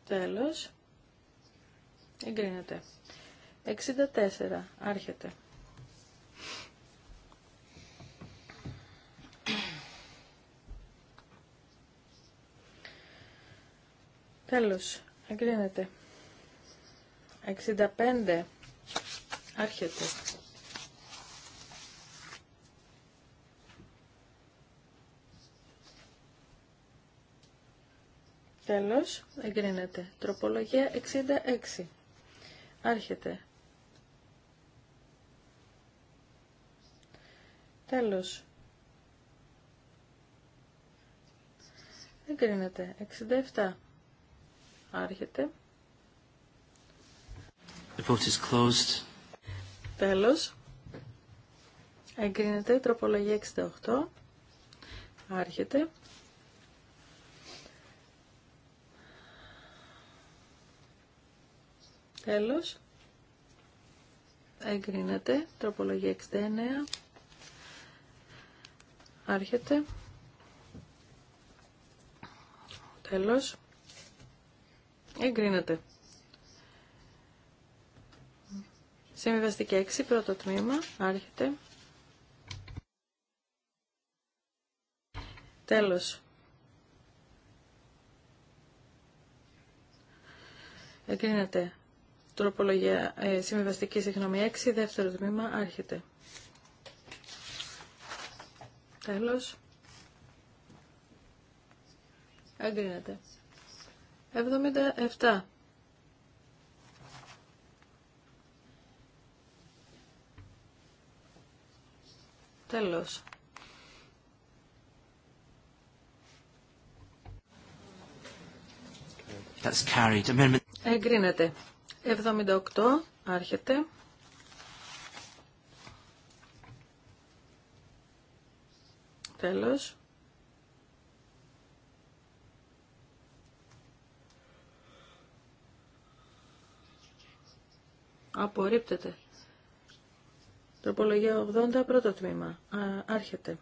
Τέλος. Εγκρίνεται. 64. Άρχεται. Τέλος. Εγκρίνεται. 65. Άρχεται. Τέλος, εγκρίνεται. Τροπολογία 66. Άρχεται. Τέλος. Εγκρίνεται. 67. Άρχεται. The vote is closed. Τέλος. Εγκρίνεται. Τροπολογία 68. Άρχεται. Τέλος. Εγκρίνεται. Τροπολογία 69. Άρχεται. Τέλος. Εγκρίνεται. Συμβιβαστική 6, πρώτο τμήμα, άρχεται. Τέλος. Εγκρίνεται. Τροπολογία ε, συμβιβαστική, συγγνώμη, 6, δεύτερο τμήμα, άρχεται. Τέλος. Εγκρίνεται. 77. Τέλος. That's carried. Εγκρίνεται. 78 άρχεται. Τέλος. Απορρίπτεται. Τροπολογία 80, πρώτο τμήμα. Α, άρχεται.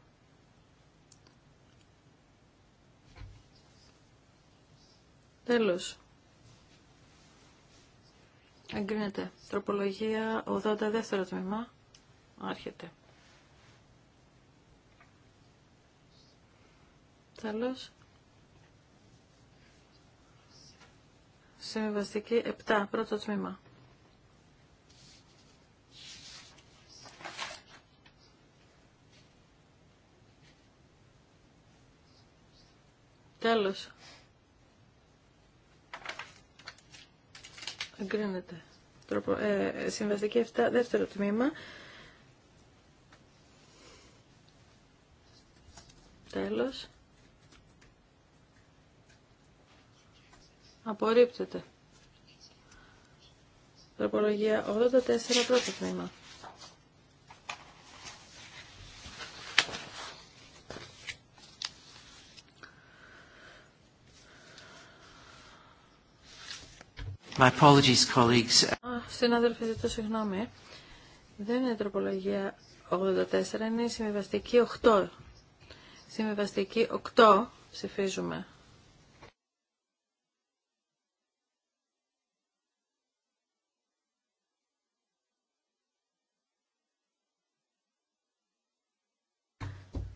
Τέλος. Εγκρίνεται. Τροπολογία 82 τμήμα. Άρχεται. Τέλος. Συμβαστική 7, πρώτο τμήμα. Τέλος. Εγκρίνεται. Τροπο, ε, συμβαστική 7, δεύτερο τμήμα. Τέλος. Απορρίπτεται. Τροπολογία 84, πρώτο τμήμα. My apologies, colleagues. Συνάδελφε, ζητώ συγγνώμη. Δεν είναι τροπολογία 84, είναι η συμβιβαστική 8. Συμβιβαστική 8 ψηφίζουμε.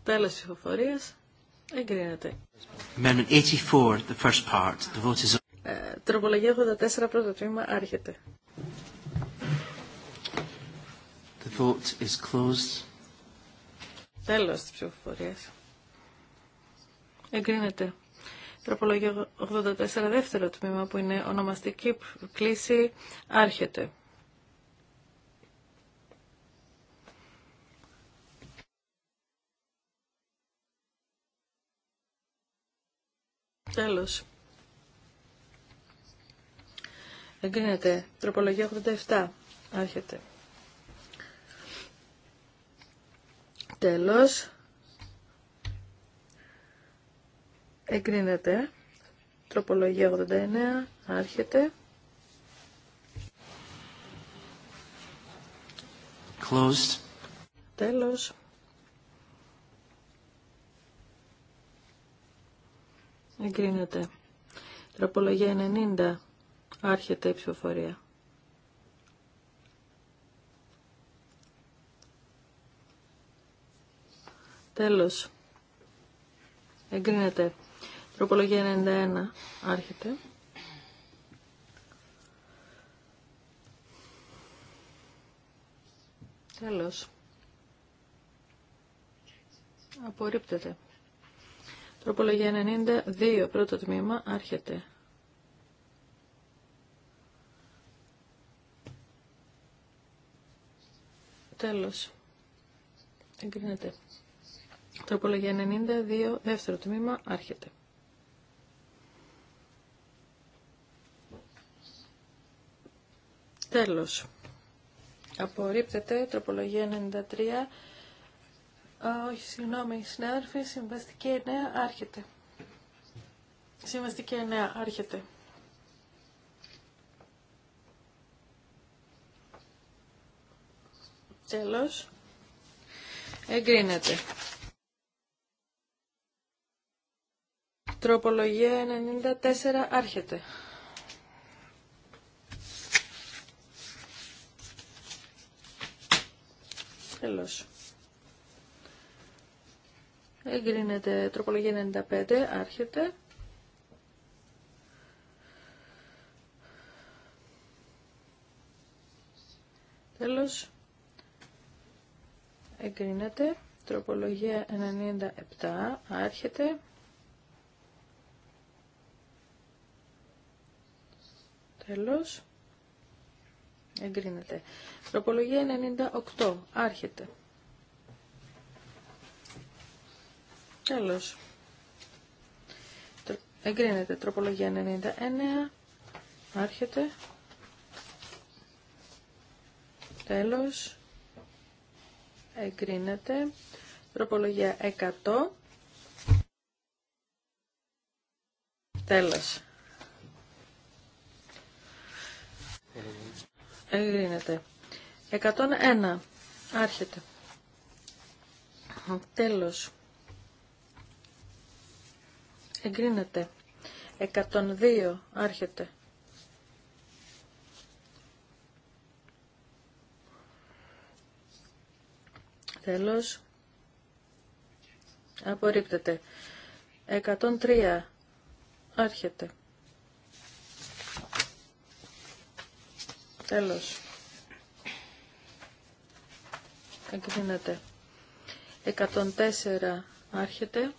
Τέλος ψηφοφορίας. Εγκρίνεται. Amendment 84, the first part. The vote is τροπολογία 84 πρώτο τμήμα άρχεται. The vote is closed. Τέλος της ψηφοφορίας. Εγκρίνεται. Τροπολογία 84 δεύτερο τμήμα που είναι ονομαστική κλίση άρχεται. Τέλος. Εγκρίνεται. Τροπολογία 87. Άρχεται. Τέλος. Εγκρίνεται. Τροπολογία 89. Άρχεται. Closed. Τέλος. Εγκρίνεται. Τροπολογία 90. Άρχεται η ψηφοφορία. Τέλος. Εγκρίνεται. Τροπολογία 91. Άρχεται. Τέλος. Απορρίπτεται. Τροπολογία 92. Πρώτο τμήμα. Άρχεται. Τέλος. Εγκρίνεται. Τροπολογία 92, δεύτερο τμήμα, άρχεται. Τέλος. Απορρίπτεται. Τροπολογία 93. Όχι, συγγνώμη, συνάδελφοι. Συμβαστική 9, άρχεται. Συμβαστική 9, άρχεται. Τέλος. Εγκρίνεται. Τροπολογία 94 άρχεται. Τέλος. Εγκρίνεται τροπολογία 95, άρχεται. Τέλος εγκρίνεται. Τροπολογία 97 άρχεται. Τέλος. Εγκρίνεται. Τροπολογία 98 άρχεται. Τέλος. Εγκρίνεται. Τροπολογία 99 άρχεται. Τέλος εγκρίνεται. Τροπολογία 100. Τέλος. Εγκρίνεται. 101. Άρχεται. Τέλος. Εγκρίνεται. 102. Άρχεται. Τέλος. Απορρίπτεται. 103. Άρχεται. Τέλος. Εγκρίνεται. 104. Άρχεται.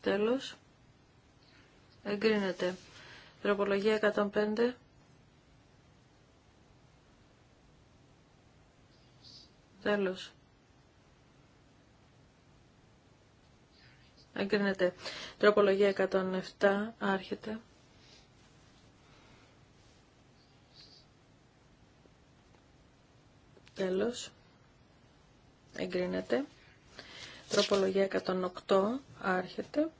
Τέλος. Εγκρίνεται. Τροπολογία 105. Τέλος. Εγκρίνεται. Τροπολογία 107 άρχεται. Τέλος. Εγκρίνεται. Τροπολογία 108 άρχεται.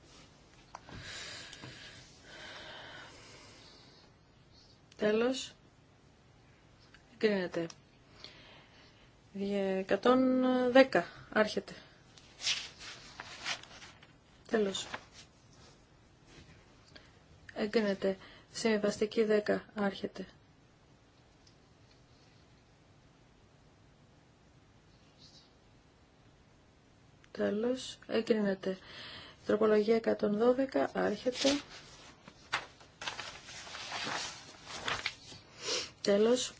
Τέλος. Εγκρίνεται. 110 άρχεται. Τέλος. Έγκρινεται. Συμβαστική 10 άρχεται. Τέλος. Έγκρινεται. Τροπολογία 112 άρχεται. Τέλος.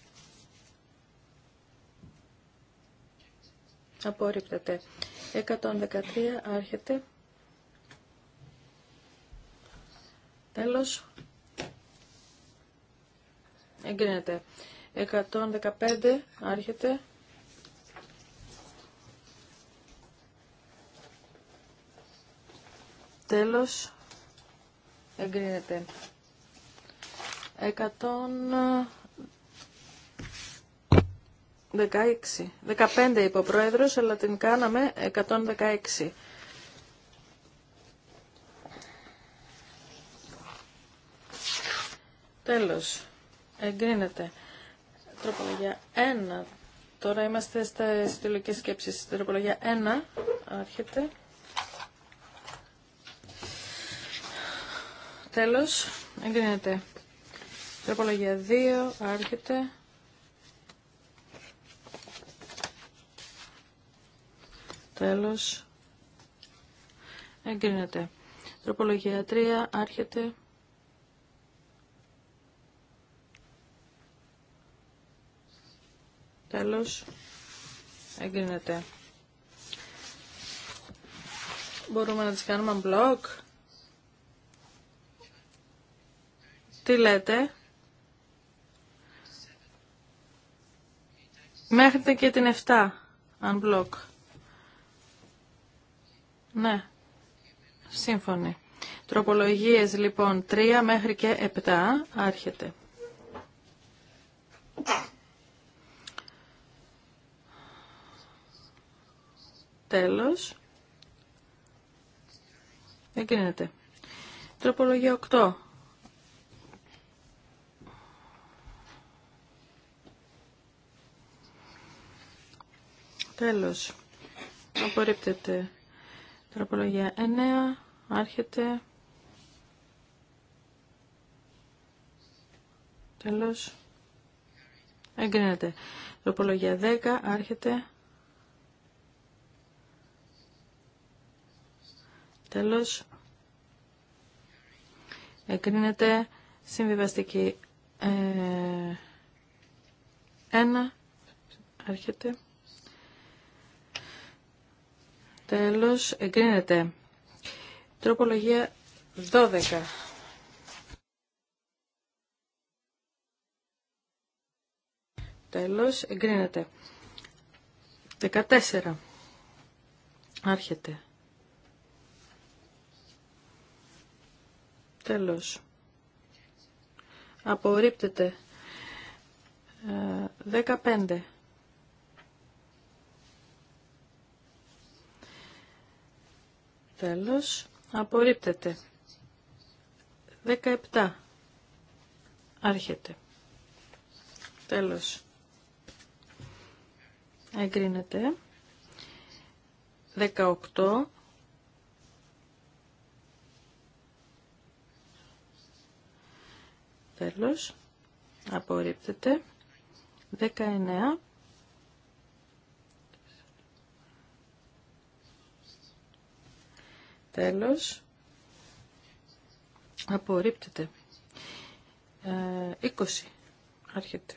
Απορρίπτεται. 113 άρχεται. Τέλος. Εγκρίνεται. 115 άρχεται. Τέλος. Εγκρίνεται. 100... 16. 15 είπε ο Πρόεδρος, αλλά την κάναμε 116. Τέλος. Εγκρίνεται. Τροπολογία 1. Τώρα είμαστε στα συλλογικέ σκέψεις. Τροπολογία 1. Άρχεται. Τέλος. Εγκρίνεται. Τροπολογία 2. Άρχεται. Τέλος. Εγκρίνεται. Τροπολογία 3. Άρχεται. Τέλος. Εγκρίνεται. Μπορούμε να τις κάνουμε μπλοκ. Τι λέτε. Μέχρι και την 7. Unblock. Ναι, σύμφωνοι. Τροπολογίες λοιπόν 3 μέχρι και 7 άρχεται. Τέλος. Εγκρίνεται. Τροπολογία 8. Τέλος. Απορρίπτεται. Τροπολογία 9. Άρχεται. Τέλος. Εγκρίνεται. Τροπολογία 10. Άρχεται. Τέλος. Εγκρίνεται. Συμβιβαστική 1. Ε, άρχεται. Τέλος, εγκρίνεται. Τροπολογία 12. Τέλος, εγκρίνεται. 14. Άρχεται. Τέλος. Απορρίπτεται. 15. Ε, Τέλος. Απορρίπτεται. 17. Άρχεται. Τέλος. Εγκρίνεται. 18. Τέλος. Απορρίπτεται. 19. Τέλος. Απορρίπτεται. 20. Ε, Άρχεται.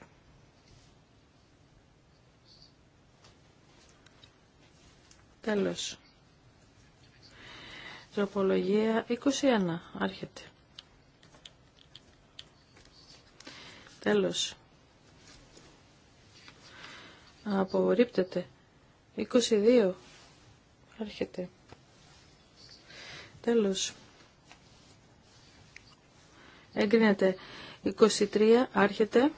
Τέλος. Τροπολογία 21. Άρχεται. Τέλος. Απορρίπτεται. 22. Άρχεται. Τέλος. Έγκρινεται 23, άρχεται.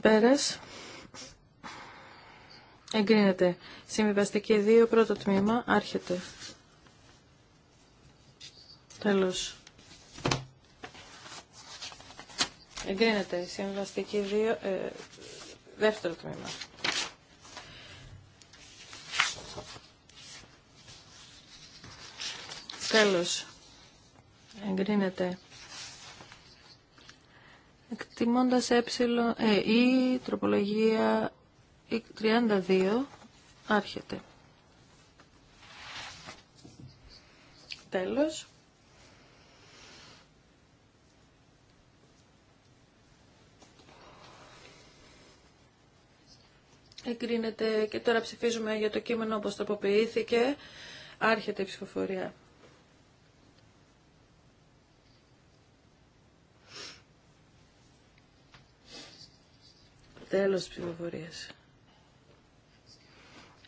Πέρας. Εγκρίνεται. Συμβιβαστική 2, πρώτο τμήμα, άρχεται. Τέλος. Εγκρίνεται. Συμβιβαστική 2, ε, δεύτερο τμήμα. Τέλος. Εγκρίνεται. Εκτιμώντας ε, ε η τροπολογία 32 άρχεται. Τέλος. Εγκρίνεται και τώρα ψηφίζουμε για το κείμενο όπως τροποποιήθηκε. Άρχεται η ψηφοφορία. Τέλος της ψηφοφορίας.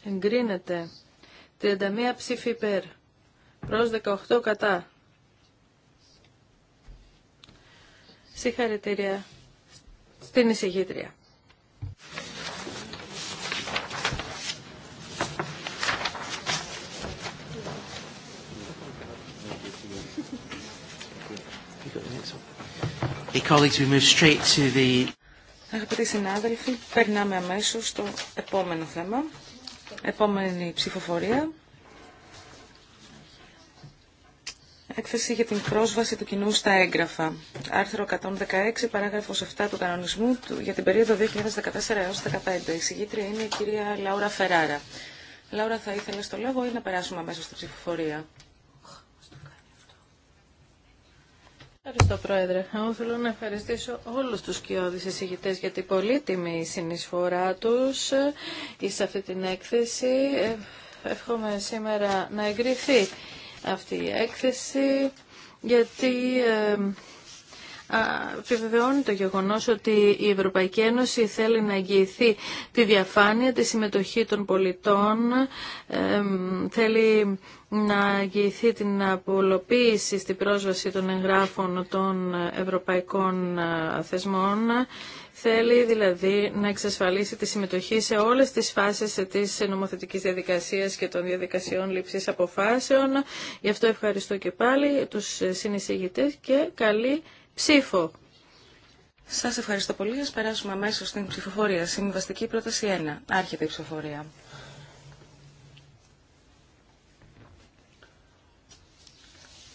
Εγκρίνεται. 31 ψήφοι υπέρ. Προς 18 κατά. Συγχαρητήρια στην εισηγήτρια. Αγαπητοί συνάδελφοι, περνάμε αμέσως στο επόμενο θέμα. Επόμενη ψηφοφορία. Έκθεση για την πρόσβαση του κοινού στα έγγραφα. Άρθρο 116, παράγραφος 7 του κανονισμού για την περίοδο 2014 έως 2015. Η συγγήτρια είναι η κυρία Λάουρα Φεράρα. Λάουρα, θα ήθελα το λόγο ή να περάσουμε αμέσως στη ψηφοφορία. Ευχαριστώ, Πρόεδρε. Εγώ θέλω να ευχαριστήσω όλους τους κοιόδης εισηγητές για την πολύτιμη συνεισφορά τους ε, σε αυτή την έκθεση. Ε, εύχομαι σήμερα να εγκριθεί αυτή η έκθεση, γιατί ε, επιβεβαιώνει το γεγονός ότι η Ευρωπαϊκή Ένωση θέλει να εγγυηθεί τη διαφάνεια, τη συμμετοχή των πολιτών, θέλει να εγγυηθεί την απολοποίηση στην πρόσβαση των εγγράφων των ευρωπαϊκών θεσμών Θέλει δηλαδή να εξασφαλίσει τη συμμετοχή σε όλες τις φάσεις της νομοθετικής διαδικασίας και των διαδικασιών λήψης αποφάσεων. Γι' αυτό ευχαριστώ και πάλι τους συνεισηγητές και καλή ψήφο. Σα ευχαριστώ πολύ. Α περάσουμε αμέσω στην ψηφοφορία. Συμβαστική πρόταση 1. Άρχεται η ψηφοφορία.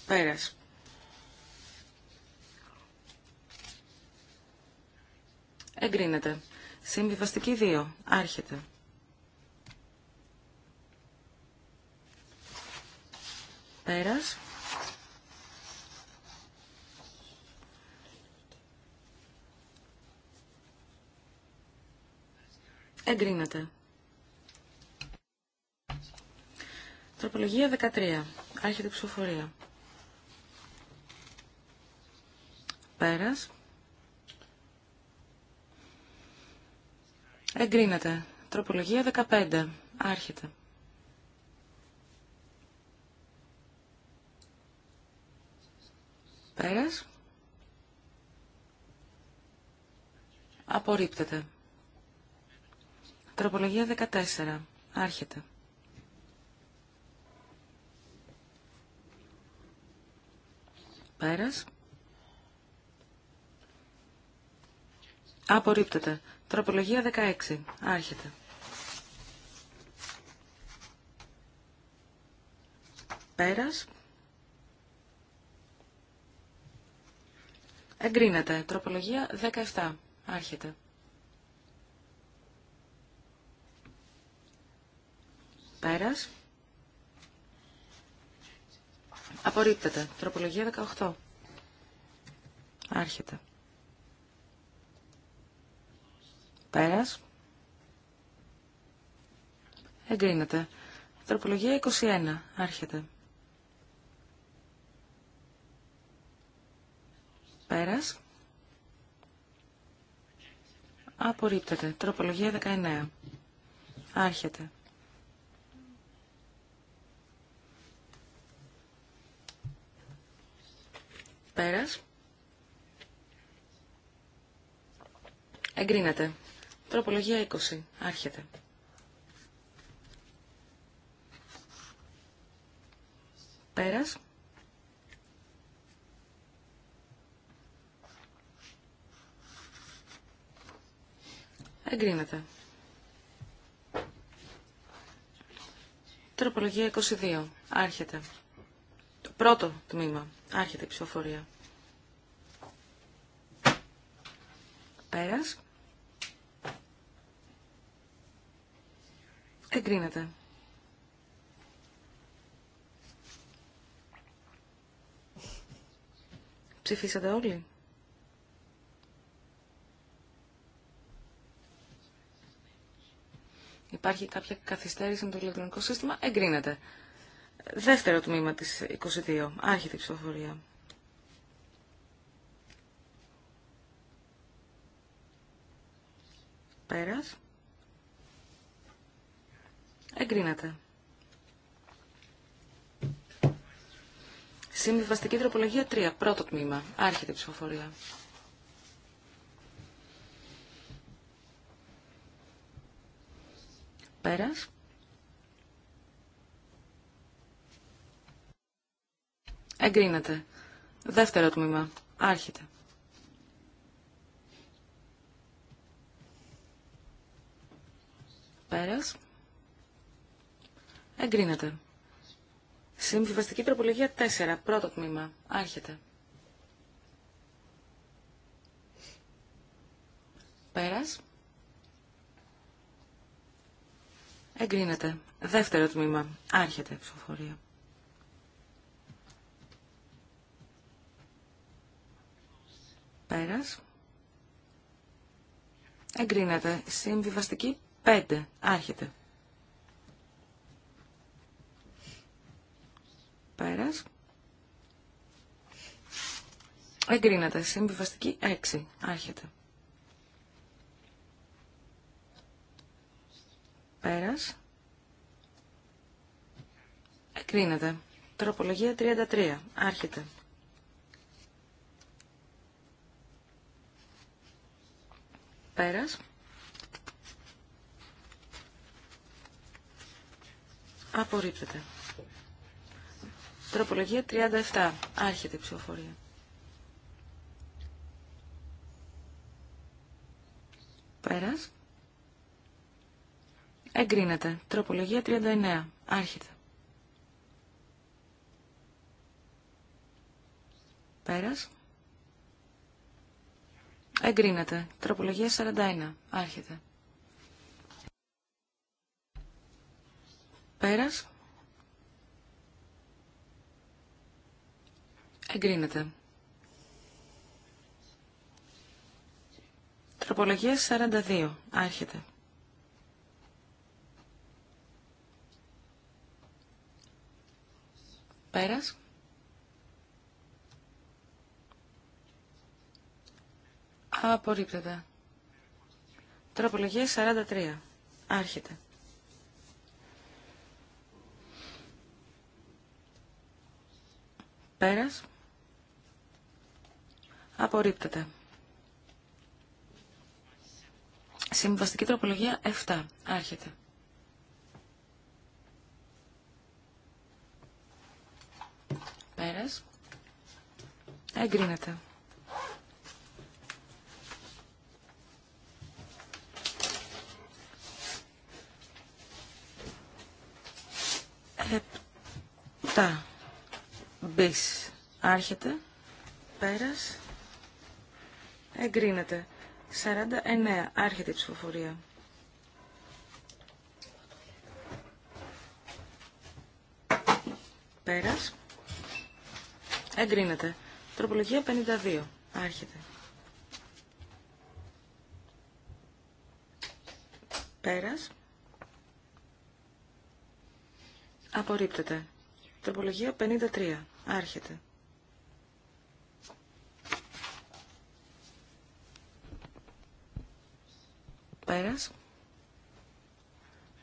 Πέρας. Εγκρίνεται. Συμβιβαστική 2. Άρχεται. Πέρας. Εγκρίνεται. Τροπολογία 13. Άρχεται η ψηφοφορία. Πέρας. Εγκρίνεται. Τροπολογία 15. Άρχεται. Πέρας. Απορρίπτεται. Τροπολογία 14. Άρχεται. Πέρας. Απορρίπτεται. Τροπολογία 16. Άρχεται. Πέρας. Εγκρίνεται. Τροπολογία 17. Άρχεται. Πέρας. Απορρίπτεται. Τροπολογία 18. Άρχεται. Πέρας. Εγκρίνεται. Τροπολογία 21. Άρχεται. Πέρας. Απορρίπτεται. Τροπολογία 19. Άρχεται. Πέρας. Εγκρίνεται. Τροπολογία 20. Άρχεται. Πέρας. Εγκρίνεται. Τροπολογία 22. Άρχεται. Το πρώτο τμήμα. Άρχεται η ψηφοφορία. Πέρας. Εγκρίνεται. Ψηφίσατε όλοι. Υπάρχει κάποια καθυστέρηση με το ηλεκτρονικό σύστημα. Εγκρίνεται. Δεύτερο τμήμα της 22. Άρχιτη ψηφοφορία. Πέρας. Εγκρίνεται. Συμβιβαστική τροπολογία 3. Πρώτο τμήμα. Άρχιτη ψηφοφορία. Πέρας. Εγκρίνεται. Δεύτερο τμήμα. Άρχεται. Πέρας. Εγκρίνεται. Συμβιβαστική τροπολογία 4. Πρώτο τμήμα. Άρχεται. Πέρας. Εγκρίνεται. Δεύτερο τμήμα. Άρχεται η ψηφοφορία. Πέρας. Εγκρίνεται. Συμβιβαστική 5. Άρχεται. Πέρας. Εγκρίνεται. Συμβιβαστική 6. Άρχεται. Πέρας. Εγκρίνεται. Τροπολογία 33. Άρχεται. Πέρας. Απορρίπτεται. Τροπολογία 37. Άρχεται η ψηφοφορία. Πέρας. Εγκρίνεται. Τροπολογία 39. Άρχεται. Πέρας. Εγκρίνεται. Τροπολογία 41. Άρχεται. Πέρας. Εγκρίνεται. Τροπολογία 42. Άρχεται. Πέρας. Απορρίπτεται. Τροπολογία 43. Άρχεται. Πέρας. Απορρίπτεται. Συμβαστική τροπολογία 7. Άρχεται. Πέρας. Εγκρίνεται. 7 μπις άρχεται, πέρας, εγκρίνεται. 49 άρχεται η ψηφοφορία. Πέρας, εγκρίνεται. Τροπολογία 52 άρχεται. Πέρας, Απορρίπτεται. Τροπολογία 53. Άρχεται. Πέρας.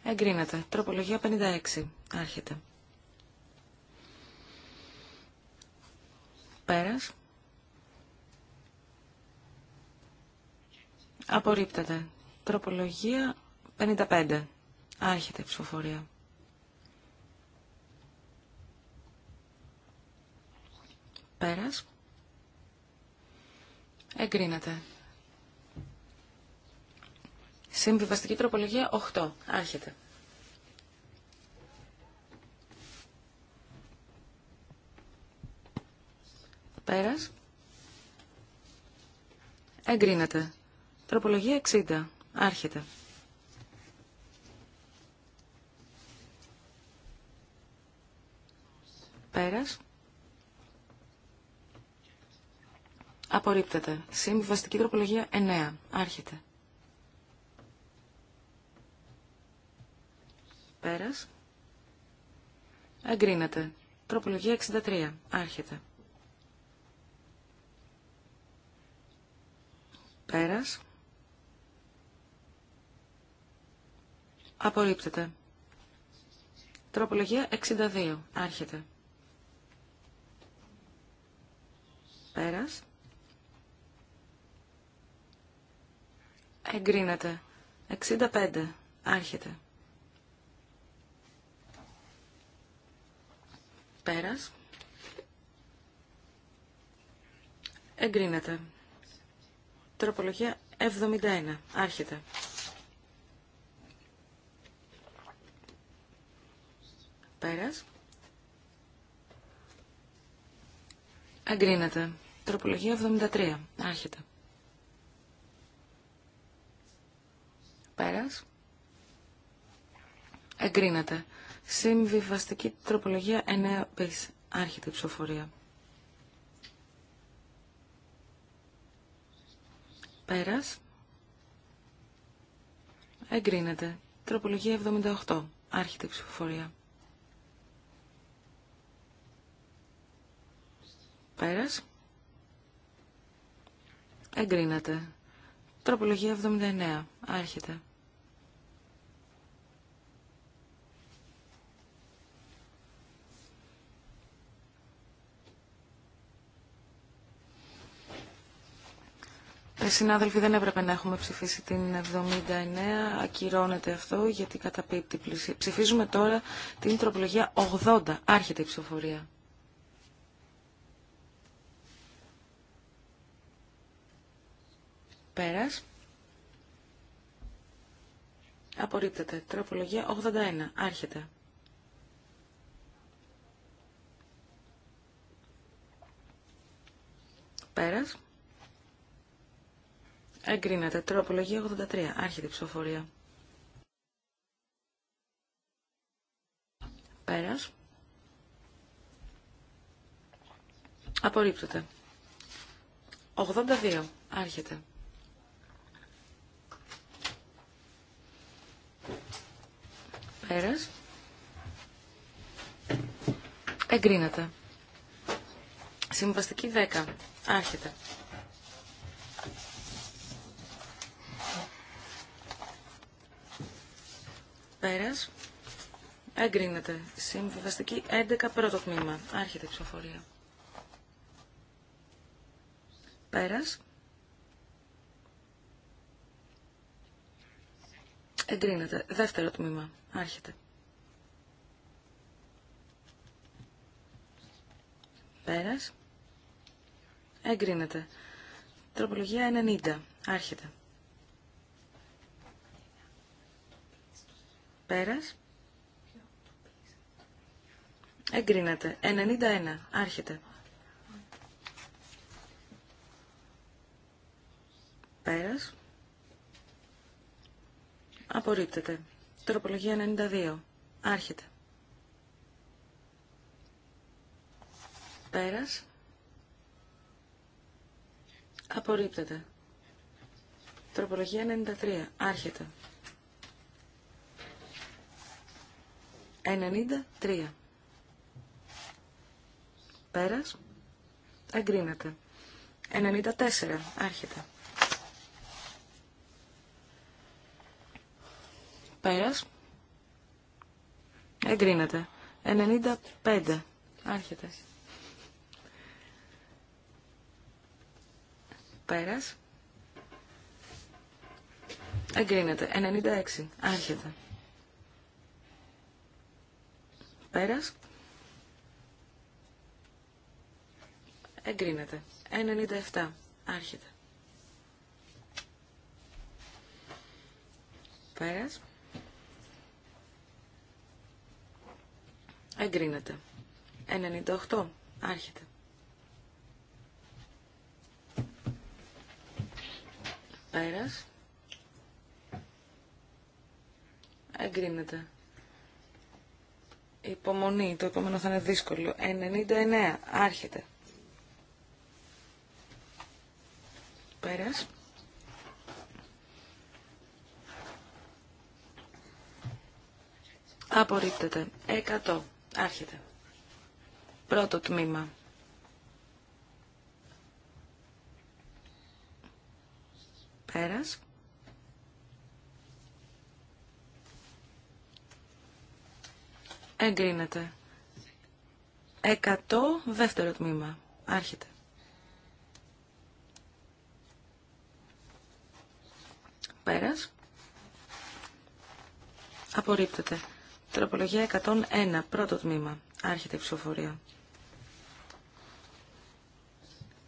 Εγκρίνεται. Τροπολογία 56. Άρχεται. Πέρας. Απορρίπτεται. Τροπολογία 55. Άρχεται η ψηφοφορία. Πέρας. Εγκρίνεται. Συμβιβαστική τροπολογία 8. Άρχεται. Πέρας. Εγκρίνεται. Τροπολογία 60. Άρχεται. Πέρας. Απορρίπτεται. Συμβιβαστική τροπολογία 9. Άρχεται. Πέρας. Εγκρίνεται. Τροπολογία 63. Άρχεται. Πέρας. Απορρίπτεται. Τροπολογία 62. Άρχεται. Πέρας. Εγκρίνεται. 65. Άρχεται. Πέρας. Εγκρίνεται. Τροπολογία 71. Άρχεται. Πέρας. Εγκρίνεται. Τροπολογία 73. Άρχεται. Πέρας. Εγκρίνεται. Συμβιβαστική τροπολογία 9 πις. Άρχεται η ψηφοφορία. Πέρας. Εγκρίνεται. Τροπολογία 78. Άρχεται η ψηφοφορία. Πέρας. Εγκρίνεται. Τροπολογία 79. Άρχεται. Συνάδελφοι, δεν έπρεπε να έχουμε ψηφίσει την 79. Ακυρώνεται αυτό γιατί καταπίπτει πλησία. Ψηφίζουμε τώρα την τροπολογία 80. Άρχεται η ψηφοφορία. Πέρας. Απορρίπτεται. Τροπολογία 81. Άρχεται. Πέρας. Εγκρίνεται. Τροπολογία 83. Άρχεται η ψηφοφορία. Πέρας. Απορρίπτωται. 82. Άρχεται. Πέρας. Εγκρίνεται. Συμβαστική 10. Άρχεται. Πέρας. Εγκρίνεται. Συμβιβαστική 11 πρώτο τμήμα. Άρχεται η ψηφοφορία. Πέρας. Εγκρίνεται. Δεύτερο τμήμα. Άρχεται. Πέρας. Εγκρίνεται. Τροπολογία 90. Άρχεται. Πέρας. Εγκρίνεται. 91. Άρχεται. Πέρας. Απορρίπτεται. Τροπολογία 92. Άρχεται. Πέρας. Απορρίπτεται. Τροπολογία 93. Άρχεται. 93. Πέρας. Εγκρίνεται. 94. Άρχεται. Πέρας. Εγκρίνεται. 95. Άρχεται. Πέρας. Εγκρίνεται. 96. Άρχεται. Πέρας. Εγκρίνεται. 97. Άρχεται. Πέρας. Εγκρίνεται. 98. Άρχεται. Πέρας. Εγκρίνεται. Υπομονή, το επόμενο θα είναι δύσκολο. 99, άρχεται. Πέρας. Απορρίπτεται. 100, άρχεται. Πρώτο τμήμα. Πέρας. εγκρίνεται. 100 δεύτερο τμήμα. Άρχεται. Πέρας. Απορρίπτεται. Τροπολογία 101 πρώτο τμήμα. Άρχεται η ψηφοφορία.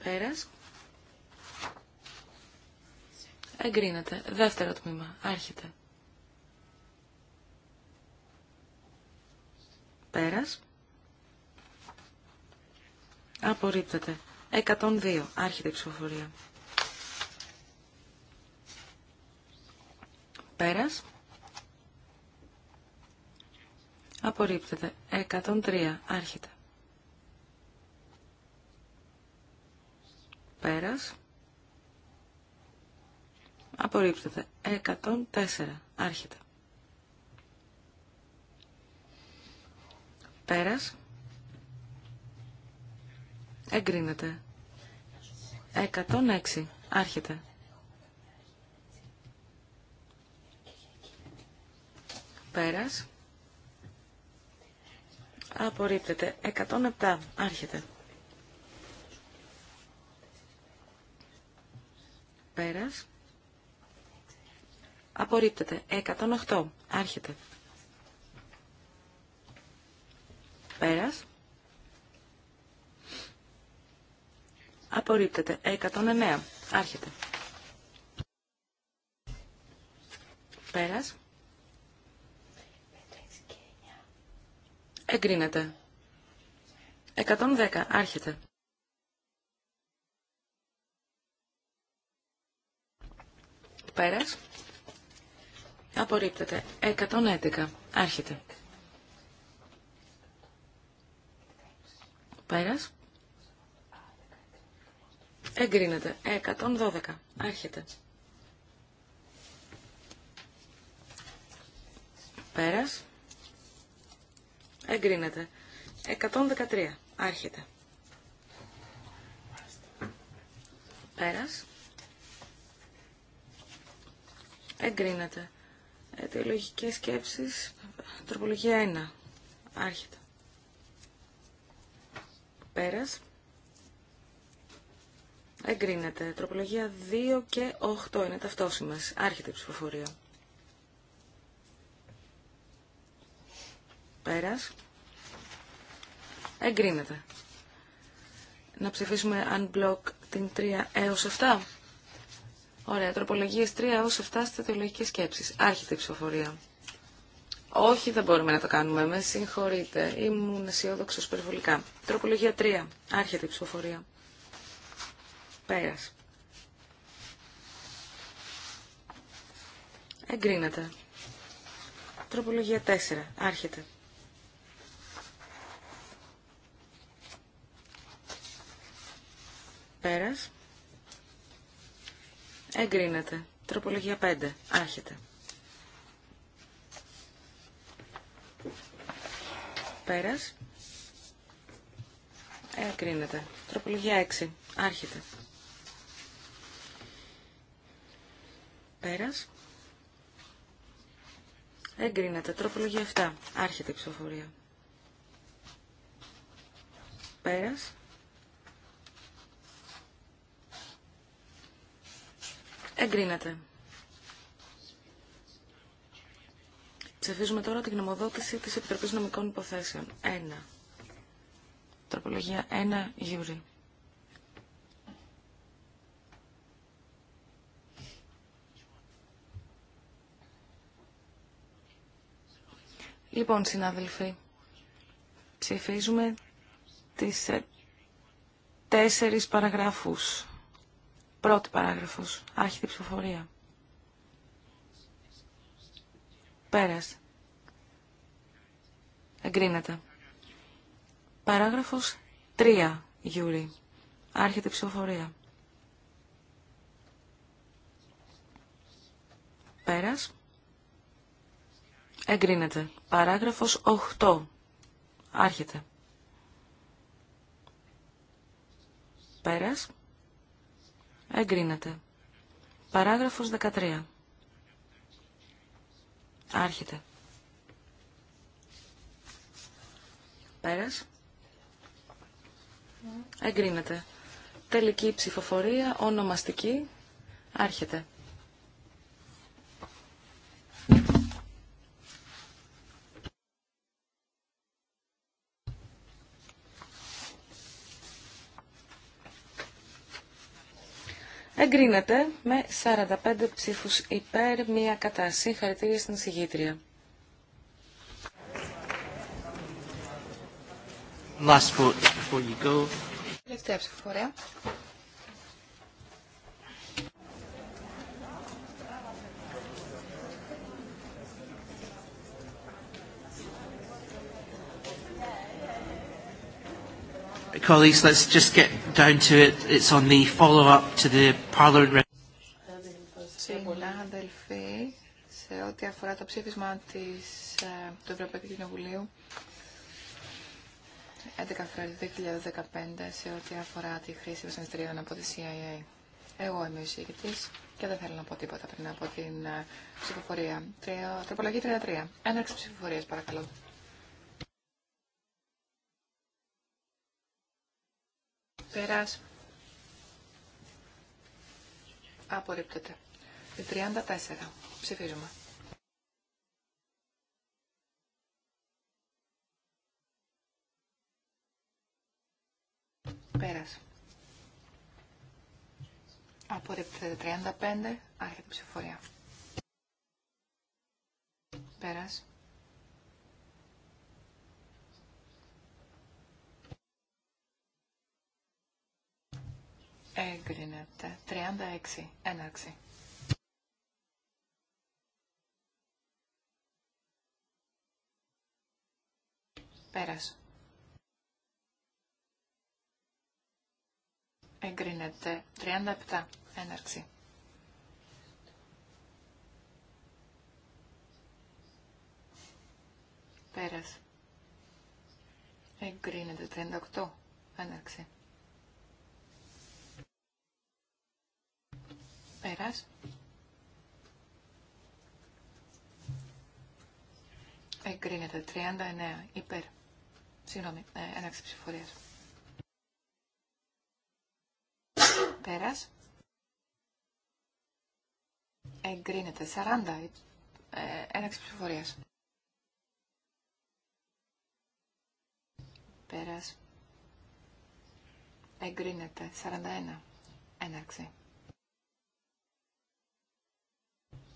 Πέρας. Εγκρίνεται. Δεύτερο τμήμα. Άρχεται. Πέρας. Απορρίπτεται. 102. Άρχεται η ψηφοφορία. Πέρας. Απορρίπτεται. 103. Άρχεται. Πέρας. Απορρίπτεται. 104. Άρχεται. Πέρας. Εγκρίνεται. 106. Άρχεται. Πέρας. Απορρίπτεται. 107. Άρχεται. Πέρας. Απορρίπτεται. 108. Άρχεται. Πέρας. Απορρίπτεται. 109. Άρχεται. Πέρας. Εγκρίνεται. 110. Άρχεται. Πέρας. Απορρίπτεται. 111. Άρχεται. Πέρας. Εγκρίνεται. 112. Ε, Άρχεται. Πέρας. Εγκρίνεται. 113. Άρχεται. Πέρας. Εγκρίνεται. Αιτιολογικές σκέψεις. Τροπολογία 1. Άρχεται. Πέρας. Εγκρίνεται. Τροπολογία 2 και 8 είναι ταυτόσιμες. Άρχεται η ψηφοφορία. Πέρας. Εγκρίνεται. Να ψηφίσουμε unblock την 3 έως 7. Ωραία. Τροπολογίες 3 έως 7 στις θεολογικές σκέψεις. Άρχεται η ψηφοφορία. Όχι, δεν μπορούμε να το κάνουμε. Με συγχωρείτε. Ήμουν αισιόδοξο περιβολικά. Τροπολογία 3. Άρχεται η ψηφοφορία. Πέρας. Εγκρίνεται. Τροπολογία 4. Άρχεται. Πέρας. Εγκρίνεται. Τροπολογία 5. Άρχεται. Πέρας. Εγκρίνεται. Τροπολογία 6. Άρχεται. Πέρας. Εγκρίνεται. Τροπολογία 7. Άρχεται η ψηφοφορία. Πέρας. Εγκρίνεται. Ψηφίζουμε τώρα την γνωμοδότηση της Επιτροπής Νομικών Υποθέσεων. 1. Τροπολογία 1. Γιούρι. Λοιπόν, συνάδελφοι, ψηφίζουμε τις ε, τέσσερις παραγράφους. Πρώτη παράγραφος, άρχιτη ψηφοφορία. Πέρασε. Εγκρίνεται. Παράγραφος 3, Γιούρι. Άρχεται η ψηφοφορία. Πέρας. Εγκρίνεται. Παράγραφος 8. Άρχεται. Πέρας. Εγκρίνεται. Παράγραφος 13. Άρχεται. Πέρας. Εγκρίνεται. Τελική ψηφοφορία, ονομαστική, άρχεται. Εγκρίνεται με 45 ψήφους υπέρ, μία κατά συγχαρητήρια στην συγγήτρια. Last vote before you go. Colleagues, let's just get down to it. It's on the follow-up to the Parliament. σε ό,τι αφορά το ψήφισμα της, του Ευρωπαϊκού Κοινοβουλίου 11 Φεβρουαρίου 2015 σε ό,τι αφορά τη χρήση βασανιστήριων από τη CIA. Εγώ είμαι ο εισηγητής και δεν θέλω να πω τίποτα πριν από την ε, ψηφοφορία. Τροπολογία 33. Έναρξη ψηφοφορίας παρακαλώ. Πέρας. Απορρίπτεται. 34. Ψηφίζουμε. Πέρας. Απορρίπτεται 35. Άρχεται ψηφορία. Πέρας. Έγκρινεται. 36. Έναρξη. Πέρας. εγκρίνεται. 37 έναρξη. Πέρας. Εγκρίνεται. 38 έναρξη. Πέρας. Εγκρίνεται. 39 υπέρ. Συγγνώμη, ε, έναρξη ψηφορίας. Πέρας. Εγκρίνεται. 40. Ε, έναξη ψηφοφορίας. Πέρας. Εγκρίνεται. 41. Έναρξη.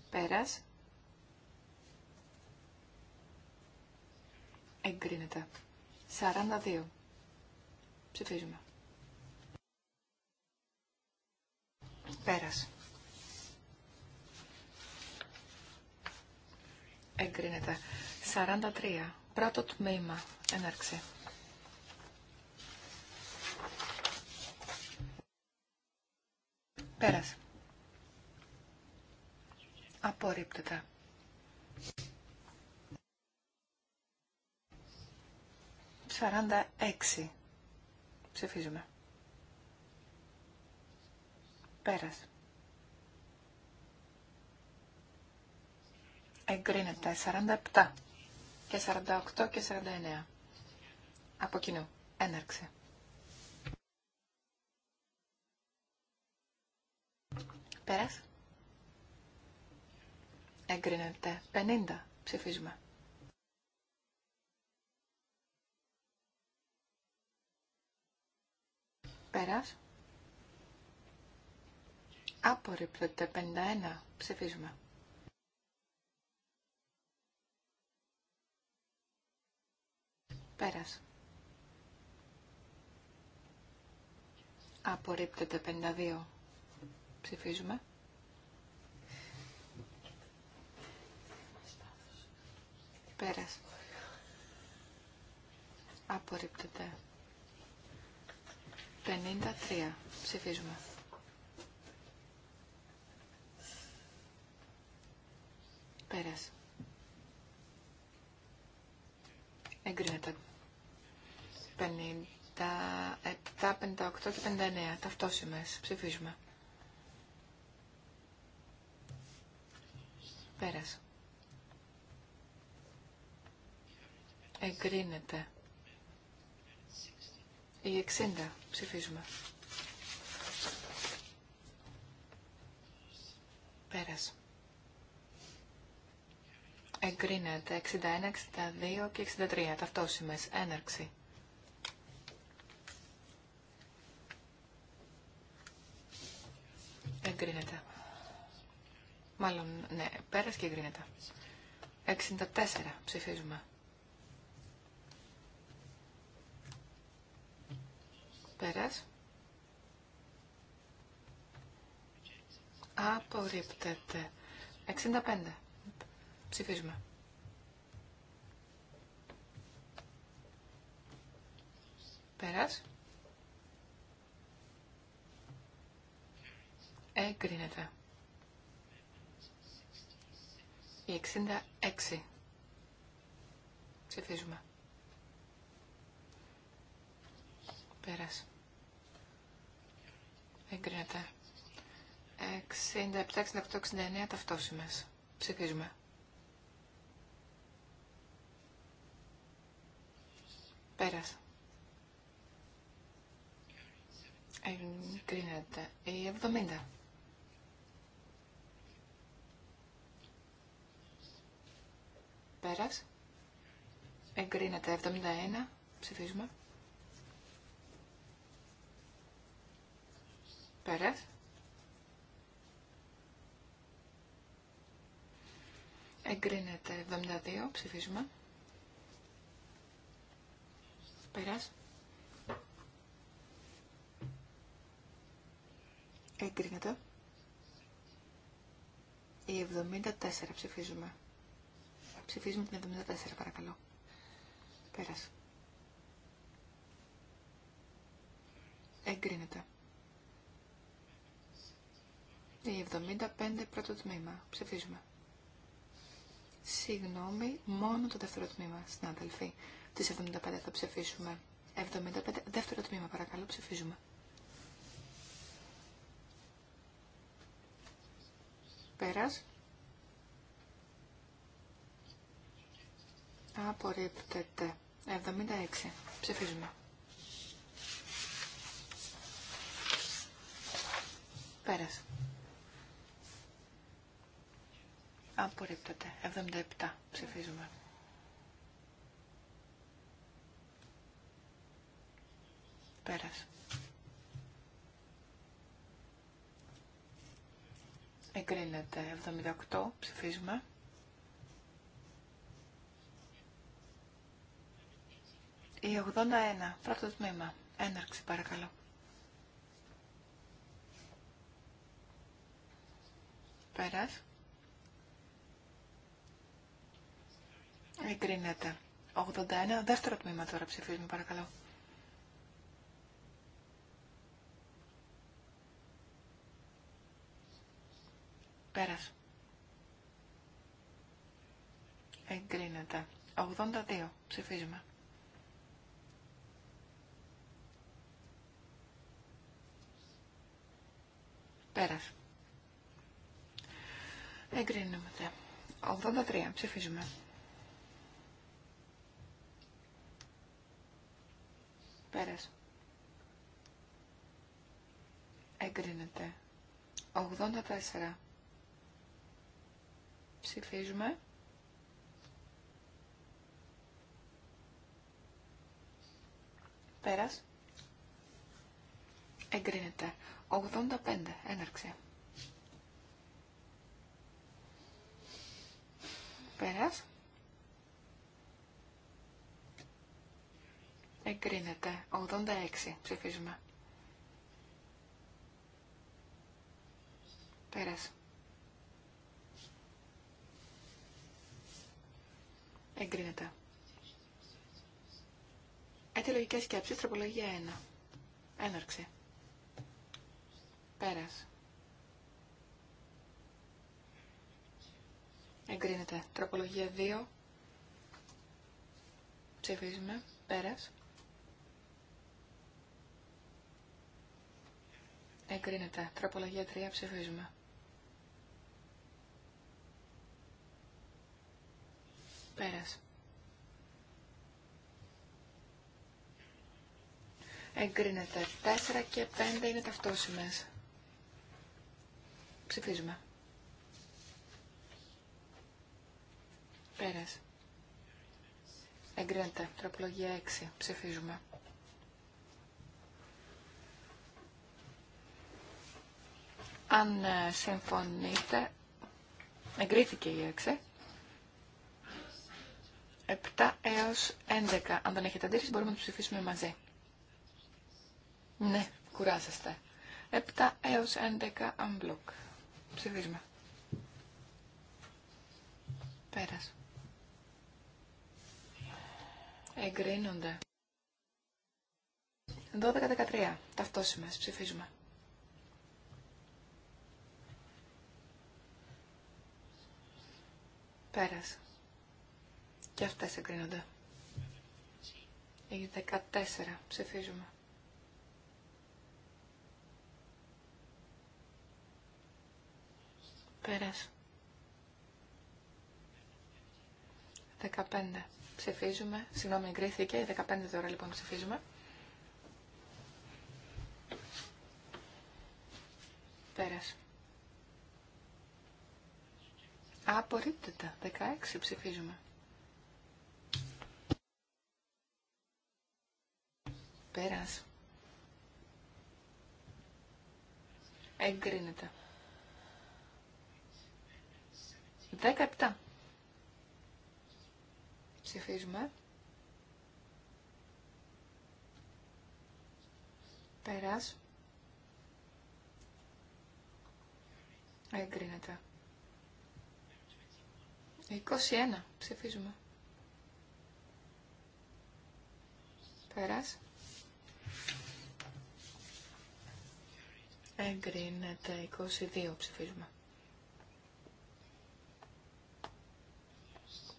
Πέρας. Εγκρίνεται. 42. Ψηφίζουμε. πέρασε. Εγκρίνεται. 43. Πρώτο τμήμα. εναρξε Πέρας. Απορρίπτεται. Σαράντα έξι. Ψηφίζουμε. Πέρας. Εγκρίνεται 47 και 48 και 49. Από κοινού. Έναρξη. Πέρας. Εγκρίνεται 50. Ψηφίζουμε. Πέρας. Απορρίπτεται 51. Ψηφίζουμε. Πέρας. Απορρίπτεται 52. Ψηφίζουμε. Πέρας. Απορρίπτεται 53. Ψηφίζουμε. Πέρας. Εγκρίνεται. 57, 58 και 59. Ταυτόσημες. Ψηφίζουμε. Πέρας. Εγκρίνεται. Η 60. Ψηφίζουμε. Πέρας εγκρίνεται 61, 62 και 63 ταυτόσημες έναρξη. Εγκρίνεται. Μάλλον, ναι, πέρασε και εγκρίνεται. 64 ψηφίζουμε. Πέρας. Απορρίπτεται. 65. Ψηφίζουμε. Πέρας. Εγκρίνεται. Η 66. Ψηφίζουμε. Πέρας. Εγκρίνεται. 67, 68, 69 ταυτόσημες. Ψηφίζουμε. Πέρας. Εγκρίνεται. Η 70. Πέρας. Εγκρίνεται. 71. Ψηφίζουμε. Πέρας. Εγκρίνεται. 72. Ψηφίζουμε. Πέρας. Εγκρίνεται. Η 74 ψηφίζουμε. Ψηφίζουμε την 74 παρακαλώ. Πέρας. Εγκρίνεται. Η 75 πρώτο τμήμα. Ψηφίζουμε. Συγγνώμη, μόνο το δεύτερο τμήμα, συνάδελφοι. τη 75 θα ψηφίσουμε. 75, δεύτερο τμήμα, παρακαλώ, ψηφίζουμε. Πέρας. Απορρίπτεται. 76. Ψηφίζουμε. Πέρας. Απορρίπτεται. 77. Ψηφίζουμε. Πέρας. Εγκρίνεται. 78. Ψηφίζουμε. Η 81. Πρώτο τμήμα. Έναρξη παρακαλώ. Πέρας. Εγκρίνεται. 81. Δεύτερο τμήμα τώρα ψηφίζουμε παρακαλώ. Πέρας. Εγκρίνεται. 82. Ψηφίζουμε. Πέρας. Εγκρίνεται. 83. Ψηφίζουμε. Πέρας. Εγκρίνεται. 84. Ψηφίζουμε. Πέρας. Εγκρίνεται. 85. Έναρξε. Πέρας. Εγκρίνεται. 86. Ψηφίζουμε. Πέρασε. Εγκρίνεται. Αιτιολογικές σκέψεις. Τροπολογία 1. Έναρξη. Πέρας. Εγκρίνεται. Τροπολογία 2. Ψηφίζουμε. Πέρας. Εγκρίνεται. Τροπολογία 3. Ψηφίζουμε. Πέρας. Εγκρίνεται. 4 και 5 είναι ταυτόσιμες. Ψηφίζουμε. Πέρας. Εγκρίνεται. Τροπολογία 6. Ψηφίζουμε. Αν ε, συμφωνείτε, εγκρίθηκε η έξε. 7 έως 11. Αν δεν έχετε αντίρρηση μπορούμε να ψηφίσουμε μαζί. Ναι, κουράζεστε. 7 έως 11 unblock. ψηφισμα περας Πέρας. Εγκρίνονται. 12-13. Ταυτόσημες. Ψηφίσμα. Πέρας. Και αυτές εγκρίνονται. Οι 14 ψηφίζουμε. Πέρας. 15 ψηφίζουμε. Συγγνώμη, εγκρίθηκε. Οι 15 τώρα λοιπόν ψηφίζουμε. Πέρας. Απορρίπτεται. 16 ψηφίζουμε. Πέρας. Εγκρίνεται. 17. Ψηφίζουμε. Πέρας. Εγκρίνεται. 21. Ψηφίζουμε. Πέρας. Εγκρίνεται 22. Ψηφίζουμε.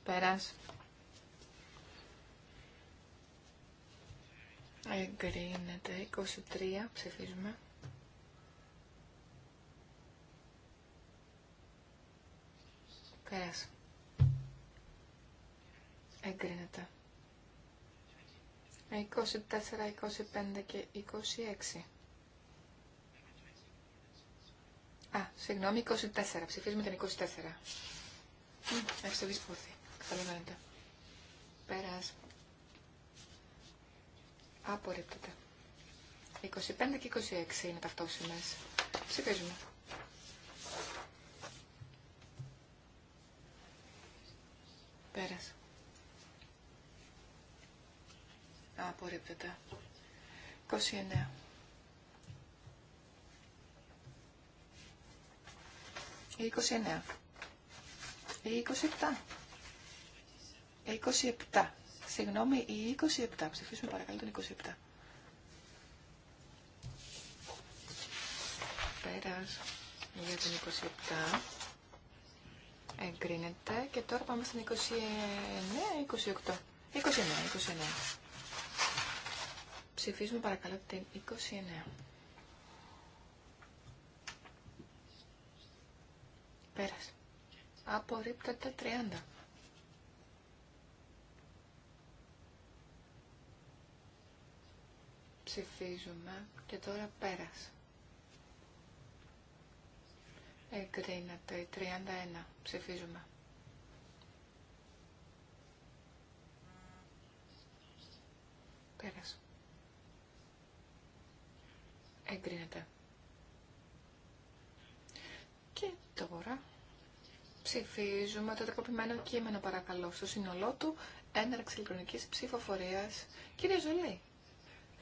Πέρας. Εγκρίνεται 23. Ψηφίζουμε. Πέρας. Εγκρίνεται. 24, 25 και 26. Α, συγγνώμη, 24. Ψηφίζουμε την 24. Έχει σπορθεί. Καταλαβαίνετε. Πέρας. Απορρίπτεται. 25 και 26 είναι ταυτόσιμες. Ψηφίζουμε. Πέρας. Απορρίπτεται. 29. Ή 29. Ή 27. 27. Συγγνώμη, ή 27. Ψηφίσουμε παρακαλώ τον 27. Πέρας για τον 27. Εγκρίνεται. Και τώρα πάμε στην 29, 28. 29, 29 ψηφίσουμε παρακαλώ την 29. Πέρασε. Απορρίπτεται 30. Ψηφίζουμε και τώρα πέρασε. Εγκρίνεται 31. Ψηφίζουμε. Πέρασε. Εγκρίνεται. Και τώρα ψηφίζουμε το τροποποιημένο κείμενο παρακαλώ στο σύνολό του έναρξη ηλεκτρονικής ψηφοφορίας. Κύριε Ζολή,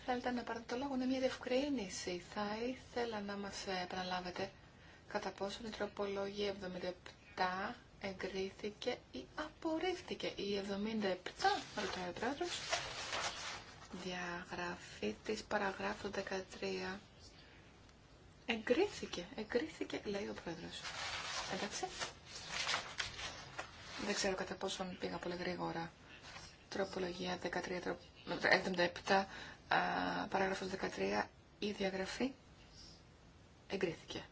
θέλετε να πάρετε το λόγο, είναι μια διευκρίνηση. Θα ήθελα να μας επαναλάβετε κατά πόσο η τροπολόγη 77 εγκρίθηκε ή απορρίφθηκε. Η 77, ρωτάει ο πρόεδρος, διαγραφή της παραγράφου 13 Εγκρίθηκε, εγκρίθηκε, λέει ο πρόεδρο. Εντάξει. Δεν ξέρω κατά πόσον πήγα πολύ γρήγορα. Τροπολογία 13, 77, παράγραφος 13, η διαγραφή εγκρίθηκε.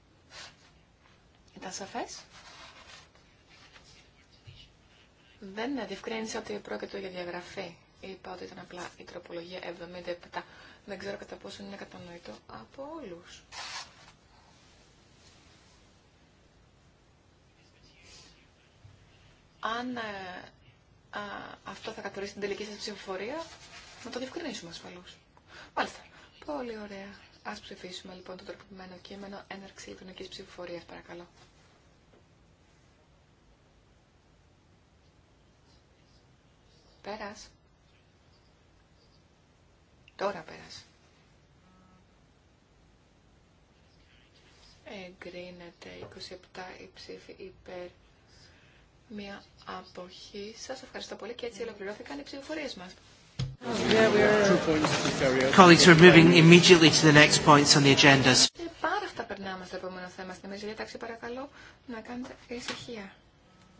Ήταν σαφές. Δεν διευκρίνησα ότι πρόκειται για διαγραφή. Είπα ότι ήταν απλά η τροπολογία 77. Δεν ξέρω κατά πόσο είναι κατανοητό από όλους. Αν ε, α, αυτό θα καθορίσει την τελική σας ψηφοφορία, να το διευκρινίσουμε ασφαλώς. Μάλιστα. Πολύ ωραία. Ας ψηφίσουμε λοιπόν το τροποποιημένο κείμενο έναρξη ηλεκτρονικής ψηφοφορίας, παρακαλώ. Πέρας. Τώρα πέρας. Εγκρίνεται 27 η ψήφη υπέρ μία αποχή. Σας ευχαριστώ πολύ και έτσι ολοκληρώθηκαν οι ψηφοφορίες μας. Colleagues, are moving immediately to the next points on the agenda. Και πάρα αυτά περνάμε στο επόμενο θέμα στην ημερήσια διάταξη. Παρακαλώ να κάνετε ησυχία.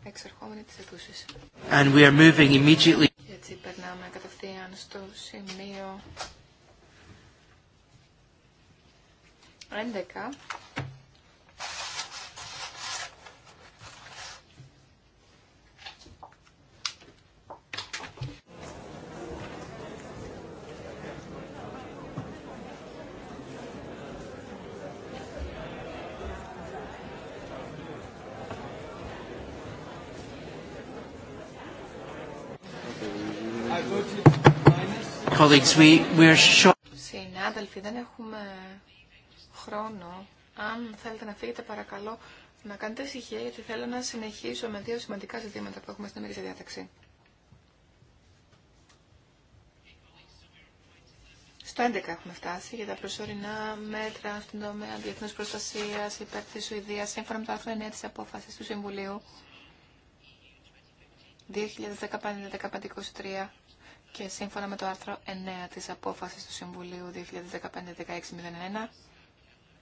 Εξερχόμενοι τις εκούσες. And we are moving immediately. Και έτσι περνάμε κατευθείαν στο σημείο 11 colleagues, we, we're short. Συνάδελφοι, δεν έχουμε χρόνο. Αν θέλετε να φύγετε, παρακαλώ να κάνετε ησυχία, γιατί θέλω να συνεχίσω με δύο σημαντικά ζητήματα που έχουμε στην ημερήσια διάταξη. Στο 11 έχουμε φτάσει για τα προσωρινά μέτρα στον τομέα διεθνού προστασία υπέρ τη Σουηδία, σύμφωνα με το άρθρο 9 τη απόφαση του Συμβουλίου 2015-2023 και σύμφωνα με το άρθρο 9 της απόφασης του Συμβουλίου 2015-1601,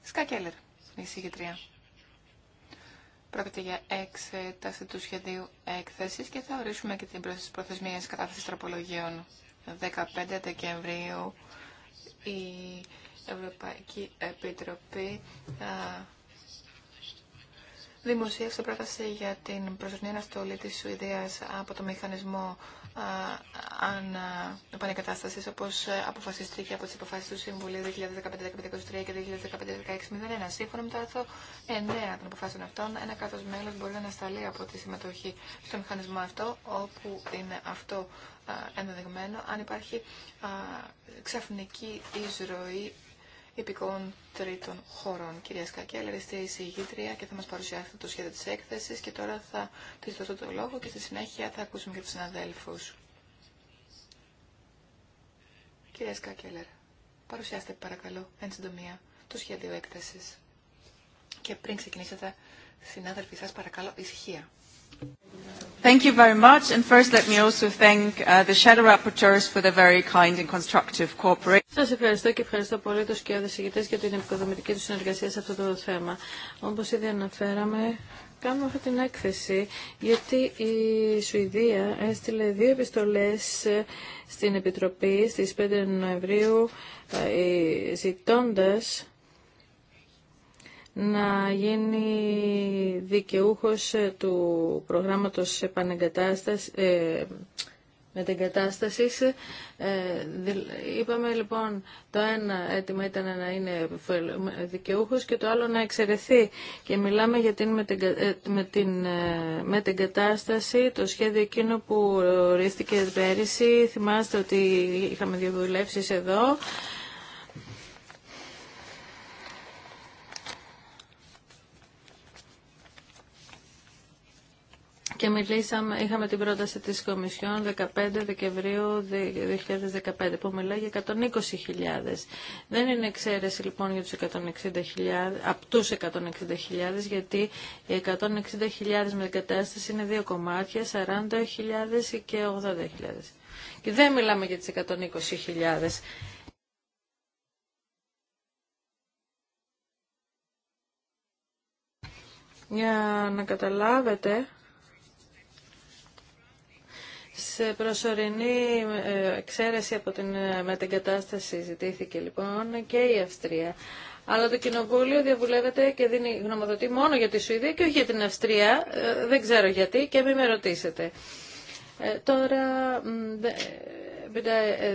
Σκακέλερ, η συγκεκριά. Πρόκειται για έξεταση του σχεδίου έκθεσης και θα ορίσουμε και την Προθεσμίας κατάθεσης τροπολογίων 15 Δεκεμβρίου. Η Ευρωπαϊκή Επιτροπή δημοσίευσε πρόταση για την προσωρινή αναστολή της Σουηδίας από το μηχανισμό αν επανεκατάσταση όπω ε, αποφασίστηκε από τι αποφάσει του Συμβουλίου 2015-2023 και 2015-2016-01. Σύμφωνα με το άρθρο 9 των αποφάσεων αυτών, ένα κάθος μέλος μπορεί να ανασταλεί από τη συμμετοχή στο μηχανισμό αυτό, όπου είναι αυτό ενδεδειγμένο, αν υπάρχει ξαφνική εισρωή υπηκών τρίτων χωρών. Κυρία Σκακέλερ, είστε η συγγήτρια και θα μας παρουσιάσετε το σχέδιο της έκθεσης και τώρα θα της δώσω το λόγο και στη συνέχεια θα ακούσουμε και τους συναδέλφους. Κυρία Σκακέλερ, παρουσιάστε παρακαλώ εν συντομία το σχέδιο έκθεσης. Και πριν ξεκινήσετε, συνάδελφοι σας παρακαλώ ησυχία. Thank you very much. And first let me also thank uh, the shadow rapporteurs for the very kind and constructive cooperation. Σας ευχαριστώ και ευχαριστώ πολύ τους και για την επικοδομητική του συνεργασία σε αυτό το θέμα. Όπως ήδη αναφέραμε, κάνουμε αυτή την έκθεση γιατί η Σουηδία έστειλε δύο επιστολές ε, στην Επιτροπή στις 5 Νοεμβρίου ε, ε, ζητώντας να γίνει δικαιούχος ε, του προγράμματος με την μετεγκατάστασης. Ε, είπαμε λοιπόν το ένα έτοιμο ήταν να είναι δικαιούχος και το άλλο να εξαιρεθεί. Και μιλάμε για την, ε, με την μετεγκατάσταση, το σχέδιο εκείνο που ορίστηκε πέρυσι. Θυμάστε ότι είχαμε δουλεύσεις εδώ. και μιλήσαμε, είχαμε την πρόταση της Κομισιόν 15 Δεκεμβρίου 2015 που μιλάει για 120.000. Δεν είναι εξαίρεση λοιπόν για τους 160.000, από τους 160.000 γιατί οι 160.000 με κατάσταση είναι δύο κομμάτια, 40.000 και 80.000. Και δεν μιλάμε για τις 120.000. Για να καταλάβετε σε προσωρινή ε, εξαίρεση από την ε, μετεγκατάσταση ζητήθηκε λοιπόν και η Αυστρία. Αλλά το Κοινοβούλιο διαβουλεύεται και δίνει γνωμοδοτή μόνο για τη Σουηδία και όχι για την Αυστρία. Ε, δεν ξέρω γιατί και μην με ρωτήσετε. τώρα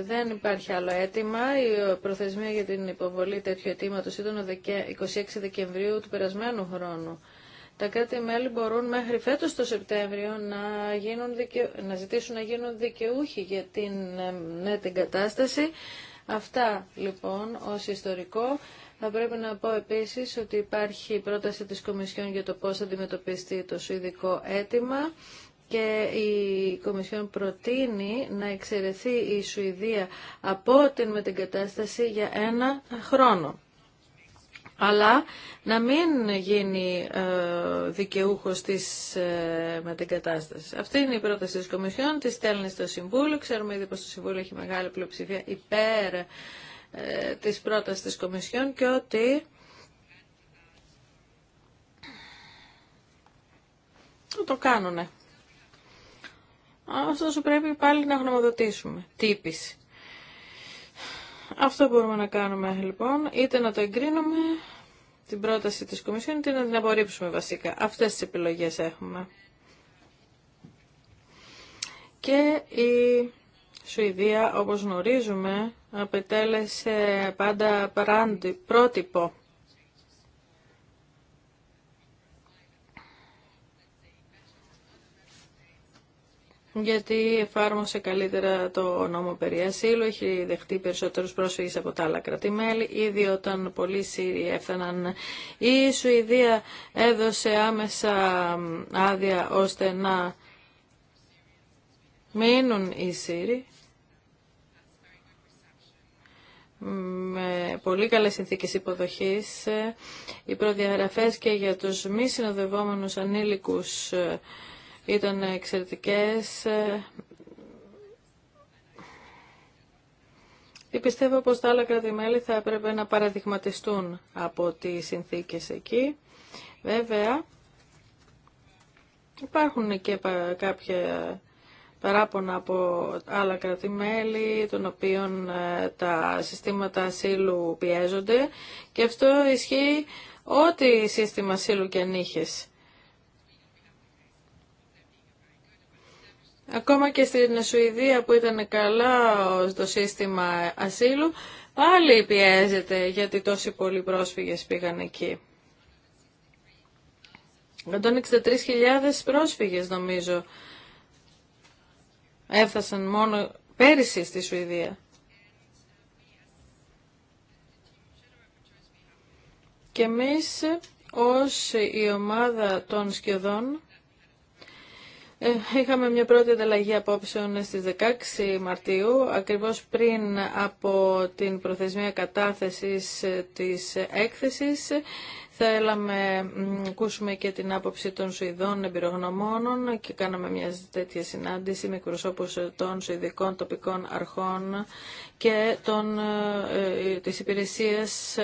δεν υπάρχει άλλο αίτημα. Η προθεσμία για την υποβολή τέτοιου αιτήματος ήταν 26 Δεκεμβρίου του περασμένου χρόνου. Τα κράτη-μέλη μπορούν μέχρι φέτος το Σεπτέμβριο να, γίνουν να ζητήσουν να γίνουν δικαιούχοι για την, μετεγκατάσταση. Ναι, την κατάσταση. Αυτά λοιπόν ως ιστορικό. Θα πρέπει να πω επίσης ότι υπάρχει πρόταση της Κομισιόν για το πώς θα αντιμετωπιστεί το σουηδικό αίτημα και η Κομισιόν προτείνει να εξαιρεθεί η Σουηδία από την κατάσταση για ένα χρόνο αλλά να μην γίνει ε, δικαιούχος της ε, μετεγκατάστασης. Αυτή είναι η πρόταση της Κομισιόν, τη στέλνει στο Συμβούλιο. Ξέρουμε ήδη πως το Συμβούλιο έχει μεγάλη πλειοψηφία υπέρ ε, της πρότασης της Κομισιόν και ότι το κάνουνε. Ωστόσο πρέπει πάλι να γνωμοδοτήσουμε. Τύπηση. Αυτό μπορούμε να κάνουμε λοιπόν, είτε να το εγκρίνουμε την πρόταση της Κομισιόν, είτε να την απορρίψουμε βασικά. Αυτές τις επιλογές έχουμε. Και η Σουηδία, όπως γνωρίζουμε, απετέλεσε πάντα πρότυπο γιατί εφάρμοσε καλύτερα το νόμο περί ασύλου, έχει δεχτεί περισσότερους πρόσφυγες από τα άλλα κρατημέλη, ήδη όταν πολλοί Σύριοι έφταναν. Η Σουηδία έδωσε άμεσα άδεια ώστε να μείνουν οι Σύριοι με πολύ καλές συνθήκες υποδοχής, ε, οι προδιαγραφές και για τους μη συνοδευόμενους ανήλικους ε, ήταν εξαιρετικές. Και ε, πιστεύω πως τα άλλα θα έπρεπε να παραδειγματιστούν από τις συνθήκες εκεί. Βέβαια, υπάρχουν και κάποια παράπονα από άλλα κρατημέλη, των οποίων ε, τα συστήματα ασύλου πιέζονται και αυτό ισχύει ό,τι σύστημα ασύλου και αν Ακόμα και στην Σουηδία που ήταν καλά το σύστημα ασύλου, πάλι πιέζεται γιατί τόσοι πολλοί πρόσφυγες πήγαν εκεί. 163.000 πρόσφυγες νομίζω έφτασαν μόνο πέρυσι στη Σουηδία. Και εμείς ως η ομάδα των σκιωδών ε, είχαμε μια πρώτη ανταλλαγή απόψεων στις 16 Μαρτίου, ακριβώς πριν από την προθεσμία κατάθεσης ε, της έκθεσης. Θέλαμε να ακούσουμε και την άποψη των Σουηδών εμπειρογνωμόνων και κάναμε μια τέτοια συνάντηση με εκπροσώπους των Σουηδικών τοπικών αρχών και των, ε, ε της υπηρεσίας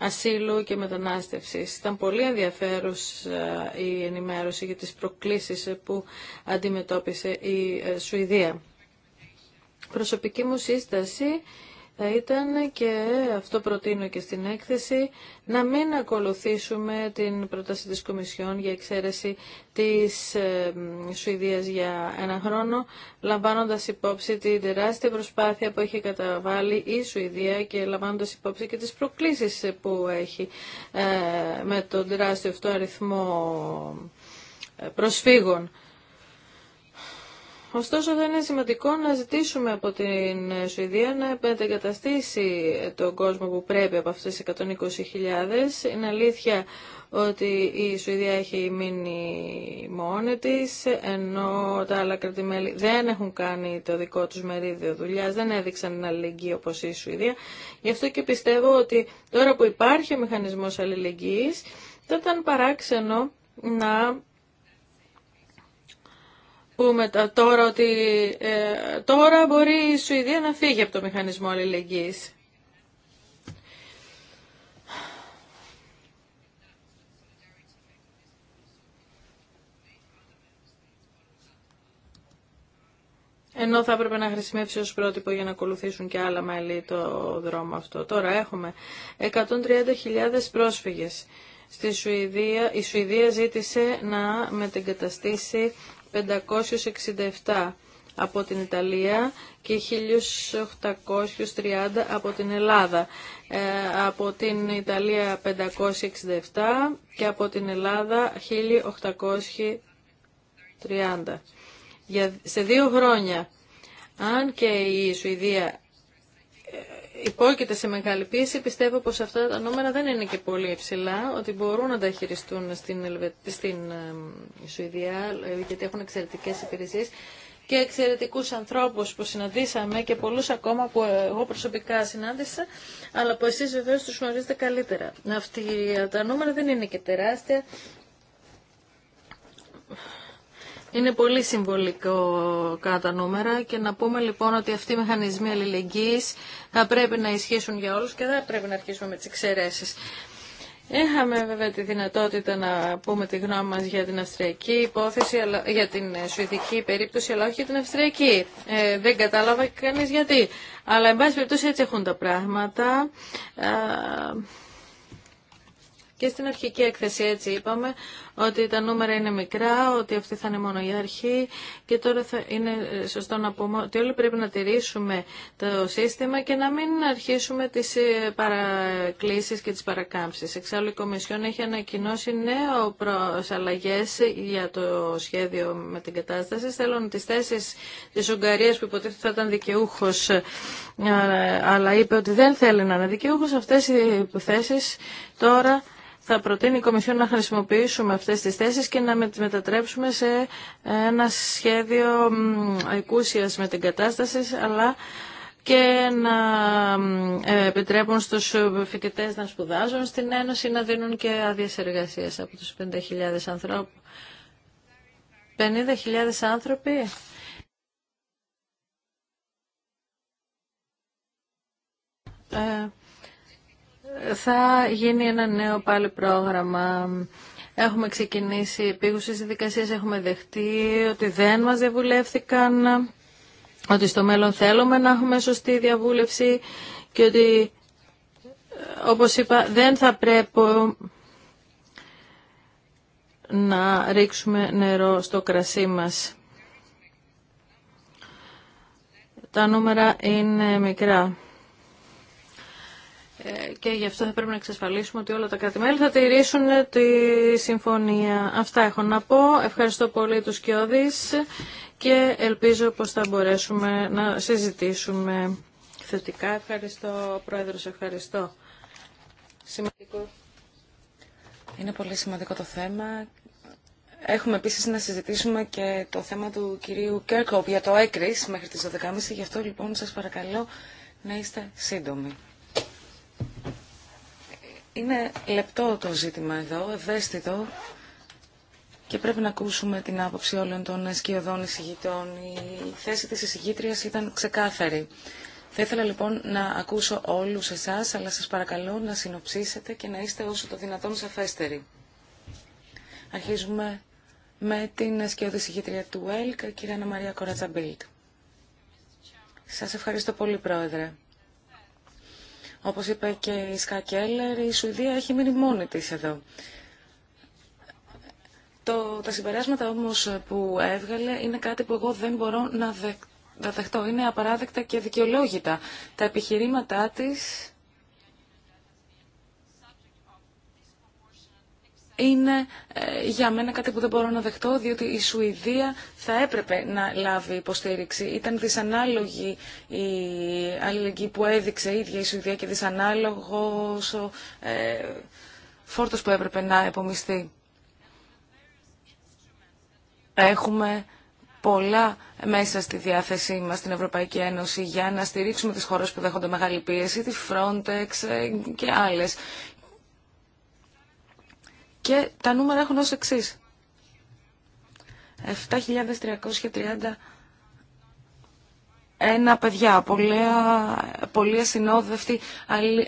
ασύλου και μετανάστευσης. Ήταν πολύ ενδιαφέρουσα η ενημέρωση για τις προκλήσεις που αντιμετώπισε η ε, Σουηδία. Προσωπική μου σύσταση θα ήταν και αυτό προτείνω και στην έκθεση να μην ακολουθήσουμε την πρόταση της Κομισιόν για εξαίρεση της ε, Σουηδίας για ένα χρόνο λαμβάνοντας υπόψη την τεράστια προσπάθεια που έχει καταβάλει η Σουηδία και λαμβάνοντας υπόψη και τις προκλήσεις που έχει ε, με τον τεράστιο αυτό αριθμό ε, προσφύγων. Ωστόσο δεν είναι σημαντικό να ζητήσουμε από την Σουηδία να επεγκαταστήσει τον κόσμο που πρέπει από αυτές τις 120.000. Είναι αλήθεια ότι η Σουηδία έχει μείνει μόνη της, ενώ τα άλλα κρατημέλη δεν έχουν κάνει το δικό τους μερίδιο δουλειάς, δεν έδειξαν αλληλεγγύη όπως η Σουηδία. Γι' αυτό και πιστεύω ότι τώρα που υπάρχει ο μηχανισμός αλληλεγγύης, θα ήταν παράξενο να πούμε τώρα ότι ε, τώρα μπορεί η Σουηδία να φύγει από το μηχανισμό αλληλεγγύης. Ενώ θα έπρεπε να χρησιμεύσει ως πρότυπο για να ακολουθήσουν και άλλα μέλη το δρόμο αυτό. Τώρα έχουμε 130.000 πρόσφυγες. Στη Σουηδία, η Σουηδία ζήτησε να μετεγκαταστήσει 567 από την Ιταλία και 1830 από την Ελλάδα. Ε, από την Ιταλία 567 και από την Ελλάδα 1830. Για, σε δύο χρόνια, αν και η Σουηδία υπόκειται σε μεγάλη πίεση. Πιστεύω πως αυτά τα νούμερα δεν είναι και πολύ υψηλά, ότι μπορούν να τα χειριστούν στην, στην Σουηδία, δηλαδή, γιατί έχουν εξαιρετικές υπηρεσίες και εξαιρετικούς ανθρώπους που συναντήσαμε και πολλούς ακόμα που εγώ προσωπικά συνάντησα, αλλά που εσείς βεβαίως του γνωρίζετε καλύτερα. Αυτή, τα νούμερα δεν είναι και τεράστια. Είναι πολύ συμβολικό κατά νούμερα και να πούμε λοιπόν ότι αυτοί οι μηχανισμοί αλληλεγγύης θα πρέπει να ισχύσουν για όλους και δεν πρέπει να αρχίσουμε με τις εξαιρέσεις. Έχαμε βέβαια τη δυνατότητα να πούμε τη γνώμη μας για την αυστριακή υπόθεση, αλλά, για την σουηδική περίπτωση, αλλά όχι για την αυστριακή. Ε, δεν κατάλαβα κανείς γιατί. Αλλά εν πάση περιπτώσει έτσι έχουν τα πράγματα. και στην αρχική έκθεση έτσι είπαμε ότι τα νούμερα είναι μικρά, ότι αυτή θα είναι μόνο η αρχή και τώρα θα είναι σωστό να πούμε ότι όλοι πρέπει να τηρήσουμε το σύστημα και να μην αρχίσουμε τις ε, παρακλήσεις και τις παρακάμψεις. Εξάλλου η Κομισιόν έχει ανακοινώσει νέο προσαλλαγές για το σχέδιο με την κατάσταση. Θέλουν τις θέσεις της Ουγγαρίας που υποτίθεται θα ήταν δικαιούχος ε, αλλά είπε ότι δεν θέλει να είναι δικαιούχος αυτές οι θέσεις τώρα θα προτείνει η Κομισιόν να χρησιμοποιήσουμε αυτές τις θέσεις και να μετατρέψουμε σε ένα σχέδιο αϊκούσιας με την κατάσταση, αλλά και να επιτρέπουν στους φοιτητές να σπουδάζουν στην Ένωση να δίνουν και άδειε εργασία από τους 50.000 ανθρώπους. 50.000 άνθρωποι. Ε, θα γίνει ένα νέο πάλι πρόγραμμα. Έχουμε ξεκινήσει επίγουσε δικασίες, έχουμε δεχτεί ότι δεν μας διαβουλεύθηκαν, ότι στο μέλλον θέλουμε να έχουμε σωστή διαβούλευση και ότι, όπως είπα, δεν θα πρέπει να ρίξουμε νερό στο κρασί μας. Τα νούμερα είναι μικρά. Ε, και γι' αυτό θα πρέπει να εξασφαλίσουμε ότι όλα τα κράτη-μέλη θα τηρήσουν τη συμφωνία. Αυτά έχω να πω. Ευχαριστώ πολύ τους Κιώδης και ελπίζω πως θα μπορέσουμε να συζητήσουμε θετικά. Ευχαριστώ, Πρόεδρος, ευχαριστώ. Σημαντικό. Είναι πολύ σημαντικό το θέμα. Έχουμε επίσης να συζητήσουμε και το θέμα του κυρίου Κέρκοπ για το έκρης μέχρι τις 12.30. Γι' αυτό λοιπόν σας παρακαλώ να είστε σύντομοι. Είναι λεπτό το ζήτημα εδώ, ευαίσθητο και πρέπει να ακούσουμε την άποψη όλων των σκιωδών εισηγητών. Η θέση της εισηγήτριας ήταν ξεκάθαρη. Θα ήθελα λοιπόν να ακούσω όλους εσάς, αλλά σας παρακαλώ να συνοψίσετε και να είστε όσο το δυνατόν σαφέστεροι. Αρχίζουμε με την σκιώδη του ΕΛΚ, κυρία Αναμαρία Κορατζαμπίλτ. Σας ευχαριστώ πολύ, Πρόεδρε. Όπως είπε και η Κέλλερ, η Σουηδία έχει μείνει μόνη της εδώ. Το, τα συμπεράσματα όμως που έβγαλε είναι κάτι που εγώ δεν μπορώ να, να δεχτώ. Είναι απαράδεκτα και δικαιολόγητα. Τα επιχειρήματά της είναι ε, για μένα κάτι που δεν μπορώ να δεχτώ, διότι η Σουηδία θα έπρεπε να λάβει υποστήριξη. Ήταν δυσανάλογη η αλληλεγγύη που έδειξε η ίδια η Σουηδία και δυσανάλογος ο ε, φόρτος που έπρεπε να επομιστεί. Έχουμε πολλά μέσα στη διάθεσή μας στην Ευρωπαϊκή Ένωση για να στηρίξουμε τις χώρες που δέχονται μεγάλη πίεση, τη Frontex ε, και άλλες. Και τα νούμερα έχουν ως εξής. 7.330 ένα παιδιά, πολλοί ασυνόδευτοι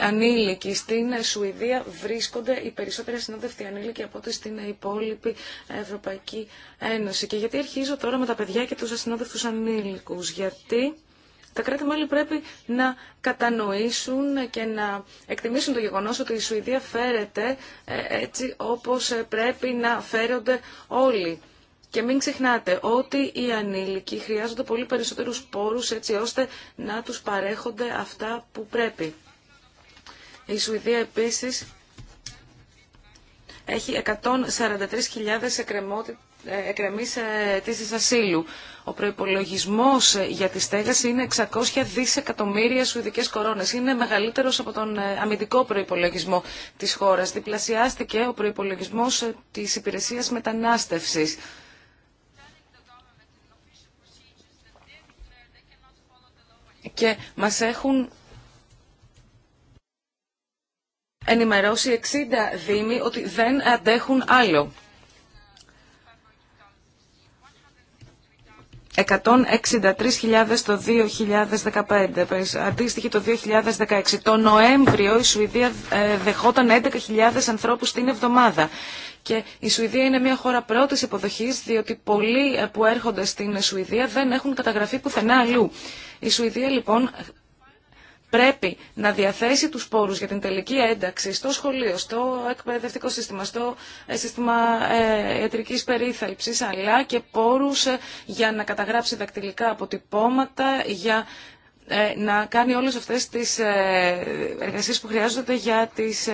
ανήλικοι. Στην Σουηδία βρίσκονται οι περισσότεροι ασυνόδευτοι ανήλικοι από ό,τι στην υπόλοιπη Ευρωπαϊκή Ένωση. Και γιατί αρχίζω τώρα με τα παιδιά και τους ασυνόδευτους ανήλικους. Γιατί τα κράτη-μέλη πρέπει να κατανοήσουν και να εκτιμήσουν το γεγονός ότι η Σουηδία φέρεται ε, έτσι όπως ε, πρέπει να φέρονται όλοι. Και μην ξεχνάτε ότι οι ανήλικοι χρειάζονται πολύ περισσότερους πόρους έτσι ώστε να τους παρέχονται αυτά που πρέπει. Η Σουηδία επίσης έχει 143.000 εκρεμεί αιτήσει ασύλου. Ο προϋπολογισμός ε, για τη στέγαση είναι 600 δισεκατομμύρια σουηδικέ κορώνες. Είναι μεγαλύτερος από τον ε, αμυντικό προϋπολογισμό της χώρας. Διπλασιάστηκε ο προϋπολογισμός ε, της υπηρεσίας μετανάστευση. Και μας έχουν ενημερώσει 60 δήμοι ότι δεν αντέχουν άλλο. 163.000 το 2015, αντίστοιχη το 2016. Το Νοέμβριο η Σουηδία ε, δεχόταν 11.000 ανθρώπους την εβδομάδα. Και η Σουηδία είναι μια χώρα πρώτης υποδοχής, διότι πολλοί ε, που έρχονται στην Σουηδία δεν έχουν καταγραφεί πουθενά αλλού. Η Σουηδία λοιπόν πρέπει να διαθέσει τους πόρους για την τελική ένταξη στο σχολείο, στο εκπαιδευτικό σύστημα, στο ε, σύστημα ε, ιατρικής περίθαλψης, αλλά και πόρους ε, για να καταγράψει δακτυλικά αποτυπώματα, για να κάνει όλες αυτές τις εργασίες που χρειάζονται για τις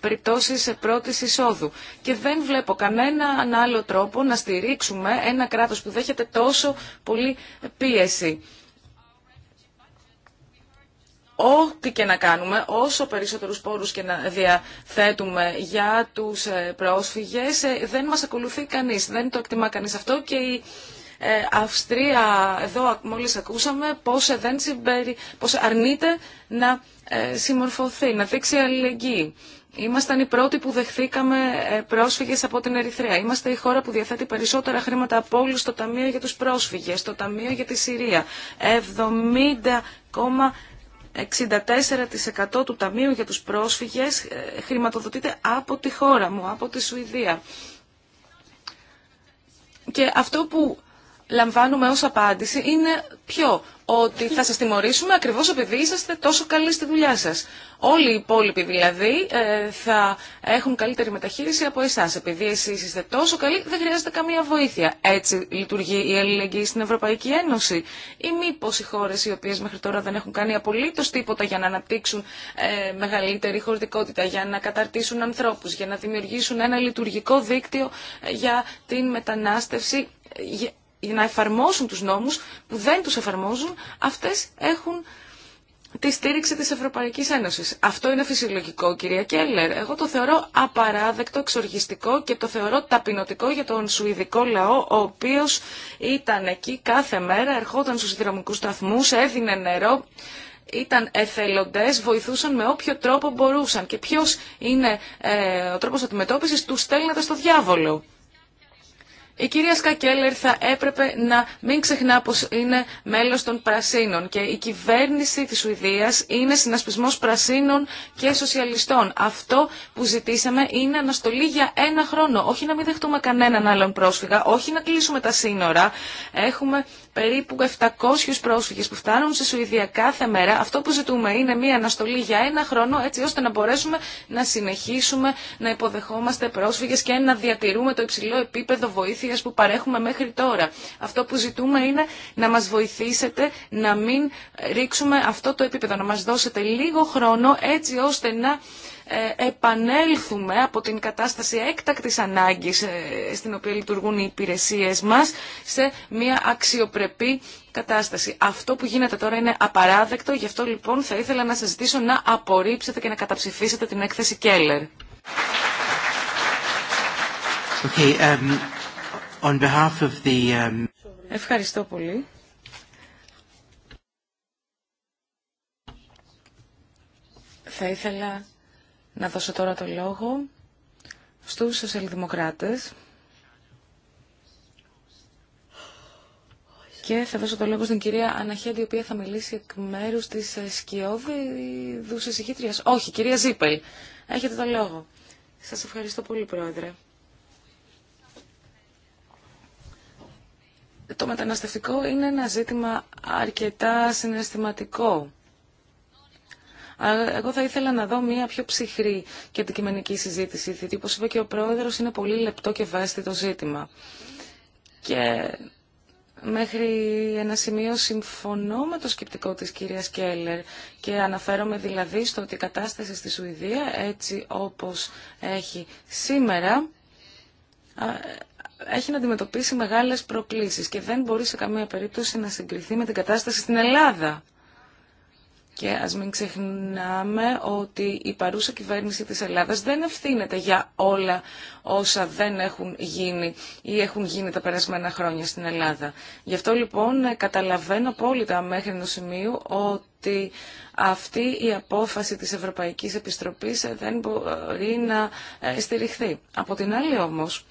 περιπτώσεις πρώτης εισόδου. Και δεν βλέπω κανένα άλλο τρόπο να στηρίξουμε ένα κράτος που δέχεται τόσο πολύ πίεση ό,τι και να κάνουμε, όσο περισσότερους πόρους και να διαθέτουμε για τους ε, πρόσφυγες, ε, δεν μας ακολουθεί κανείς, δεν το εκτιμά κανείς αυτό και η ε, Αυστρία, εδώ μόλις ακούσαμε, πώς, δεν συμπερι... πώς αρνείται να συμμορφωθεί, να δείξει αλληλεγγύη. Ήμασταν οι πρώτοι που δεχθήκαμε πρόσφυγες από την Ερυθρέα. Είμαστε η χώρα που διαθέτει περισσότερα χρήματα από όλου στο Ταμείο για τους Πρόσφυγες, στο Ταμείο για τη Συρία. 64% του Ταμείου για τους πρόσφυγες ε, χρηματοδοτείται από τη χώρα μου, από τη Σουηδία. Και αυτό που λαμβάνουμε ως απάντηση είναι ποιο. Ότι θα σας τιμωρήσουμε ακριβώς επειδή είσαστε τόσο καλοί στη δουλειά σας. Όλοι οι υπόλοιποι δηλαδή ε, θα έχουν καλύτερη μεταχείριση από εσάς. Επειδή εσείς είστε τόσο καλοί δεν χρειάζεται καμία βοήθεια. Έτσι λειτουργεί η αλληλεγγύη στην Ευρωπαϊκή Ένωση. Ή μήπω οι χώρες οι οποίες μέχρι τώρα δεν έχουν κάνει απολύτως τίποτα για να αναπτύξουν ε, μεγαλύτερη χωρητικότητα, για να καταρτήσουν ανθρώπους, για να δημιουργήσουν ένα λειτουργικό δίκτυο ε, για την μετανάστευση να εφαρμόσουν τους νόμους που δεν τους εφαρμόζουν, αυτές έχουν τη στήριξη της Ευρωπαϊκής Ένωσης. Αυτό είναι φυσιολογικό, κυρία Κέλλερ. Εγώ το θεωρώ απαράδεκτο, εξοργιστικό και το θεωρώ ταπεινωτικό για τον Σουηδικό λαό, ο οποίος ήταν εκεί κάθε μέρα, ερχόταν στους δρομικού σταθμούς, έδινε νερό, ήταν εθελοντές, βοηθούσαν με όποιο τρόπο μπορούσαν. Και ποιος είναι ε, ο τρόπος αντιμετώπισης, του στέλνετε στο διάβολο. Η κυρία Σκακέλερ θα έπρεπε να μην ξεχνά πως είναι μέλος των Πρασίνων και η κυβέρνηση της Σουηδίας είναι συνασπισμός Πρασίνων και Σοσιαλιστών. Αυτό που ζητήσαμε είναι αναστολή για ένα χρόνο, όχι να μην δεχτούμε κανέναν άλλον πρόσφυγα, όχι να κλείσουμε τα σύνορα. Έχουμε περίπου 700 πρόσφυγες που φτάνουν στη Σουηδία κάθε μέρα. Αυτό που ζητούμε είναι μια αναστολή για ένα χρόνο έτσι ώστε να μπορέσουμε να συνεχίσουμε να υποδεχόμαστε πρόσφυγες και να διατηρούμε το υψηλό επίπεδο βοήθεια που παρέχουμε μέχρι τώρα. Αυτό που ζητούμε είναι να μας βοηθήσετε να μην ρίξουμε αυτό το επίπεδο, να μας δώσετε λίγο χρόνο έτσι ώστε να ε, επανέλθουμε από την κατάσταση έκτακτης ανάγκης ε, στην οποία λειτουργούν οι υπηρεσίες μας σε μια αξιοπρεπή κατάσταση. Αυτό που γίνεται τώρα είναι απαράδεκτο, γι' αυτό λοιπόν θα ήθελα να σας ζητήσω να απορρίψετε και να καταψηφίσετε την έκθεση Κέλλερ. Okay, um, Um, ευχαριστώ πολύ. Θα ήθελα να δώσω τώρα το λόγο στους σοσιαλδημοκράτες και θα δώσω το λόγο στην κυρία Αναχέντη, η οποία θα μιλήσει εκ μέρους της ε, σκιώδη δούσης Όχι, κυρία Ζίπελ, έχετε το λόγο. Σας ευχαριστώ πολύ, Πρόεδρε. το μεταναστευτικό είναι ένα ζήτημα αρκετά συναισθηματικό. Εγώ θα ήθελα να δω μια πιο ψυχρή και αντικειμενική συζήτηση, γιατί όπως είπε και ο Πρόεδρος είναι πολύ λεπτό και βάστη το ζήτημα. Και μέχρι ένα σημείο συμφωνώ με το σκεπτικό της κυρίας Κέλλερ και αναφέρομαι δηλαδή στο ότι η κατάσταση στη Σουηδία έτσι όπως έχει σήμερα έχει να αντιμετωπίσει μεγάλες προκλήσεις και δεν μπορεί σε καμία περίπτωση να συγκριθεί με την κατάσταση στην Ελλάδα. Και ας μην ξεχνάμε ότι η παρούσα κυβέρνηση της Ελλάδας δεν ευθύνεται για όλα όσα δεν έχουν γίνει ή έχουν γίνει τα περασμένα χρόνια στην Ελλάδα. Γι' αυτό λοιπόν καταλαβαίνω απόλυτα μέχρι ενός σημείου ότι αυτή η απόφαση της Ευρωπαϊκής Επιστροπής δεν μπορεί να στηριχθεί. Από την άλλη όμως,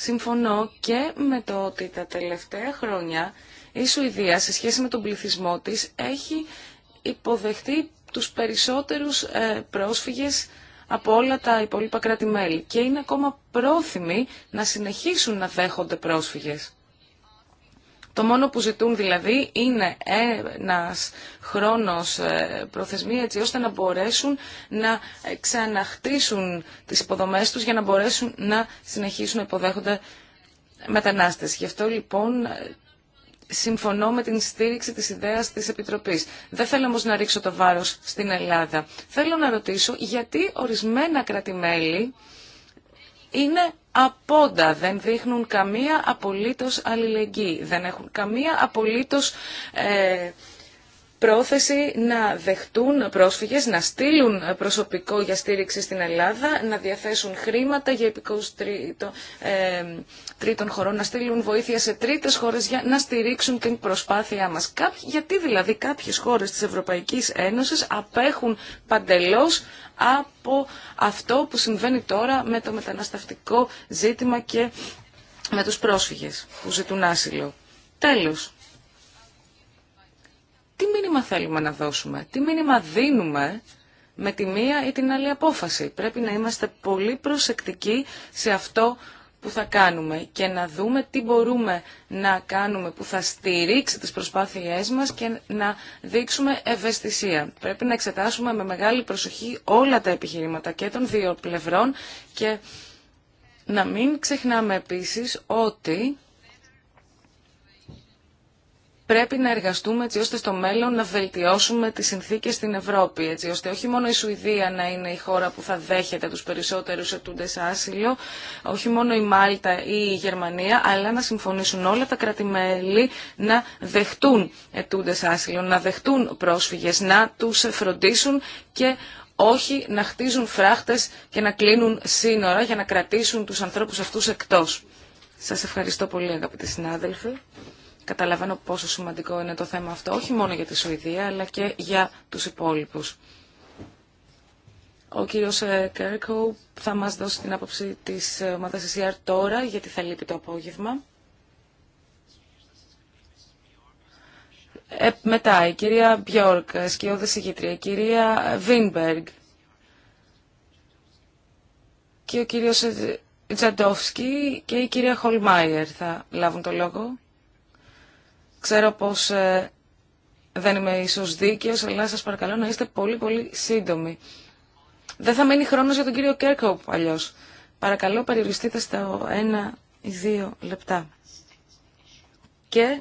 Συμφωνώ και με το ότι τα τελευταία χρόνια η Σουηδία σε σχέση με τον πληθυσμό της έχει υποδεχτεί τους περισσότερους ε, πρόσφυγες από όλα τα υπόλοιπα κράτη-μέλη και είναι ακόμα πρόθυμοι να συνεχίσουν να δέχονται πρόσφυγες. Το μόνο που ζητούν δηλαδή είναι ένας χρόνος ε, προθεσμία έτσι ώστε να μπορέσουν να ε, ξαναχτίσουν τις υποδομές τους για να μπορέσουν να συνεχίσουν να υποδέχονται μετανάστες. Γι' αυτό λοιπόν ε, συμφωνώ με την στήριξη της ιδέας της Επιτροπής. Δεν θέλω όμως να ρίξω το βάρος στην Ελλάδα. Θέλω να ρωτήσω γιατί ορισμένα κρατημέλη είναι απόντα, δεν δείχνουν καμία απολύτως αλληλεγγύη, δεν έχουν καμία απολύτως ε, πρόθεση να δεχτούν πρόσφυγες, να στείλουν προσωπικό για στήριξη στην Ελλάδα, να διαθέσουν χρήματα για επικούς τρίτο, ε, τρίτων χωρών, να στείλουν βοήθεια σε τρίτες χώρες για να στηρίξουν την προσπάθειά μας. γιατί δηλαδή κάποιες χώρες της Ευρωπαϊκής Ένωσης απέχουν παντελώς από αυτό που συμβαίνει τώρα με το μεταναστευτικό ζήτημα και με τους πρόσφυγες που ζητούν άσυλο. Τέλος τι μήνυμα θέλουμε να δώσουμε, τι μήνυμα δίνουμε με τη μία ή την άλλη απόφαση. Πρέπει να είμαστε πολύ προσεκτικοί σε αυτό που θα κάνουμε και να δούμε τι μπορούμε να κάνουμε που θα στηρίξει τις προσπάθειές μας και να δείξουμε ευαισθησία. Πρέπει να εξετάσουμε με μεγάλη προσοχή όλα τα επιχειρήματα και των δύο πλευρών και να μην ξεχνάμε επίσης ότι πρέπει να εργαστούμε έτσι ώστε στο μέλλον να βελτιώσουμε τις συνθήκες στην Ευρώπη, έτσι ώστε όχι μόνο η Σουηδία να είναι η χώρα που θα δέχεται τους περισσότερους ετούντες άσυλο, όχι μόνο η Μάλτα ή η Γερμανία, αλλά να συμφωνήσουν όλα τα κρατημέλη να δεχτούν ετούντες άσυλο, να δεχτούν πρόσφυγες, να τους φροντίσουν και όχι να χτίζουν φράχτες και να κλείνουν σύνορα για να κρατήσουν τους ανθρώπους αυτούς εκτός. Σας ευχαριστώ πολύ αγαπητοί συνάδελφοι. Καταλαβαίνω πόσο σημαντικό είναι το θέμα αυτό, όχι μόνο για τη Σουηδία, αλλά και για τους υπόλοιπους. Ο κύριος ε, Κέρκο θα μας δώσει την άποψη της ε, ομάδας ECR τώρα, γιατί θα λείπει το απόγευμα. Ε, μετά η κυρία Μπιόρκ, σκιώδη ηγήτρια, η κυρία Βίνμπεργκ και ο κύριος ε, Τζαντόφσκι και η κυρία Χολμάιερ θα λάβουν το λόγο. Ξέρω πως ε, δεν είμαι ίσως δίκαιος, αλλά σας παρακαλώ να είστε πολύ πολύ σύντομοι. Δεν θα μείνει χρόνος για τον κύριο Κέρκοπ αλλιώς. Παρακαλώ περιοριστείτε στα ένα ή δύο λεπτά. Και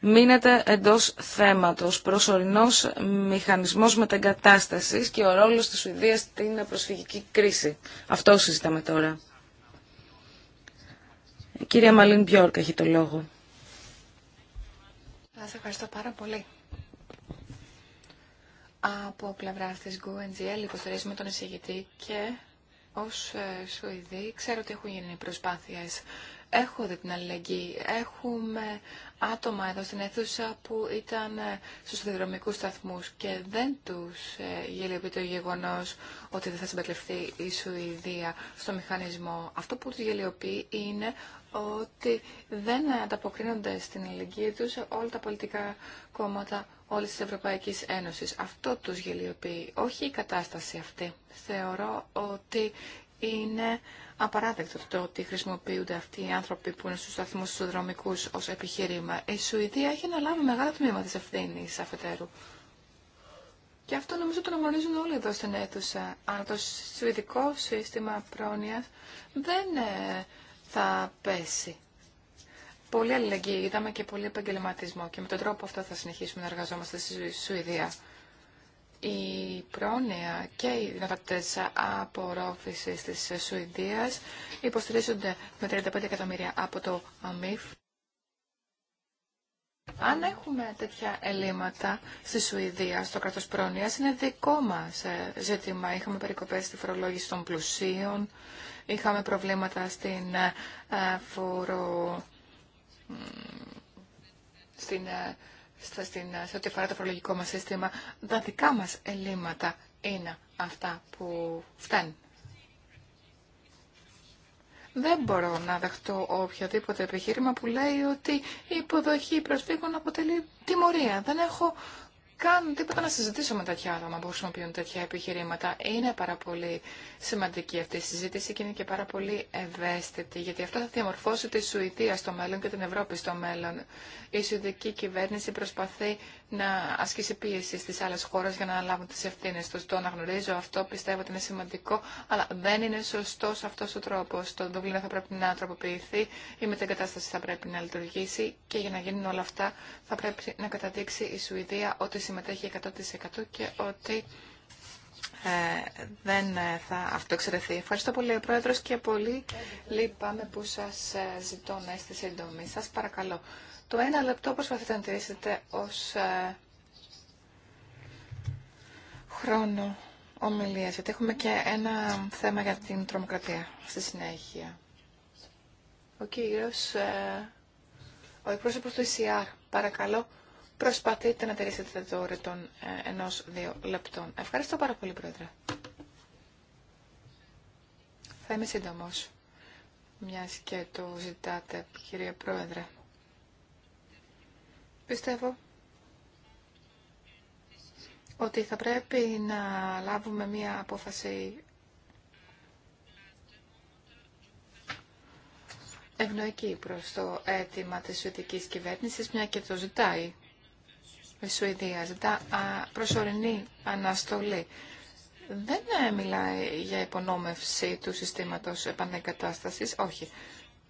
μείνετε εντός θέματος. Προσωρινός μηχανισμός μεταγκατάστασης και ο ρόλος της Σουηδίας στην προσφυγική κρίση. Αυτό συζητάμε τώρα. Η κυρία Μαλίν Μπιόρκ έχει το λόγο. Σας ευχαριστώ πάρα πολύ. Από πλευρά της GoNGL υποστηρίζουμε τον εισηγητή και ως ε, Σουηδή ξέρω ότι έχουν γίνει προσπάθειες Έχω δει την αλληλεγγύη. Έχουμε άτομα εδώ στην αίθουσα που ήταν ε, στους διδρομικούς σταθμούς και δεν τους ε, γελιοποιεί το γεγονός ότι δεν θα συμπεριληφθεί η Σουηδία στο μηχανισμό. Αυτό που τους γελιοποιεί είναι ότι δεν ανταποκρίνονται στην αλληλεγγύη τους όλα τα πολιτικά κόμματα όλης της Ευρωπαϊκής Ένωσης. Αυτό τους γελιοποιεί, όχι η κατάσταση αυτή. Θεωρώ ότι είναι απαράδεκτο το ότι χρησιμοποιούνται αυτοί οι άνθρωποι που είναι στους σταθμούς δρομικού ως επιχείρημα. Η Σουηδία έχει να λάβει μεγάλο τμήμα της ευθύνη αφετέρου. Και αυτό νομίζω το γνωρίζουν όλοι εδώ στην αίθουσα. Αν το σουηδικό σύστημα πρόνοιας δεν ε, θα πέσει. Πολύ αλληλεγγύη είδαμε και πολύ επαγγελματισμό και με τον τρόπο αυτό θα συνεχίσουμε να εργαζόμαστε στη Σουηδία η πρόνοια και οι δυνατότητε απορρόφησης της Σουηδία υποστηρίζονται με 35 εκατομμύρια από το ΑΜΥΦ. Αν έχουμε τέτοια ελλείμματα στη Σουηδία, στο κράτος πρόνοιας, είναι δικό μας ε, ζήτημα. Είχαμε περικοπές στη φορολόγηση των πλουσίων, είχαμε προβλήματα στην ε, ε, φορο... στην σε ό,τι αφορά το φορολογικό μας σύστημα, τα δικά μας ελλείμματα είναι αυτά που φτάνουν. Δεν μπορώ να δεχτώ οποιοδήποτε επιχείρημα που λέει ότι η υποδοχή προσφύγων αποτελεί τιμωρία. Δεν έχω κάνουν τίποτα να συζητήσω με τέτοια άτομα που χρησιμοποιούν τέτοια επιχειρήματα. Είναι πάρα πολύ σημαντική αυτή η συζήτηση και είναι και πάρα πολύ ευαίσθητη, γιατί αυτό θα διαμορφώσει τη Σουηδία στο μέλλον και την Ευρώπη στο μέλλον. Η Σουηδική κυβέρνηση προσπαθεί να ασκήσει πίεση στις άλλε χώρε για να αναλάβουν τι ευθύνε. του. Το αναγνωρίζω αυτό, πιστεύω ότι είναι σημαντικό, αλλά δεν είναι σωστό αυτό ο τρόπο. Το Δουβλίνο θα πρέπει να τροποποιηθεί, η μετεγκατάσταση θα πρέπει να λειτουργήσει και για να γίνουν όλα αυτά θα πρέπει να καταδείξει η Σουηδία ότι συμμετέχει 100% και ότι ε, δεν θα αυτοεξαιρεθεί. Ευχαριστώ πολύ, ο Πρόεδρος, και πολύ λυπάμαι που σας ε, ζητώ να είστε σύντομοι. Σας παρακαλώ, το ένα λεπτό προσπαθείτε να τηρήσετε ως ε, χρόνο ομιλίας, γιατί έχουμε και ένα θέμα για την τρομοκρατία στη συνέχεια. Ο κύριος, ε, ο εκπρόσωπος του ECR, παρακαλώ, προσπαθείτε να τηρήσετε το όρο των ε, ενός-δύο λεπτών. Ευχαριστώ πάρα πολύ, Πρόεδρε. Θα είμαι σύντομος, μιας και το ζητάτε, κύριε Πρόεδρε. Πιστεύω ότι θα πρέπει να λάβουμε μία απόφαση ευνοϊκή προς το αίτημα της Σουηδικής κυβέρνησης, μια και το ζητάει η Σουηδία, ζητά προσωρινή αναστολή. Δεν ε, μιλάει για υπονόμευση του συστήματος επανεγκατάστασης, όχι.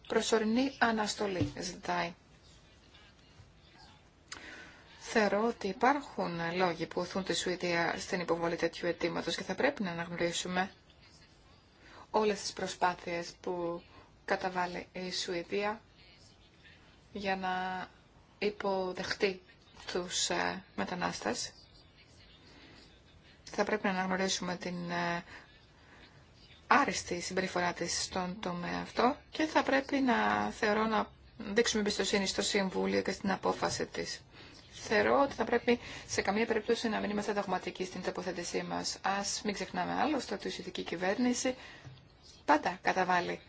Προσωρινή αναστολή ζητάει. Θεωρώ ότι υπάρχουν λόγοι που οθούν τη Σουηδία στην υποβολή τέτοιου αιτήματο και θα πρέπει να αναγνωρίσουμε όλες τις προσπάθειες που καταβάλει η Σουηδία για να υποδεχτεί τους ε, μετανάστες. Θα πρέπει να αναγνωρίσουμε την ε, άριστη συμπεριφορά της στον τομέα αυτό και θα πρέπει να θεωρώ να δείξουμε εμπιστοσύνη στο Συμβούλιο και στην απόφαση της θεωρώ ότι θα πρέπει σε καμία περίπτωση να μην είμαστε δογματικοί στην τοποθέτησή μα. Α μην ξεχνάμε άλλωστε ότι η ουσιαστική κυβέρνηση πάντα καταβάλει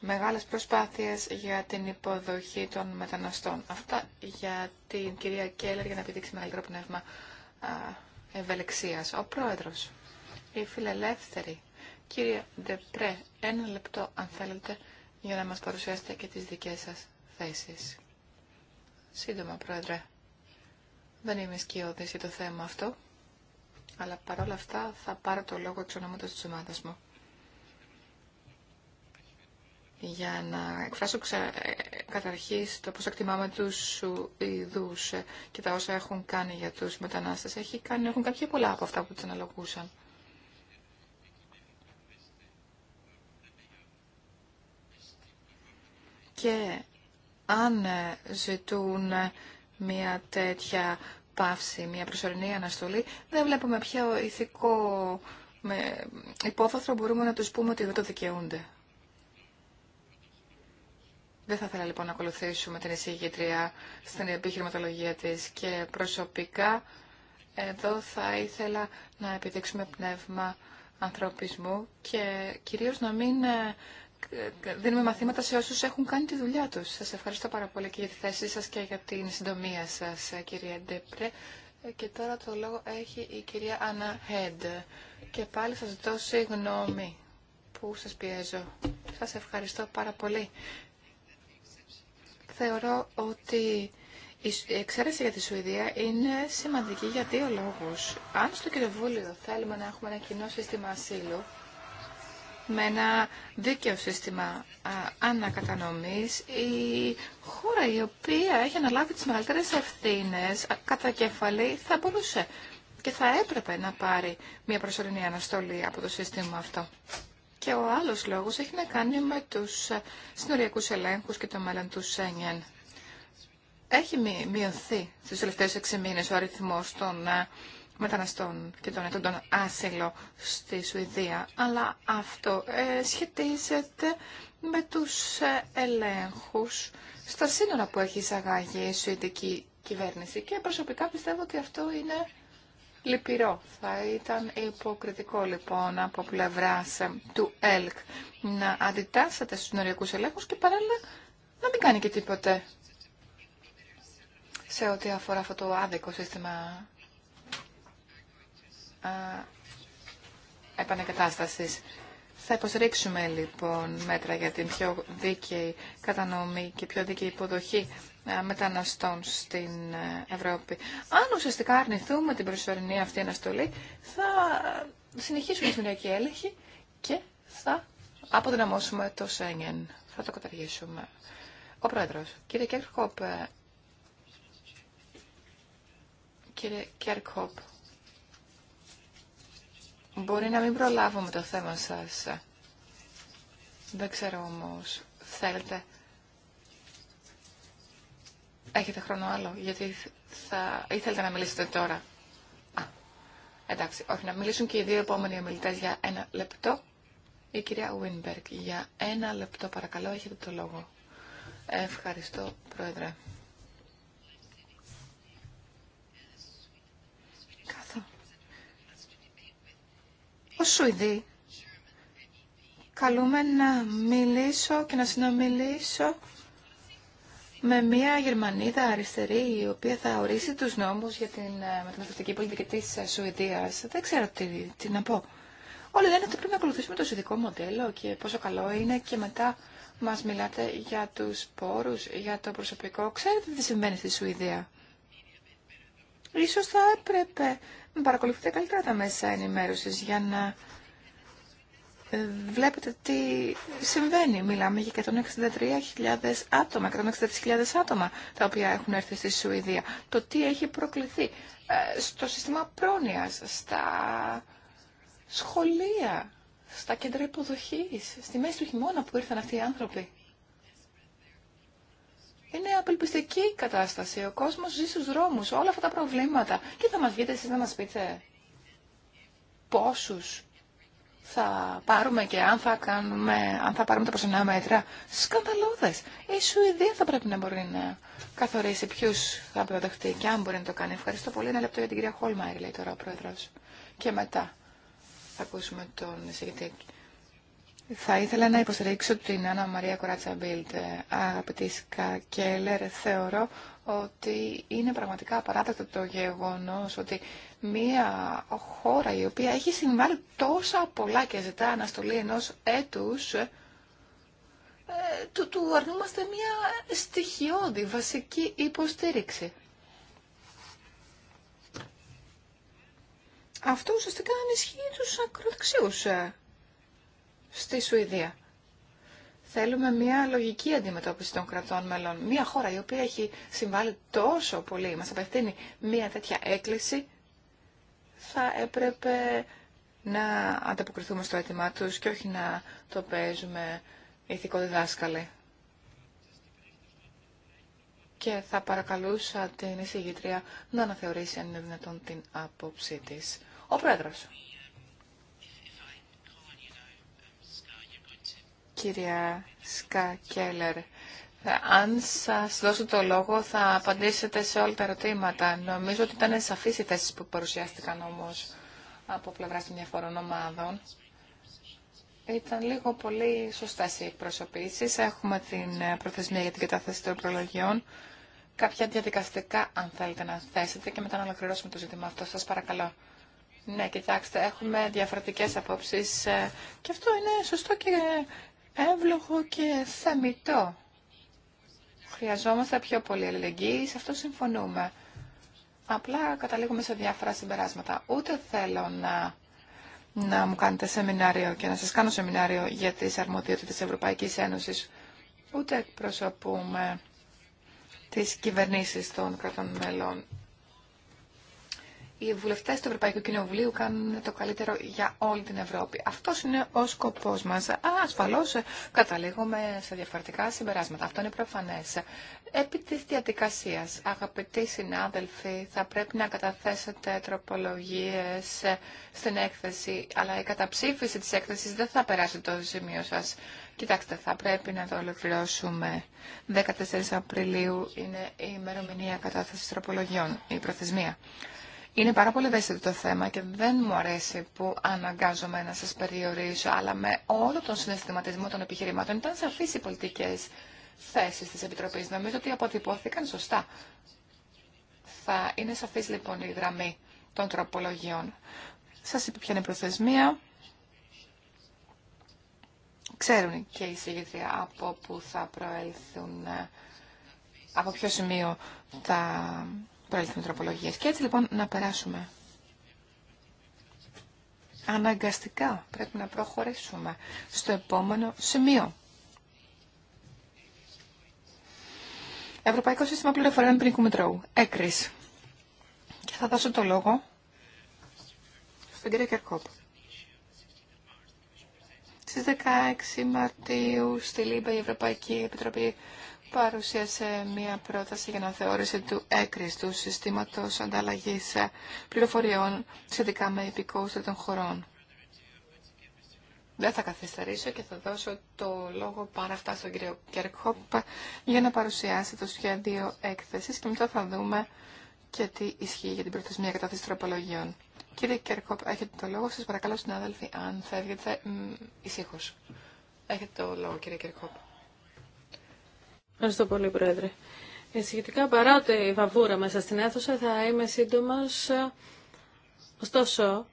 μεγάλες προσπάθειες για την υποδοχή των μεταναστών. Αυτά για την κυρία Κέλλερ για να επιδείξει μεγαλύτερο πνεύμα ευελεξίας. Ο πρόεδρος, η φιλελεύθερη, κύριε Ντεπρέ, ένα λεπτό αν θέλετε για να μας παρουσιάσετε και τις δικές σας θέσεις. Σύντομα, Πρόεδρε. Δεν είμαι σκιώδης για το θέμα αυτό, αλλά παρόλα αυτά θα πάρω το λόγο εξ ονόματος της ομάδας μου. Για να εκφράσω ξα... καταρχής το πώς εκτιμάμε τους ειδούς και τα όσα έχουν κάνει για τους μετανάστες. Έχει κάνει, έχουν κάποια πολλά από αυτά που τους αναλογούσαν. Και αν ε, ζητούν ε, μια τέτοια πάυση, μια προσωρινή αναστολή, δεν βλέπουμε ποιο ηθικό με υπόβαθρο μπορούμε να τους πούμε ότι δεν το δικαιούνται. Δεν θα ήθελα λοιπόν να ακολουθήσουμε την εισηγήτρια στην επιχειρηματολογία της και προσωπικά εδώ θα ήθελα να επιδείξουμε πνεύμα ανθρωπισμού και κυρίως να μην ε, δίνουμε μαθήματα σε όσους έχουν κάνει τη δουλειά τους. Σας ευχαριστώ πάρα πολύ και για τη θέση σας και για την συντομία σας, κυρία Ντεπρέ. Και τώρα το λόγο έχει η κυρία Άννα Χέντ. Και πάλι σας ζητώ συγγνώμη που σας πιέζω. Σας ευχαριστώ πάρα πολύ. Θεωρώ ότι η εξαίρεση για τη Σουηδία είναι σημαντική για δύο λόγους. Αν στο Κοινοβούλιο θέλουμε να έχουμε ένα κοινό σύστημα ασύλου, με ένα δίκαιο σύστημα ανακατανομής η χώρα η οποία έχει αναλάβει τις μεγαλύτερες ευθύνες κατά κεφαλή θα μπορούσε και θα έπρεπε να πάρει μια προσωρινή αναστολή από το σύστημα αυτό. Και ο άλλος λόγος έχει να κάνει με τους συνοριακούς ελέγχους και το μέλλον του Σένιεν. Έχει μειωθεί στις τελευταίες 6 μήνες ο αριθμός των μεταναστών και των ετών άσυλο στη Σουηδία, αλλά αυτό ε, σχετίζεται με τους ε, ελέγχους στα σύνορα που έχει εισαγάγει η Σουηδική κυβέρνηση και προσωπικά πιστεύω ότι αυτό είναι λυπηρό. Θα ήταν υποκριτικό λοιπόν από πλευρά ε, του ΕΛΚ να αντιτάσσεται στους νοριακούς ελέγχους και παράλληλα να μην κάνει και τίποτε σε ό,τι αφορά αυτό το άδικο σύστημα επανεκατάστασης. Θα υποστηρίξουμε λοιπόν μέτρα για την πιο δίκαιη κατανομή και πιο δίκαιη υποδοχή μεταναστών στην Ευρώπη. Αν ουσιαστικά αρνηθούμε την προσωρινή αυτή αναστολή, θα συνεχίσουμε τη σημερινή έλεγχη και θα αποδυναμώσουμε το Σέγγεν. Θα το καταργήσουμε. Ο Πρόεδρος, κύριε Κέρκοπ, ε, κύριε Κέρκοπ, Μπορεί να μην προλάβουμε το θέμα σας. Δεν ξέρω όμως. Θέλετε. Έχετε χρόνο άλλο, γιατί θα... ήθελετε να μιλήσετε τώρα. Α, εντάξει, όχι, να μιλήσουν και οι δύο επόμενοι ομιλητέ για ένα λεπτό. Η κυρία Βίνμπεργκ, για ένα λεπτό παρακαλώ, έχετε το λόγο. Ευχαριστώ, Πρόεδρε. Ως Σουηδή, καλούμε να μιλήσω και να συνομιλήσω με μια Γερμανίδα αριστερή η οποία θα ορίσει τους νόμους για την ε, μεταναστευτική πολιτική της ε, Σουηδίας. Δεν ξέρω τι, τι να πω. Όλοι λένε ότι πρέπει να ακολουθήσουμε το σουηδικό μοντέλο και πόσο καλό είναι και μετά μας μιλάτε για τους πόρους, για το προσωπικό. Ξέρετε τι συμβαίνει στη Σουηδία. Ίσως θα έπρεπε να παρακολουθείτε καλύτερα τα μέσα ενημέρωσης για να βλέπετε τι συμβαίνει. Μιλάμε για 163.000 άτομα, 163.000 άτομα τα οποία έχουν έρθει στη Σουηδία. Το τι έχει προκληθεί ε, στο σύστημα πρόνοιας, στα σχολεία, στα κέντρα υποδοχής, στη μέση του χειμώνα που ήρθαν αυτοί οι άνθρωποι. Είναι απελπιστική η κατάσταση. Ο κόσμος ζει στους δρόμους. Όλα αυτά τα προβλήματα. Και θα μας βγείτε εσείς να μας πείτε πόσους θα πάρουμε και αν θα, κάνουμε, αν θα πάρουμε τα προσωρινά μέτρα. Σκανδαλώδες. Η Σουηδία θα πρέπει να μπορεί να καθορίσει ποιου θα προδεχτεί και αν μπορεί να το κάνει. Ευχαριστώ πολύ. Ένα λεπτό για την κυρία Χόλμαερ, λέει τώρα ο πρόεδρος. Και μετά θα ακούσουμε τον εισηγητή. Θα ήθελα να υποστηρίξω την Άννα Μαρία Κοράτσα Μπίλτ. Ε, αγαπητή Σκακέλερ, θεωρώ ότι είναι πραγματικά απαράδεκτο το γεγονός ότι μια χώρα η οποία έχει συμβάλει τόσα πολλά και ζητά αναστολή ενό έτους, ε, του, του αρνούμαστε μια στοιχειώδη βασική υποστήριξη. Αυτό ουσιαστικά ανισχύει τους ακροδεξίους ε στη Σουηδία. Θέλουμε μια λογική αντιμετώπιση των κρατών μελών. Μια χώρα η οποία έχει συμβάλει τόσο πολύ, μας απευθύνει μια τέτοια έκκληση, θα έπρεπε να ανταποκριθούμε στο αίτημά τους και όχι να το παίζουμε ηθικό διδάσκαλοι. Και θα παρακαλούσα την εισηγήτρια να αναθεωρήσει αν είναι δυνατόν την άποψή της. Ο Πρόεδρος. κυρία Σκα Κέλλερ. Αν σας δώσω το λόγο θα απαντήσετε σε όλα τα ερωτήματα. Νομίζω ότι ήταν σαφείς οι θέσεις που παρουσιάστηκαν όμως από πλευρά των διαφορών ομάδων. Ήταν λίγο πολύ σωστά οι εκπροσωπήσεις. Έχουμε την προθεσμία για την κατάθεση των προλογιών. Κάποια διαδικαστικά, αν θέλετε να θέσετε, και μετά να ολοκληρώσουμε το ζήτημα αυτό. Σας παρακαλώ. Ναι, κοιτάξτε, έχουμε διαφορετικέ απόψει ε, και αυτό είναι σωστό και εύλογο και θεμητό. Χρειαζόμαστε πιο πολύ αλληλεγγύη, σε αυτό συμφωνούμε. Απλά καταλήγουμε σε διάφορα συμπεράσματα. Ούτε θέλω να, να μου κάνετε σεμινάριο και να σας κάνω σεμινάριο για τις αρμοδιότητες της Ευρωπαϊκής Ένωσης. Ούτε εκπροσωπούμε τις κυβερνήσεις των κρατών μελών οι βουλευτέ του Ευρωπαϊκού Κοινοβουλίου κάνουν το καλύτερο για όλη την Ευρώπη. Αυτό είναι ο σκοπό μα. Ασφαλώ καταλήγουμε σε διαφορετικά συμπεράσματα. Αυτό είναι προφανέ. Επί τη διαδικασία, αγαπητοί συνάδελφοι, θα πρέπει να καταθέσετε τροπολογίε στην έκθεση, αλλά η καταψήφιση τη έκθεση δεν θα περάσει το σημείο σα. Κοιτάξτε, θα πρέπει να το ολοκληρώσουμε. 14 Απριλίου είναι η ημερομηνία κατάθεση τροπολογιών, η προθεσμία. Είναι πάρα πολύ ευαίσθητο το θέμα και δεν μου αρέσει που αναγκάζομαι να σας περιορίσω, αλλά με όλο τον συναισθηματισμό των επιχειρημάτων ήταν σαφείς οι πολιτικές θέσεις της Επιτροπής. Νομίζω ότι αποτυπώθηκαν σωστά. Θα είναι σαφής λοιπόν η γραμμή των τροπολογιών. Σας είπε ποια είναι η προθεσμία. Ξέρουν και οι συγγετρία από πού θα προέλθουν, ε, από ποιο σημείο θα και έτσι λοιπόν να περάσουμε. Αναγκαστικά πρέπει να προχωρήσουμε στο επόμενο σημείο. Ευρωπαϊκό Σύστημα Πληροφοριών Ποινικού Μητρώου. Έκρης. Και θα δώσω το λόγο στον κύριο Κερκόπ. Στις 16 Μαρτίου στη Λίμπα η Ευρωπαϊκή Επιτροπή παρουσίασε μία πρόταση για να θεώρησε του έκριστου συστήματος ανταλλαγής πληροφοριών σχετικά με υπηκόους των χωρών. Δεν θα καθυστερήσω και θα δώσω το λόγο πάρα αυτά στον κύριο Κέρκοπ για να παρουσιάσει το σχέδιο έκθεσης και μετά θα δούμε και τι ισχύει για την προθεσμία κατάθεση τροπολογιών. Κύριε Κέρκοπ, έχετε το λόγο. Σας παρακαλώ, συνάδελφοι, αν φεύγετε, ησύχως. Έχετε το λόγο, κύριε Κέρκοπ. Ευχαριστώ πολύ, Πρόεδρε. Σχετικά παρά τη βαβούρα μέσα στην αίθουσα, θα είμαι σύντομο, Ωστόσο,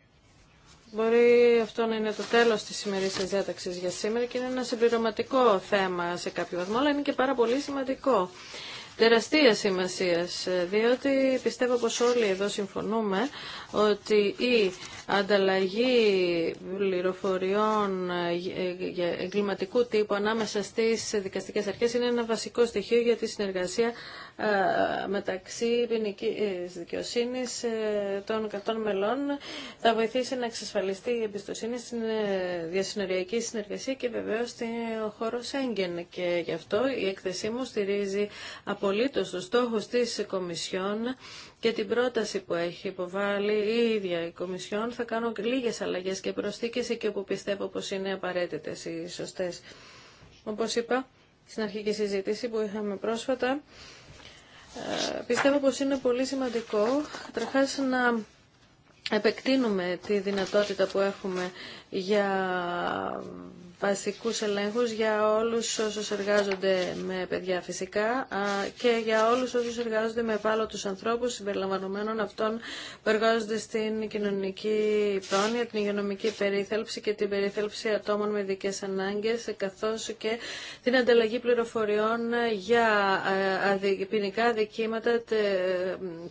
Μπορεί αυτό να είναι το τέλο τη σημερινή διάταξη για σήμερα και είναι ένα συμπληρωματικό θέμα σε κάποιο βαθμό, αλλά είναι και πάρα πολύ σημαντικό τεραστίας σημασίας, ε, διότι πιστεύω πως όλοι εδώ συμφωνούμε ότι η ανταλλαγή πληροφοριών ε, εγκληματικού τύπου ανάμεσα στις δικαστικές αρχές είναι ένα βασικό στοιχείο για τη συνεργασία ε, μεταξύ ποινική ε, δικαιοσύνη ε, των 100 μελών θα βοηθήσει να εξασφαλιστεί η εμπιστοσύνη στην διασυνοριακή συνεργασία και βεβαίω στην χώρο Σέγγεν. Και γι' αυτό η έκθεσή μου στηρίζει απολύτω του στόχου τη Κομισιόν και την πρόταση που έχει υποβάλει η ίδια η Κομισιόν. Θα κάνω λίγες αλλαγές και προσθήκες εκεί όπου πιστεύω πως είναι απαραίτητες οι σωστές. Όπως είπα, στην αρχική συζήτηση που είχαμε πρόσφατα, ε, πιστεύω πως είναι πολύ σημαντικό να επεκτείνουμε τη δυνατότητα που έχουμε για βασικούς ελέγχους για όλους όσους εργάζονται με παιδιά φυσικά και για όλους όσους εργάζονται με ευάλωτους ανθρώπους συμπεριλαμβανομένων αυτών που εργάζονται στην κοινωνική πρόνοια, την υγειονομική περίθαλψη και την περίθαλψη ατόμων με ειδικέ ανάγκες καθώς και την ανταλλαγή πληροφοριών για ε, ποινικά δικήματα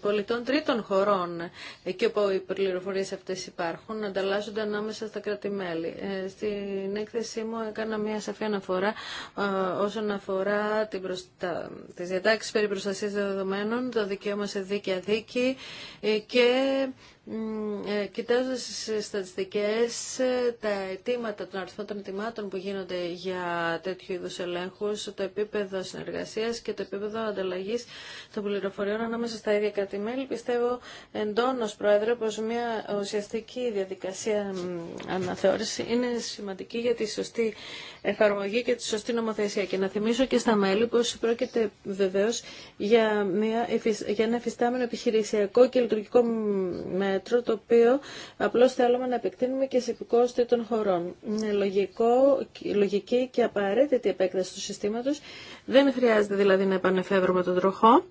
πολιτών τρίτων χωρών εκεί όπου οι πληροφορίες αυτές υπάρχουν ανταλλάσσονται ανάμεσα στα κρατη ε, στην έκθεσή μου έκανα μια σαφή αναφορά ε, όσον αφορά την τις διατάξεις περί προστασίας δεδομένων, το δικαίωμα σε δίκαια δίκη ε, και ε, κοιτάζοντας τις στατιστικές, ε, τα αιτήματα των αριθμών των αιτημάτων που γίνονται για τέτοιου είδους ελέγχους, το επίπεδο συνεργασίας και το επίπεδο ανταλλαγής των πληροφοριών ανάμεσα στα ίδια κρατημέλη, πιστεύω εντόνως, Πρόεδρε, πως μια ουσιαστική διαδικασία αναθεώρηση είναι σημαντική για τη σωστή εφαρμογή και τη σωστή νομοθεσία. Και να θυμίσω και στα μέλη πω πρόκειται βεβαίω για, για ένα εφιστάμενο επιχειρησιακό και λειτουργικό μέτρο το οποίο απλώς θέλουμε να επεκτείνουμε και σε επικόστη των χωρών. Είναι λογικό, λογική και απαραίτητη επέκταση του συστήματος. Δεν χρειάζεται δηλαδή να επανεφεύρουμε τον τροχό.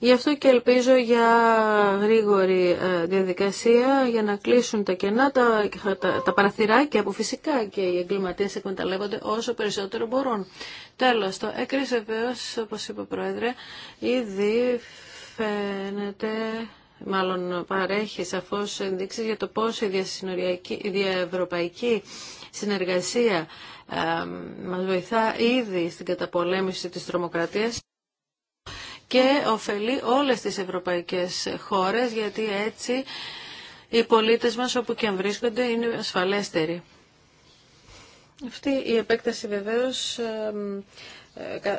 Γι' αυτό και ελπίζω για γρήγορη ε, διαδικασία για να κλείσουν τα κενά, τα, τα, τα παραθυράκια που φυσικά και οι εγκληματίες εκμεταλλεύονται όσο περισσότερο μπορούν. Τέλος, το έκρισε βεβαίως, όπως είπε ο Πρόεδρε, ήδη φαίνεται μάλλον παρέχει σαφώς ενδείξεις για το πώς η, διαευρωπαϊκή συνεργασία μα ε, μας βοηθά ήδη στην καταπολέμηση της τρομοκρατίας και ωφελεί όλες τις ευρωπαϊκές χώρες γιατί έτσι οι πολίτες μας όπου και αν βρίσκονται είναι ασφαλέστεροι. Αυτή η επέκταση βεβαίως ε, ε, ε,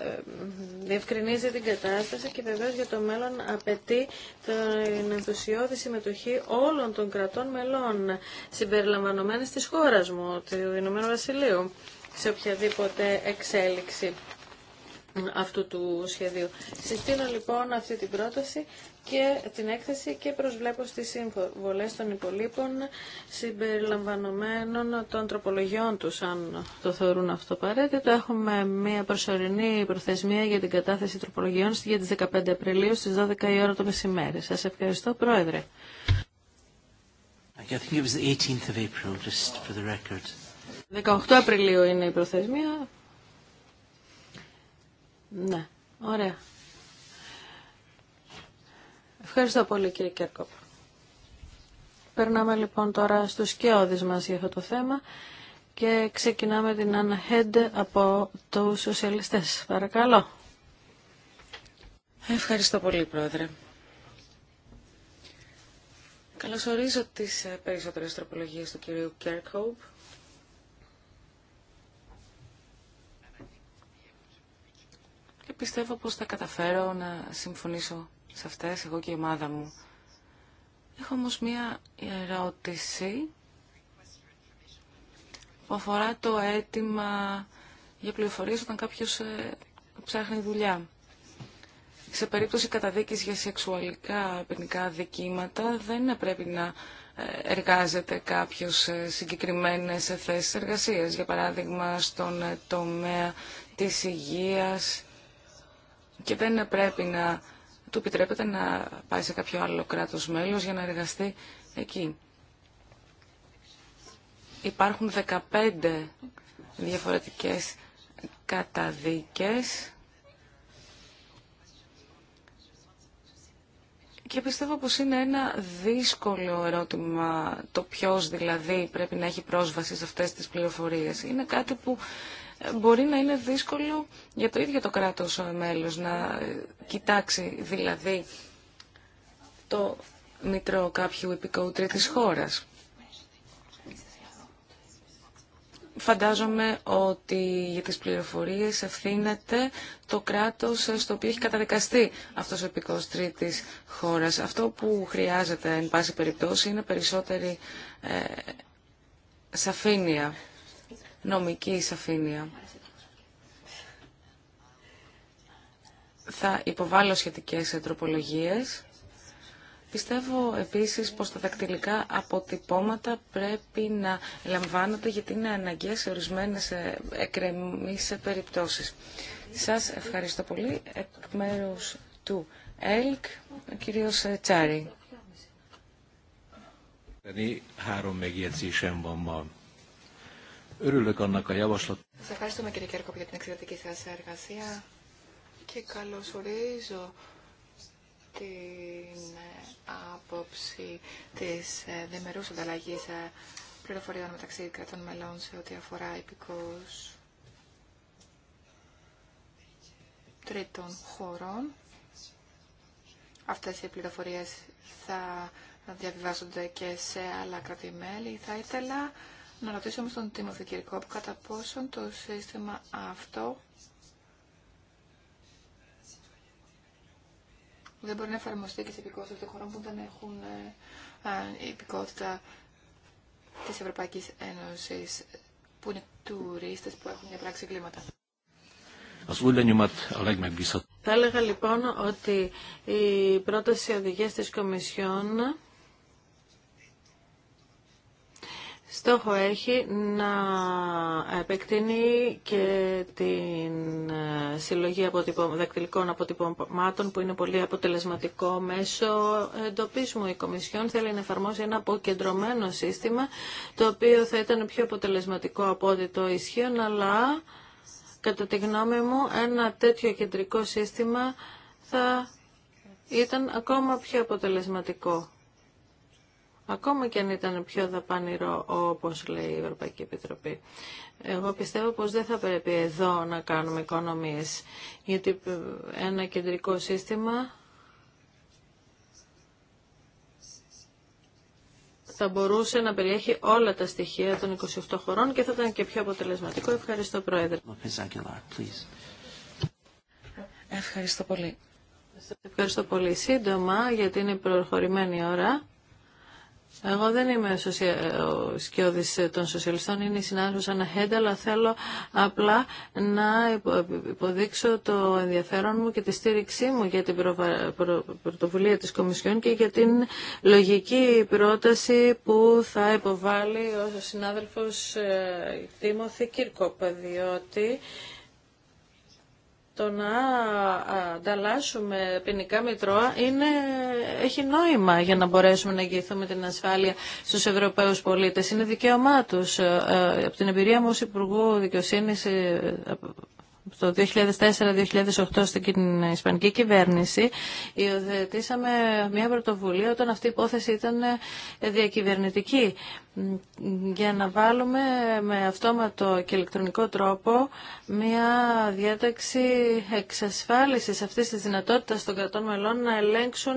διευκρινίζει την κατάσταση και βεβαίως για το μέλλον απαιτεί την ενθουσιώδη συμμετοχή όλων των κρατών μελών συμπεριλαμβανομένης της χώρας μου, του Ηνωμένου Βασιλείου, σε οποιαδήποτε εξέλιξη αυτού του σχεδίου. Συστήνω λοιπόν αυτή την πρόταση και την έκθεση και προσβλέπω στις συμβολές των υπολείπων συμπεριλαμβανομένων των τροπολογιών τους, αν το θεωρούν αυτό απαραίτητο. Έχουμε μια προσωρινή προθεσμία για την κατάθεση τροπολογιών για τις 15 Απριλίου στις 12 η ώρα το μεσημέρι. Σας ευχαριστώ, Πρόεδρε. I think it was the 18th of April, just for the record. 18 Απριλίου είναι η προθεσμία. Ναι, ωραία. Ευχαριστώ πολύ κύριε Κέρκοπ. Περνάμε λοιπόν τώρα στους σκιώδεις μας για αυτό το θέμα και ξεκινάμε την Anna από τους σοσιαλιστές. Παρακαλώ. Ευχαριστώ πολύ πρόεδρε. Καλωσορίζω τις ε, περισσότερες τροπολογίες του κυρίου Κέρκοπ πιστεύω πως θα καταφέρω να συμφωνήσω σε αυτές εγώ και η ομάδα μου. Έχω όμως μία ερώτηση που αφορά το αίτημα για πληροφορίες όταν κάποιος ε, ψάχνει δουλειά. Σε περίπτωση καταδίκης για σεξουαλικά ποινικά δικήματα δεν πρέπει να ε, εργάζεται κάποιος σε συγκεκριμένες θέσεις εργασίας. Για παράδειγμα στον τομέα της υγείας και δεν πρέπει να του επιτρέπεται να πάει σε κάποιο άλλο κράτος μέλος για να εργαστεί εκεί. Υπάρχουν 15 διαφορετικές καταδίκες και πιστεύω πως είναι ένα δύσκολο ερώτημα το ποιος δηλαδή πρέπει να έχει πρόσβαση σε αυτές τις πληροφορίες. Είναι κάτι που μπορεί να είναι δύσκολο για το ίδιο το κράτος μέλος να κοιτάξει δηλαδή το μητρό κάποιου υπηκόου τρίτης χώρας. Φαντάζομαι ότι για τις πληροφορίες ευθύνεται το κράτος στο οποίο έχει καταδικαστεί αυτός ο επικός τρίτης χώρας. Αυτό που χρειάζεται, εν πάση περιπτώσει, είναι περισσότερη ε, σαφήνεια νομική σαφήνεια. Θα υποβάλω σχετικές τροπολογίες. Πιστεύω επίσης πως τα δακτυλικά αποτυπώματα πρέπει να λαμβάνονται γιατί είναι αναγκαία σε ορισμένες ε, σε περιπτώσεις. Σας ευχαριστώ πολύ. Εκ μέρους του ΕΛΚ, ο κύριος ε, Τσάρη. Örülök Σας ευχαριστούμε κύριε Κέρκοπ για την εξαιρετική σας εργασία και καλωσορίζω την ε, άποψη της ε, δεμερούς ανταλλαγής ε, πληροφοριών μεταξύ κρατών μελών σε ό,τι αφορά υπηκούς τρίτων χωρών. Αυτές οι πληροφορίες θα διαβιβάζονται και σε άλλα μέλη. Θα ήθελα να ρωτήσω όμως τον Τίμωθο που κατά πόσον το σύστημα αυτό δεν μπορεί να εφαρμοστεί και σε επικότητα χωρών που δεν έχουν ε, ε, υπηκότητα της Ευρωπαϊκής Ένωσης που είναι τουρίστες που έχουν διαπράξει κλίματα. Θα έλεγα λοιπόν ότι η πρόταση οδηγίας της Κομισιόν Στόχο έχει να επεκτείνει και την ε, συλλογή αποτυπω... δακτυλικών αποτυπωμάτων που είναι πολύ αποτελεσματικό μέσω εντοπίσμου. Η Κομισιόν θέλει να εφαρμόσει ένα αποκεντρωμένο σύστημα το οποίο θα ήταν πιο αποτελεσματικό από ό,τι το ισχύον αλλά κατά τη γνώμη μου ένα τέτοιο κεντρικό σύστημα θα ήταν ακόμα πιο αποτελεσματικό ακόμα και αν ήταν πιο δαπανηρό όπως λέει η Ευρωπαϊκή Επιτροπή. Εγώ πιστεύω πως δεν θα πρέπει εδώ να κάνουμε οικονομίες, γιατί ένα κεντρικό σύστημα θα μπορούσε να περιέχει όλα τα στοιχεία των 28 χωρών και θα ήταν και πιο αποτελεσματικό. Ευχαριστώ, Πρόεδρε. Ευχαριστώ πολύ. Ευχαριστώ πολύ. Σύντομα, γιατί είναι προχωρημένη η ώρα. Εγώ δεν είμαι σοσια... σκιώδης ε, των σοσιαλιστών, είναι η συνάδελφος Αναχέντα, αλλά θέλω απλά να ε, υποδείξω το ενδιαφέρον μου και τη στήριξή μου για την πρωτοβουλία της Κομισιόν και για την λογική πρόταση που θα υποβάλει ο συνάδελφος ε, Τίμωθη Κίρκοπ, διότι το να ανταλλάσσουμε ποινικά μητρώα είναι, έχει νόημα για να μπορέσουμε να εγγυηθούμε την ασφάλεια στους Ευρωπαίους πολίτες. Είναι δικαίωμά τους. Ε, ε, από την εμπειρία μου ως Υπουργού Δικαιοσύνης ε, το 2004-2008 στην Ισπανική κυβέρνηση υιοθετήσαμε μια πρωτοβουλία όταν αυτή η υπόθεση ήταν ε, διακυβερνητική για να βάλουμε με αυτόματο και ηλεκτρονικό τρόπο μια διάταξη εξασφάλισης αυτής της δυνατότητας των κρατών μελών να ελέγξουν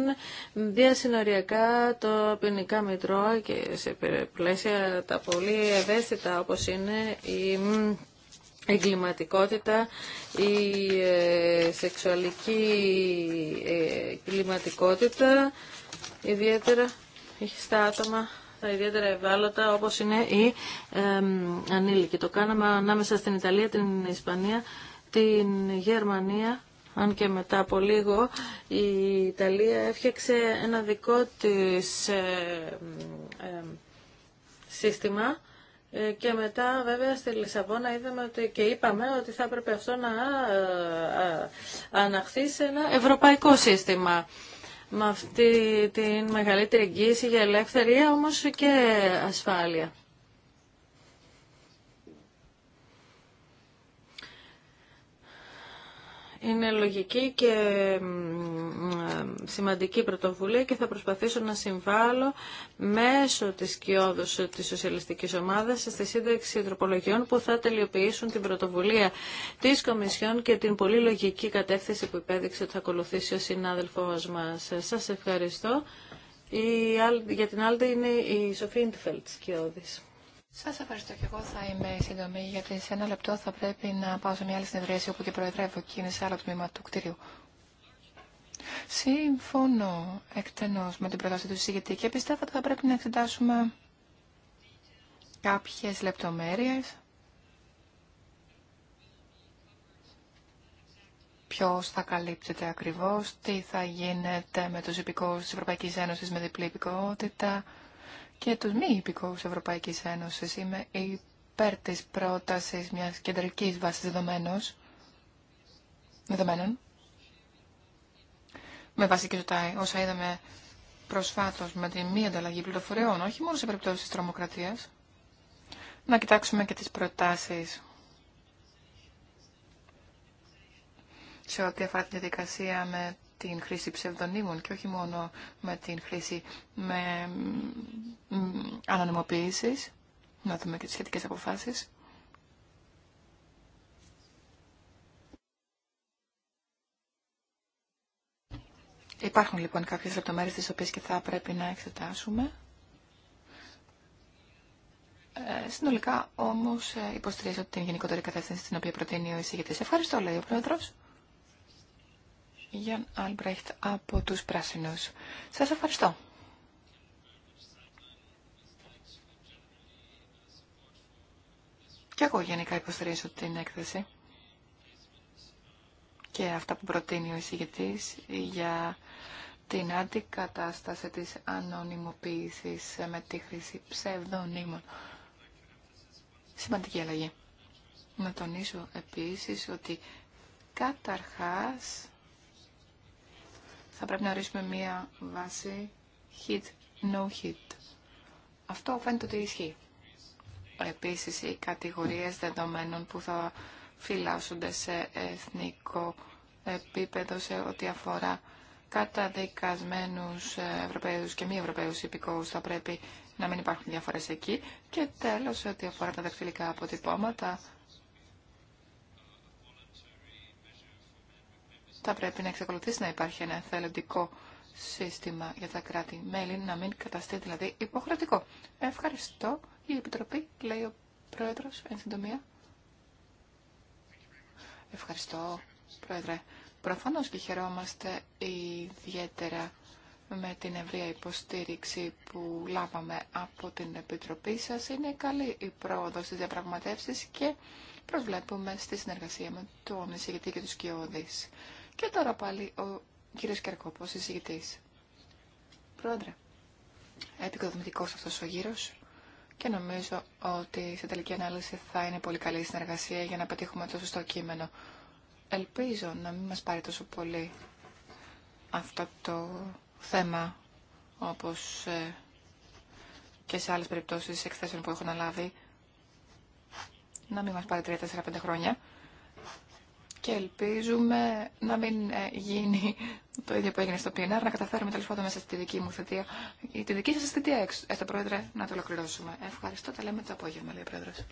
διασυνοριακά το ποινικά μητρώα και σε πλαίσια τα πολύ ευαίσθητα όπως είναι η εγκληματικότητα, η ε, σεξουαλική ε, εγκληματικότητα, ιδιαίτερα στα άτομα τα ιδιαίτερα ευάλωτα όπως είναι οι ε, ανήλικοι. Το κάναμε ανάμεσα στην Ιταλία, την Ισπανία, την Γερμανία, αν και μετά από λίγο η Ιταλία έφτιαξε ένα δικό της ε, σύστημα ε, και μετά βέβαια στη Λισαβόνα είδαμε ότι και είπαμε ότι θα έπρεπε αυτό να ε, ε, αναχθεί σε ένα ευρωπαϊκό σύστημα με αυτή την μεγαλύτερη εγγύηση για ελευθερία όμως και ασφάλεια. Είναι λογική και σημαντική πρωτοβουλία και θα προσπαθήσω να συμβάλλω μέσω της κοιόδους της Σοσιαλιστικής Ομάδας στη σύνταξη τροπολογιών που θα τελειοποιήσουν την πρωτοβουλία της Κομισιόν και την πολύ λογική κατεύθυνση που υπέδειξε ότι θα ακολουθήσει ο συνάδελφός μας. Σας ευχαριστώ. Η, για την άλλη είναι η Σοφία Ιντφελτ, κοιόδης. Σας ευχαριστώ και εγώ θα είμαι σύντομη γιατί σε ένα λεπτό θα πρέπει να πάω σε μια άλλη συνεδρίαση όπου και προεδρεύω και είναι σε άλλο τμήμα του κτίριου. Συμφωνώ εκτενώς με την πρόταση του συζητητή και πιστεύω ότι θα πρέπει να εξετάσουμε κάποιες λεπτομέρειες ποιος θα καλύπτεται ακριβώς, τι θα γίνεται με τους υπηκόους της Ευρωπαϊκής Ένωσης με διπλή υπηκότητα, και τους μη υπηκόους Ευρωπαϊκής Ένωσης. Είμαι υπέρ της πρότασης μιας κεντρικής βάσης δεδομένων. Με βάση και ζωτάει όσα είδαμε προσφάτως με τη μη ανταλλαγή πληροφοριών, όχι μόνο σε περιπτώσεις τρομοκρατίας. Να κοιτάξουμε και τις προτάσεις σε ό,τι αφορά τη διαδικασία με την χρήση ψευδονύμων και όχι μόνο με την χρήση με Να δούμε και τις σχετικές αποφάσεις. Υπάρχουν λοιπόν κάποιες λεπτομέρειες τις οποίες και θα πρέπει να εξετάσουμε. Ε, συνολικά όμως ε, υποστηρίζω την γενικότερη κατεύθυνση την οποία προτείνει ο εισηγητής. Ευχαριστώ λέει ο Πρόεδρος. Γιάν Αλμπρέχτ από τους Πράσινους. Σας ευχαριστώ. Και εγώ γενικά υποστηρίζω την έκθεση και αυτά που προτείνει ο εισηγητής για την αντικατάσταση της ανωνυμοποίησης με τη χρήση ψευδονύμων. Σημαντική αλλαγή. Να τονίσω επίσης ότι καταρχάς θα πρέπει να ορίσουμε μία βάση hit, no hit. Αυτό φαίνεται ότι ισχύει. Επίσης, οι κατηγορίες δεδομένων που θα φυλάσσονται σε εθνικό επίπεδο σε ό,τι αφορά καταδικασμένους Ευρωπαίους και μη Ευρωπαίους υπηκόους θα πρέπει να μην υπάρχουν διαφορές εκεί. Και τέλος, σε ό,τι αφορά τα δακτυλικά αποτυπώματα, θα πρέπει να εξακολουθήσει να υπάρχει ένα εθελοντικό σύστημα για τα κράτη-μέλη, να μην καταστεί δηλαδή υποχρεωτικό. Ευχαριστώ. Η Επιτροπή, λέει ο Πρόεδρος, εν συντομία. Ευχαριστώ, Πρόεδρε. Προφανώς και χαιρόμαστε ιδιαίτερα με την ευρεία υποστήριξη που λάβαμε από την Επιτροπή σας. Είναι καλή η πρόοδος της διαπραγματεύσης και προσβλέπουμε στη συνεργασία με το εισηγητή και τους κοιόδης και τώρα πάλι ο κύριος Κερκόπος, εισηγητής. Πρόεδρε, επικοδομητικός αυτός ο γύρος και νομίζω ότι σε τελική ανάλυση θα είναι πολύ καλή η συνεργασία για να πετύχουμε το σωστό κείμενο. Ελπίζω να μην μας πάρει τόσο πολύ αυτό το θέμα όπως ε, και σε άλλες περιπτώσεις εκθέσεων που έχω αναλάβει να μην μας πάρει 3-4-5 χρόνια και ελπίζουμε να μην ε, γίνει το ίδιο που έγινε στο PNR, να καταφέρουμε τέλο πάντων μέσα στη δική μου θητεία, τη δική σα θητεία, έστω, ε, Πρόεδρε, να το ολοκληρώσουμε. Ευχαριστώ. Τα λέμε το απόγευμα, λέει ο πρόεδρος.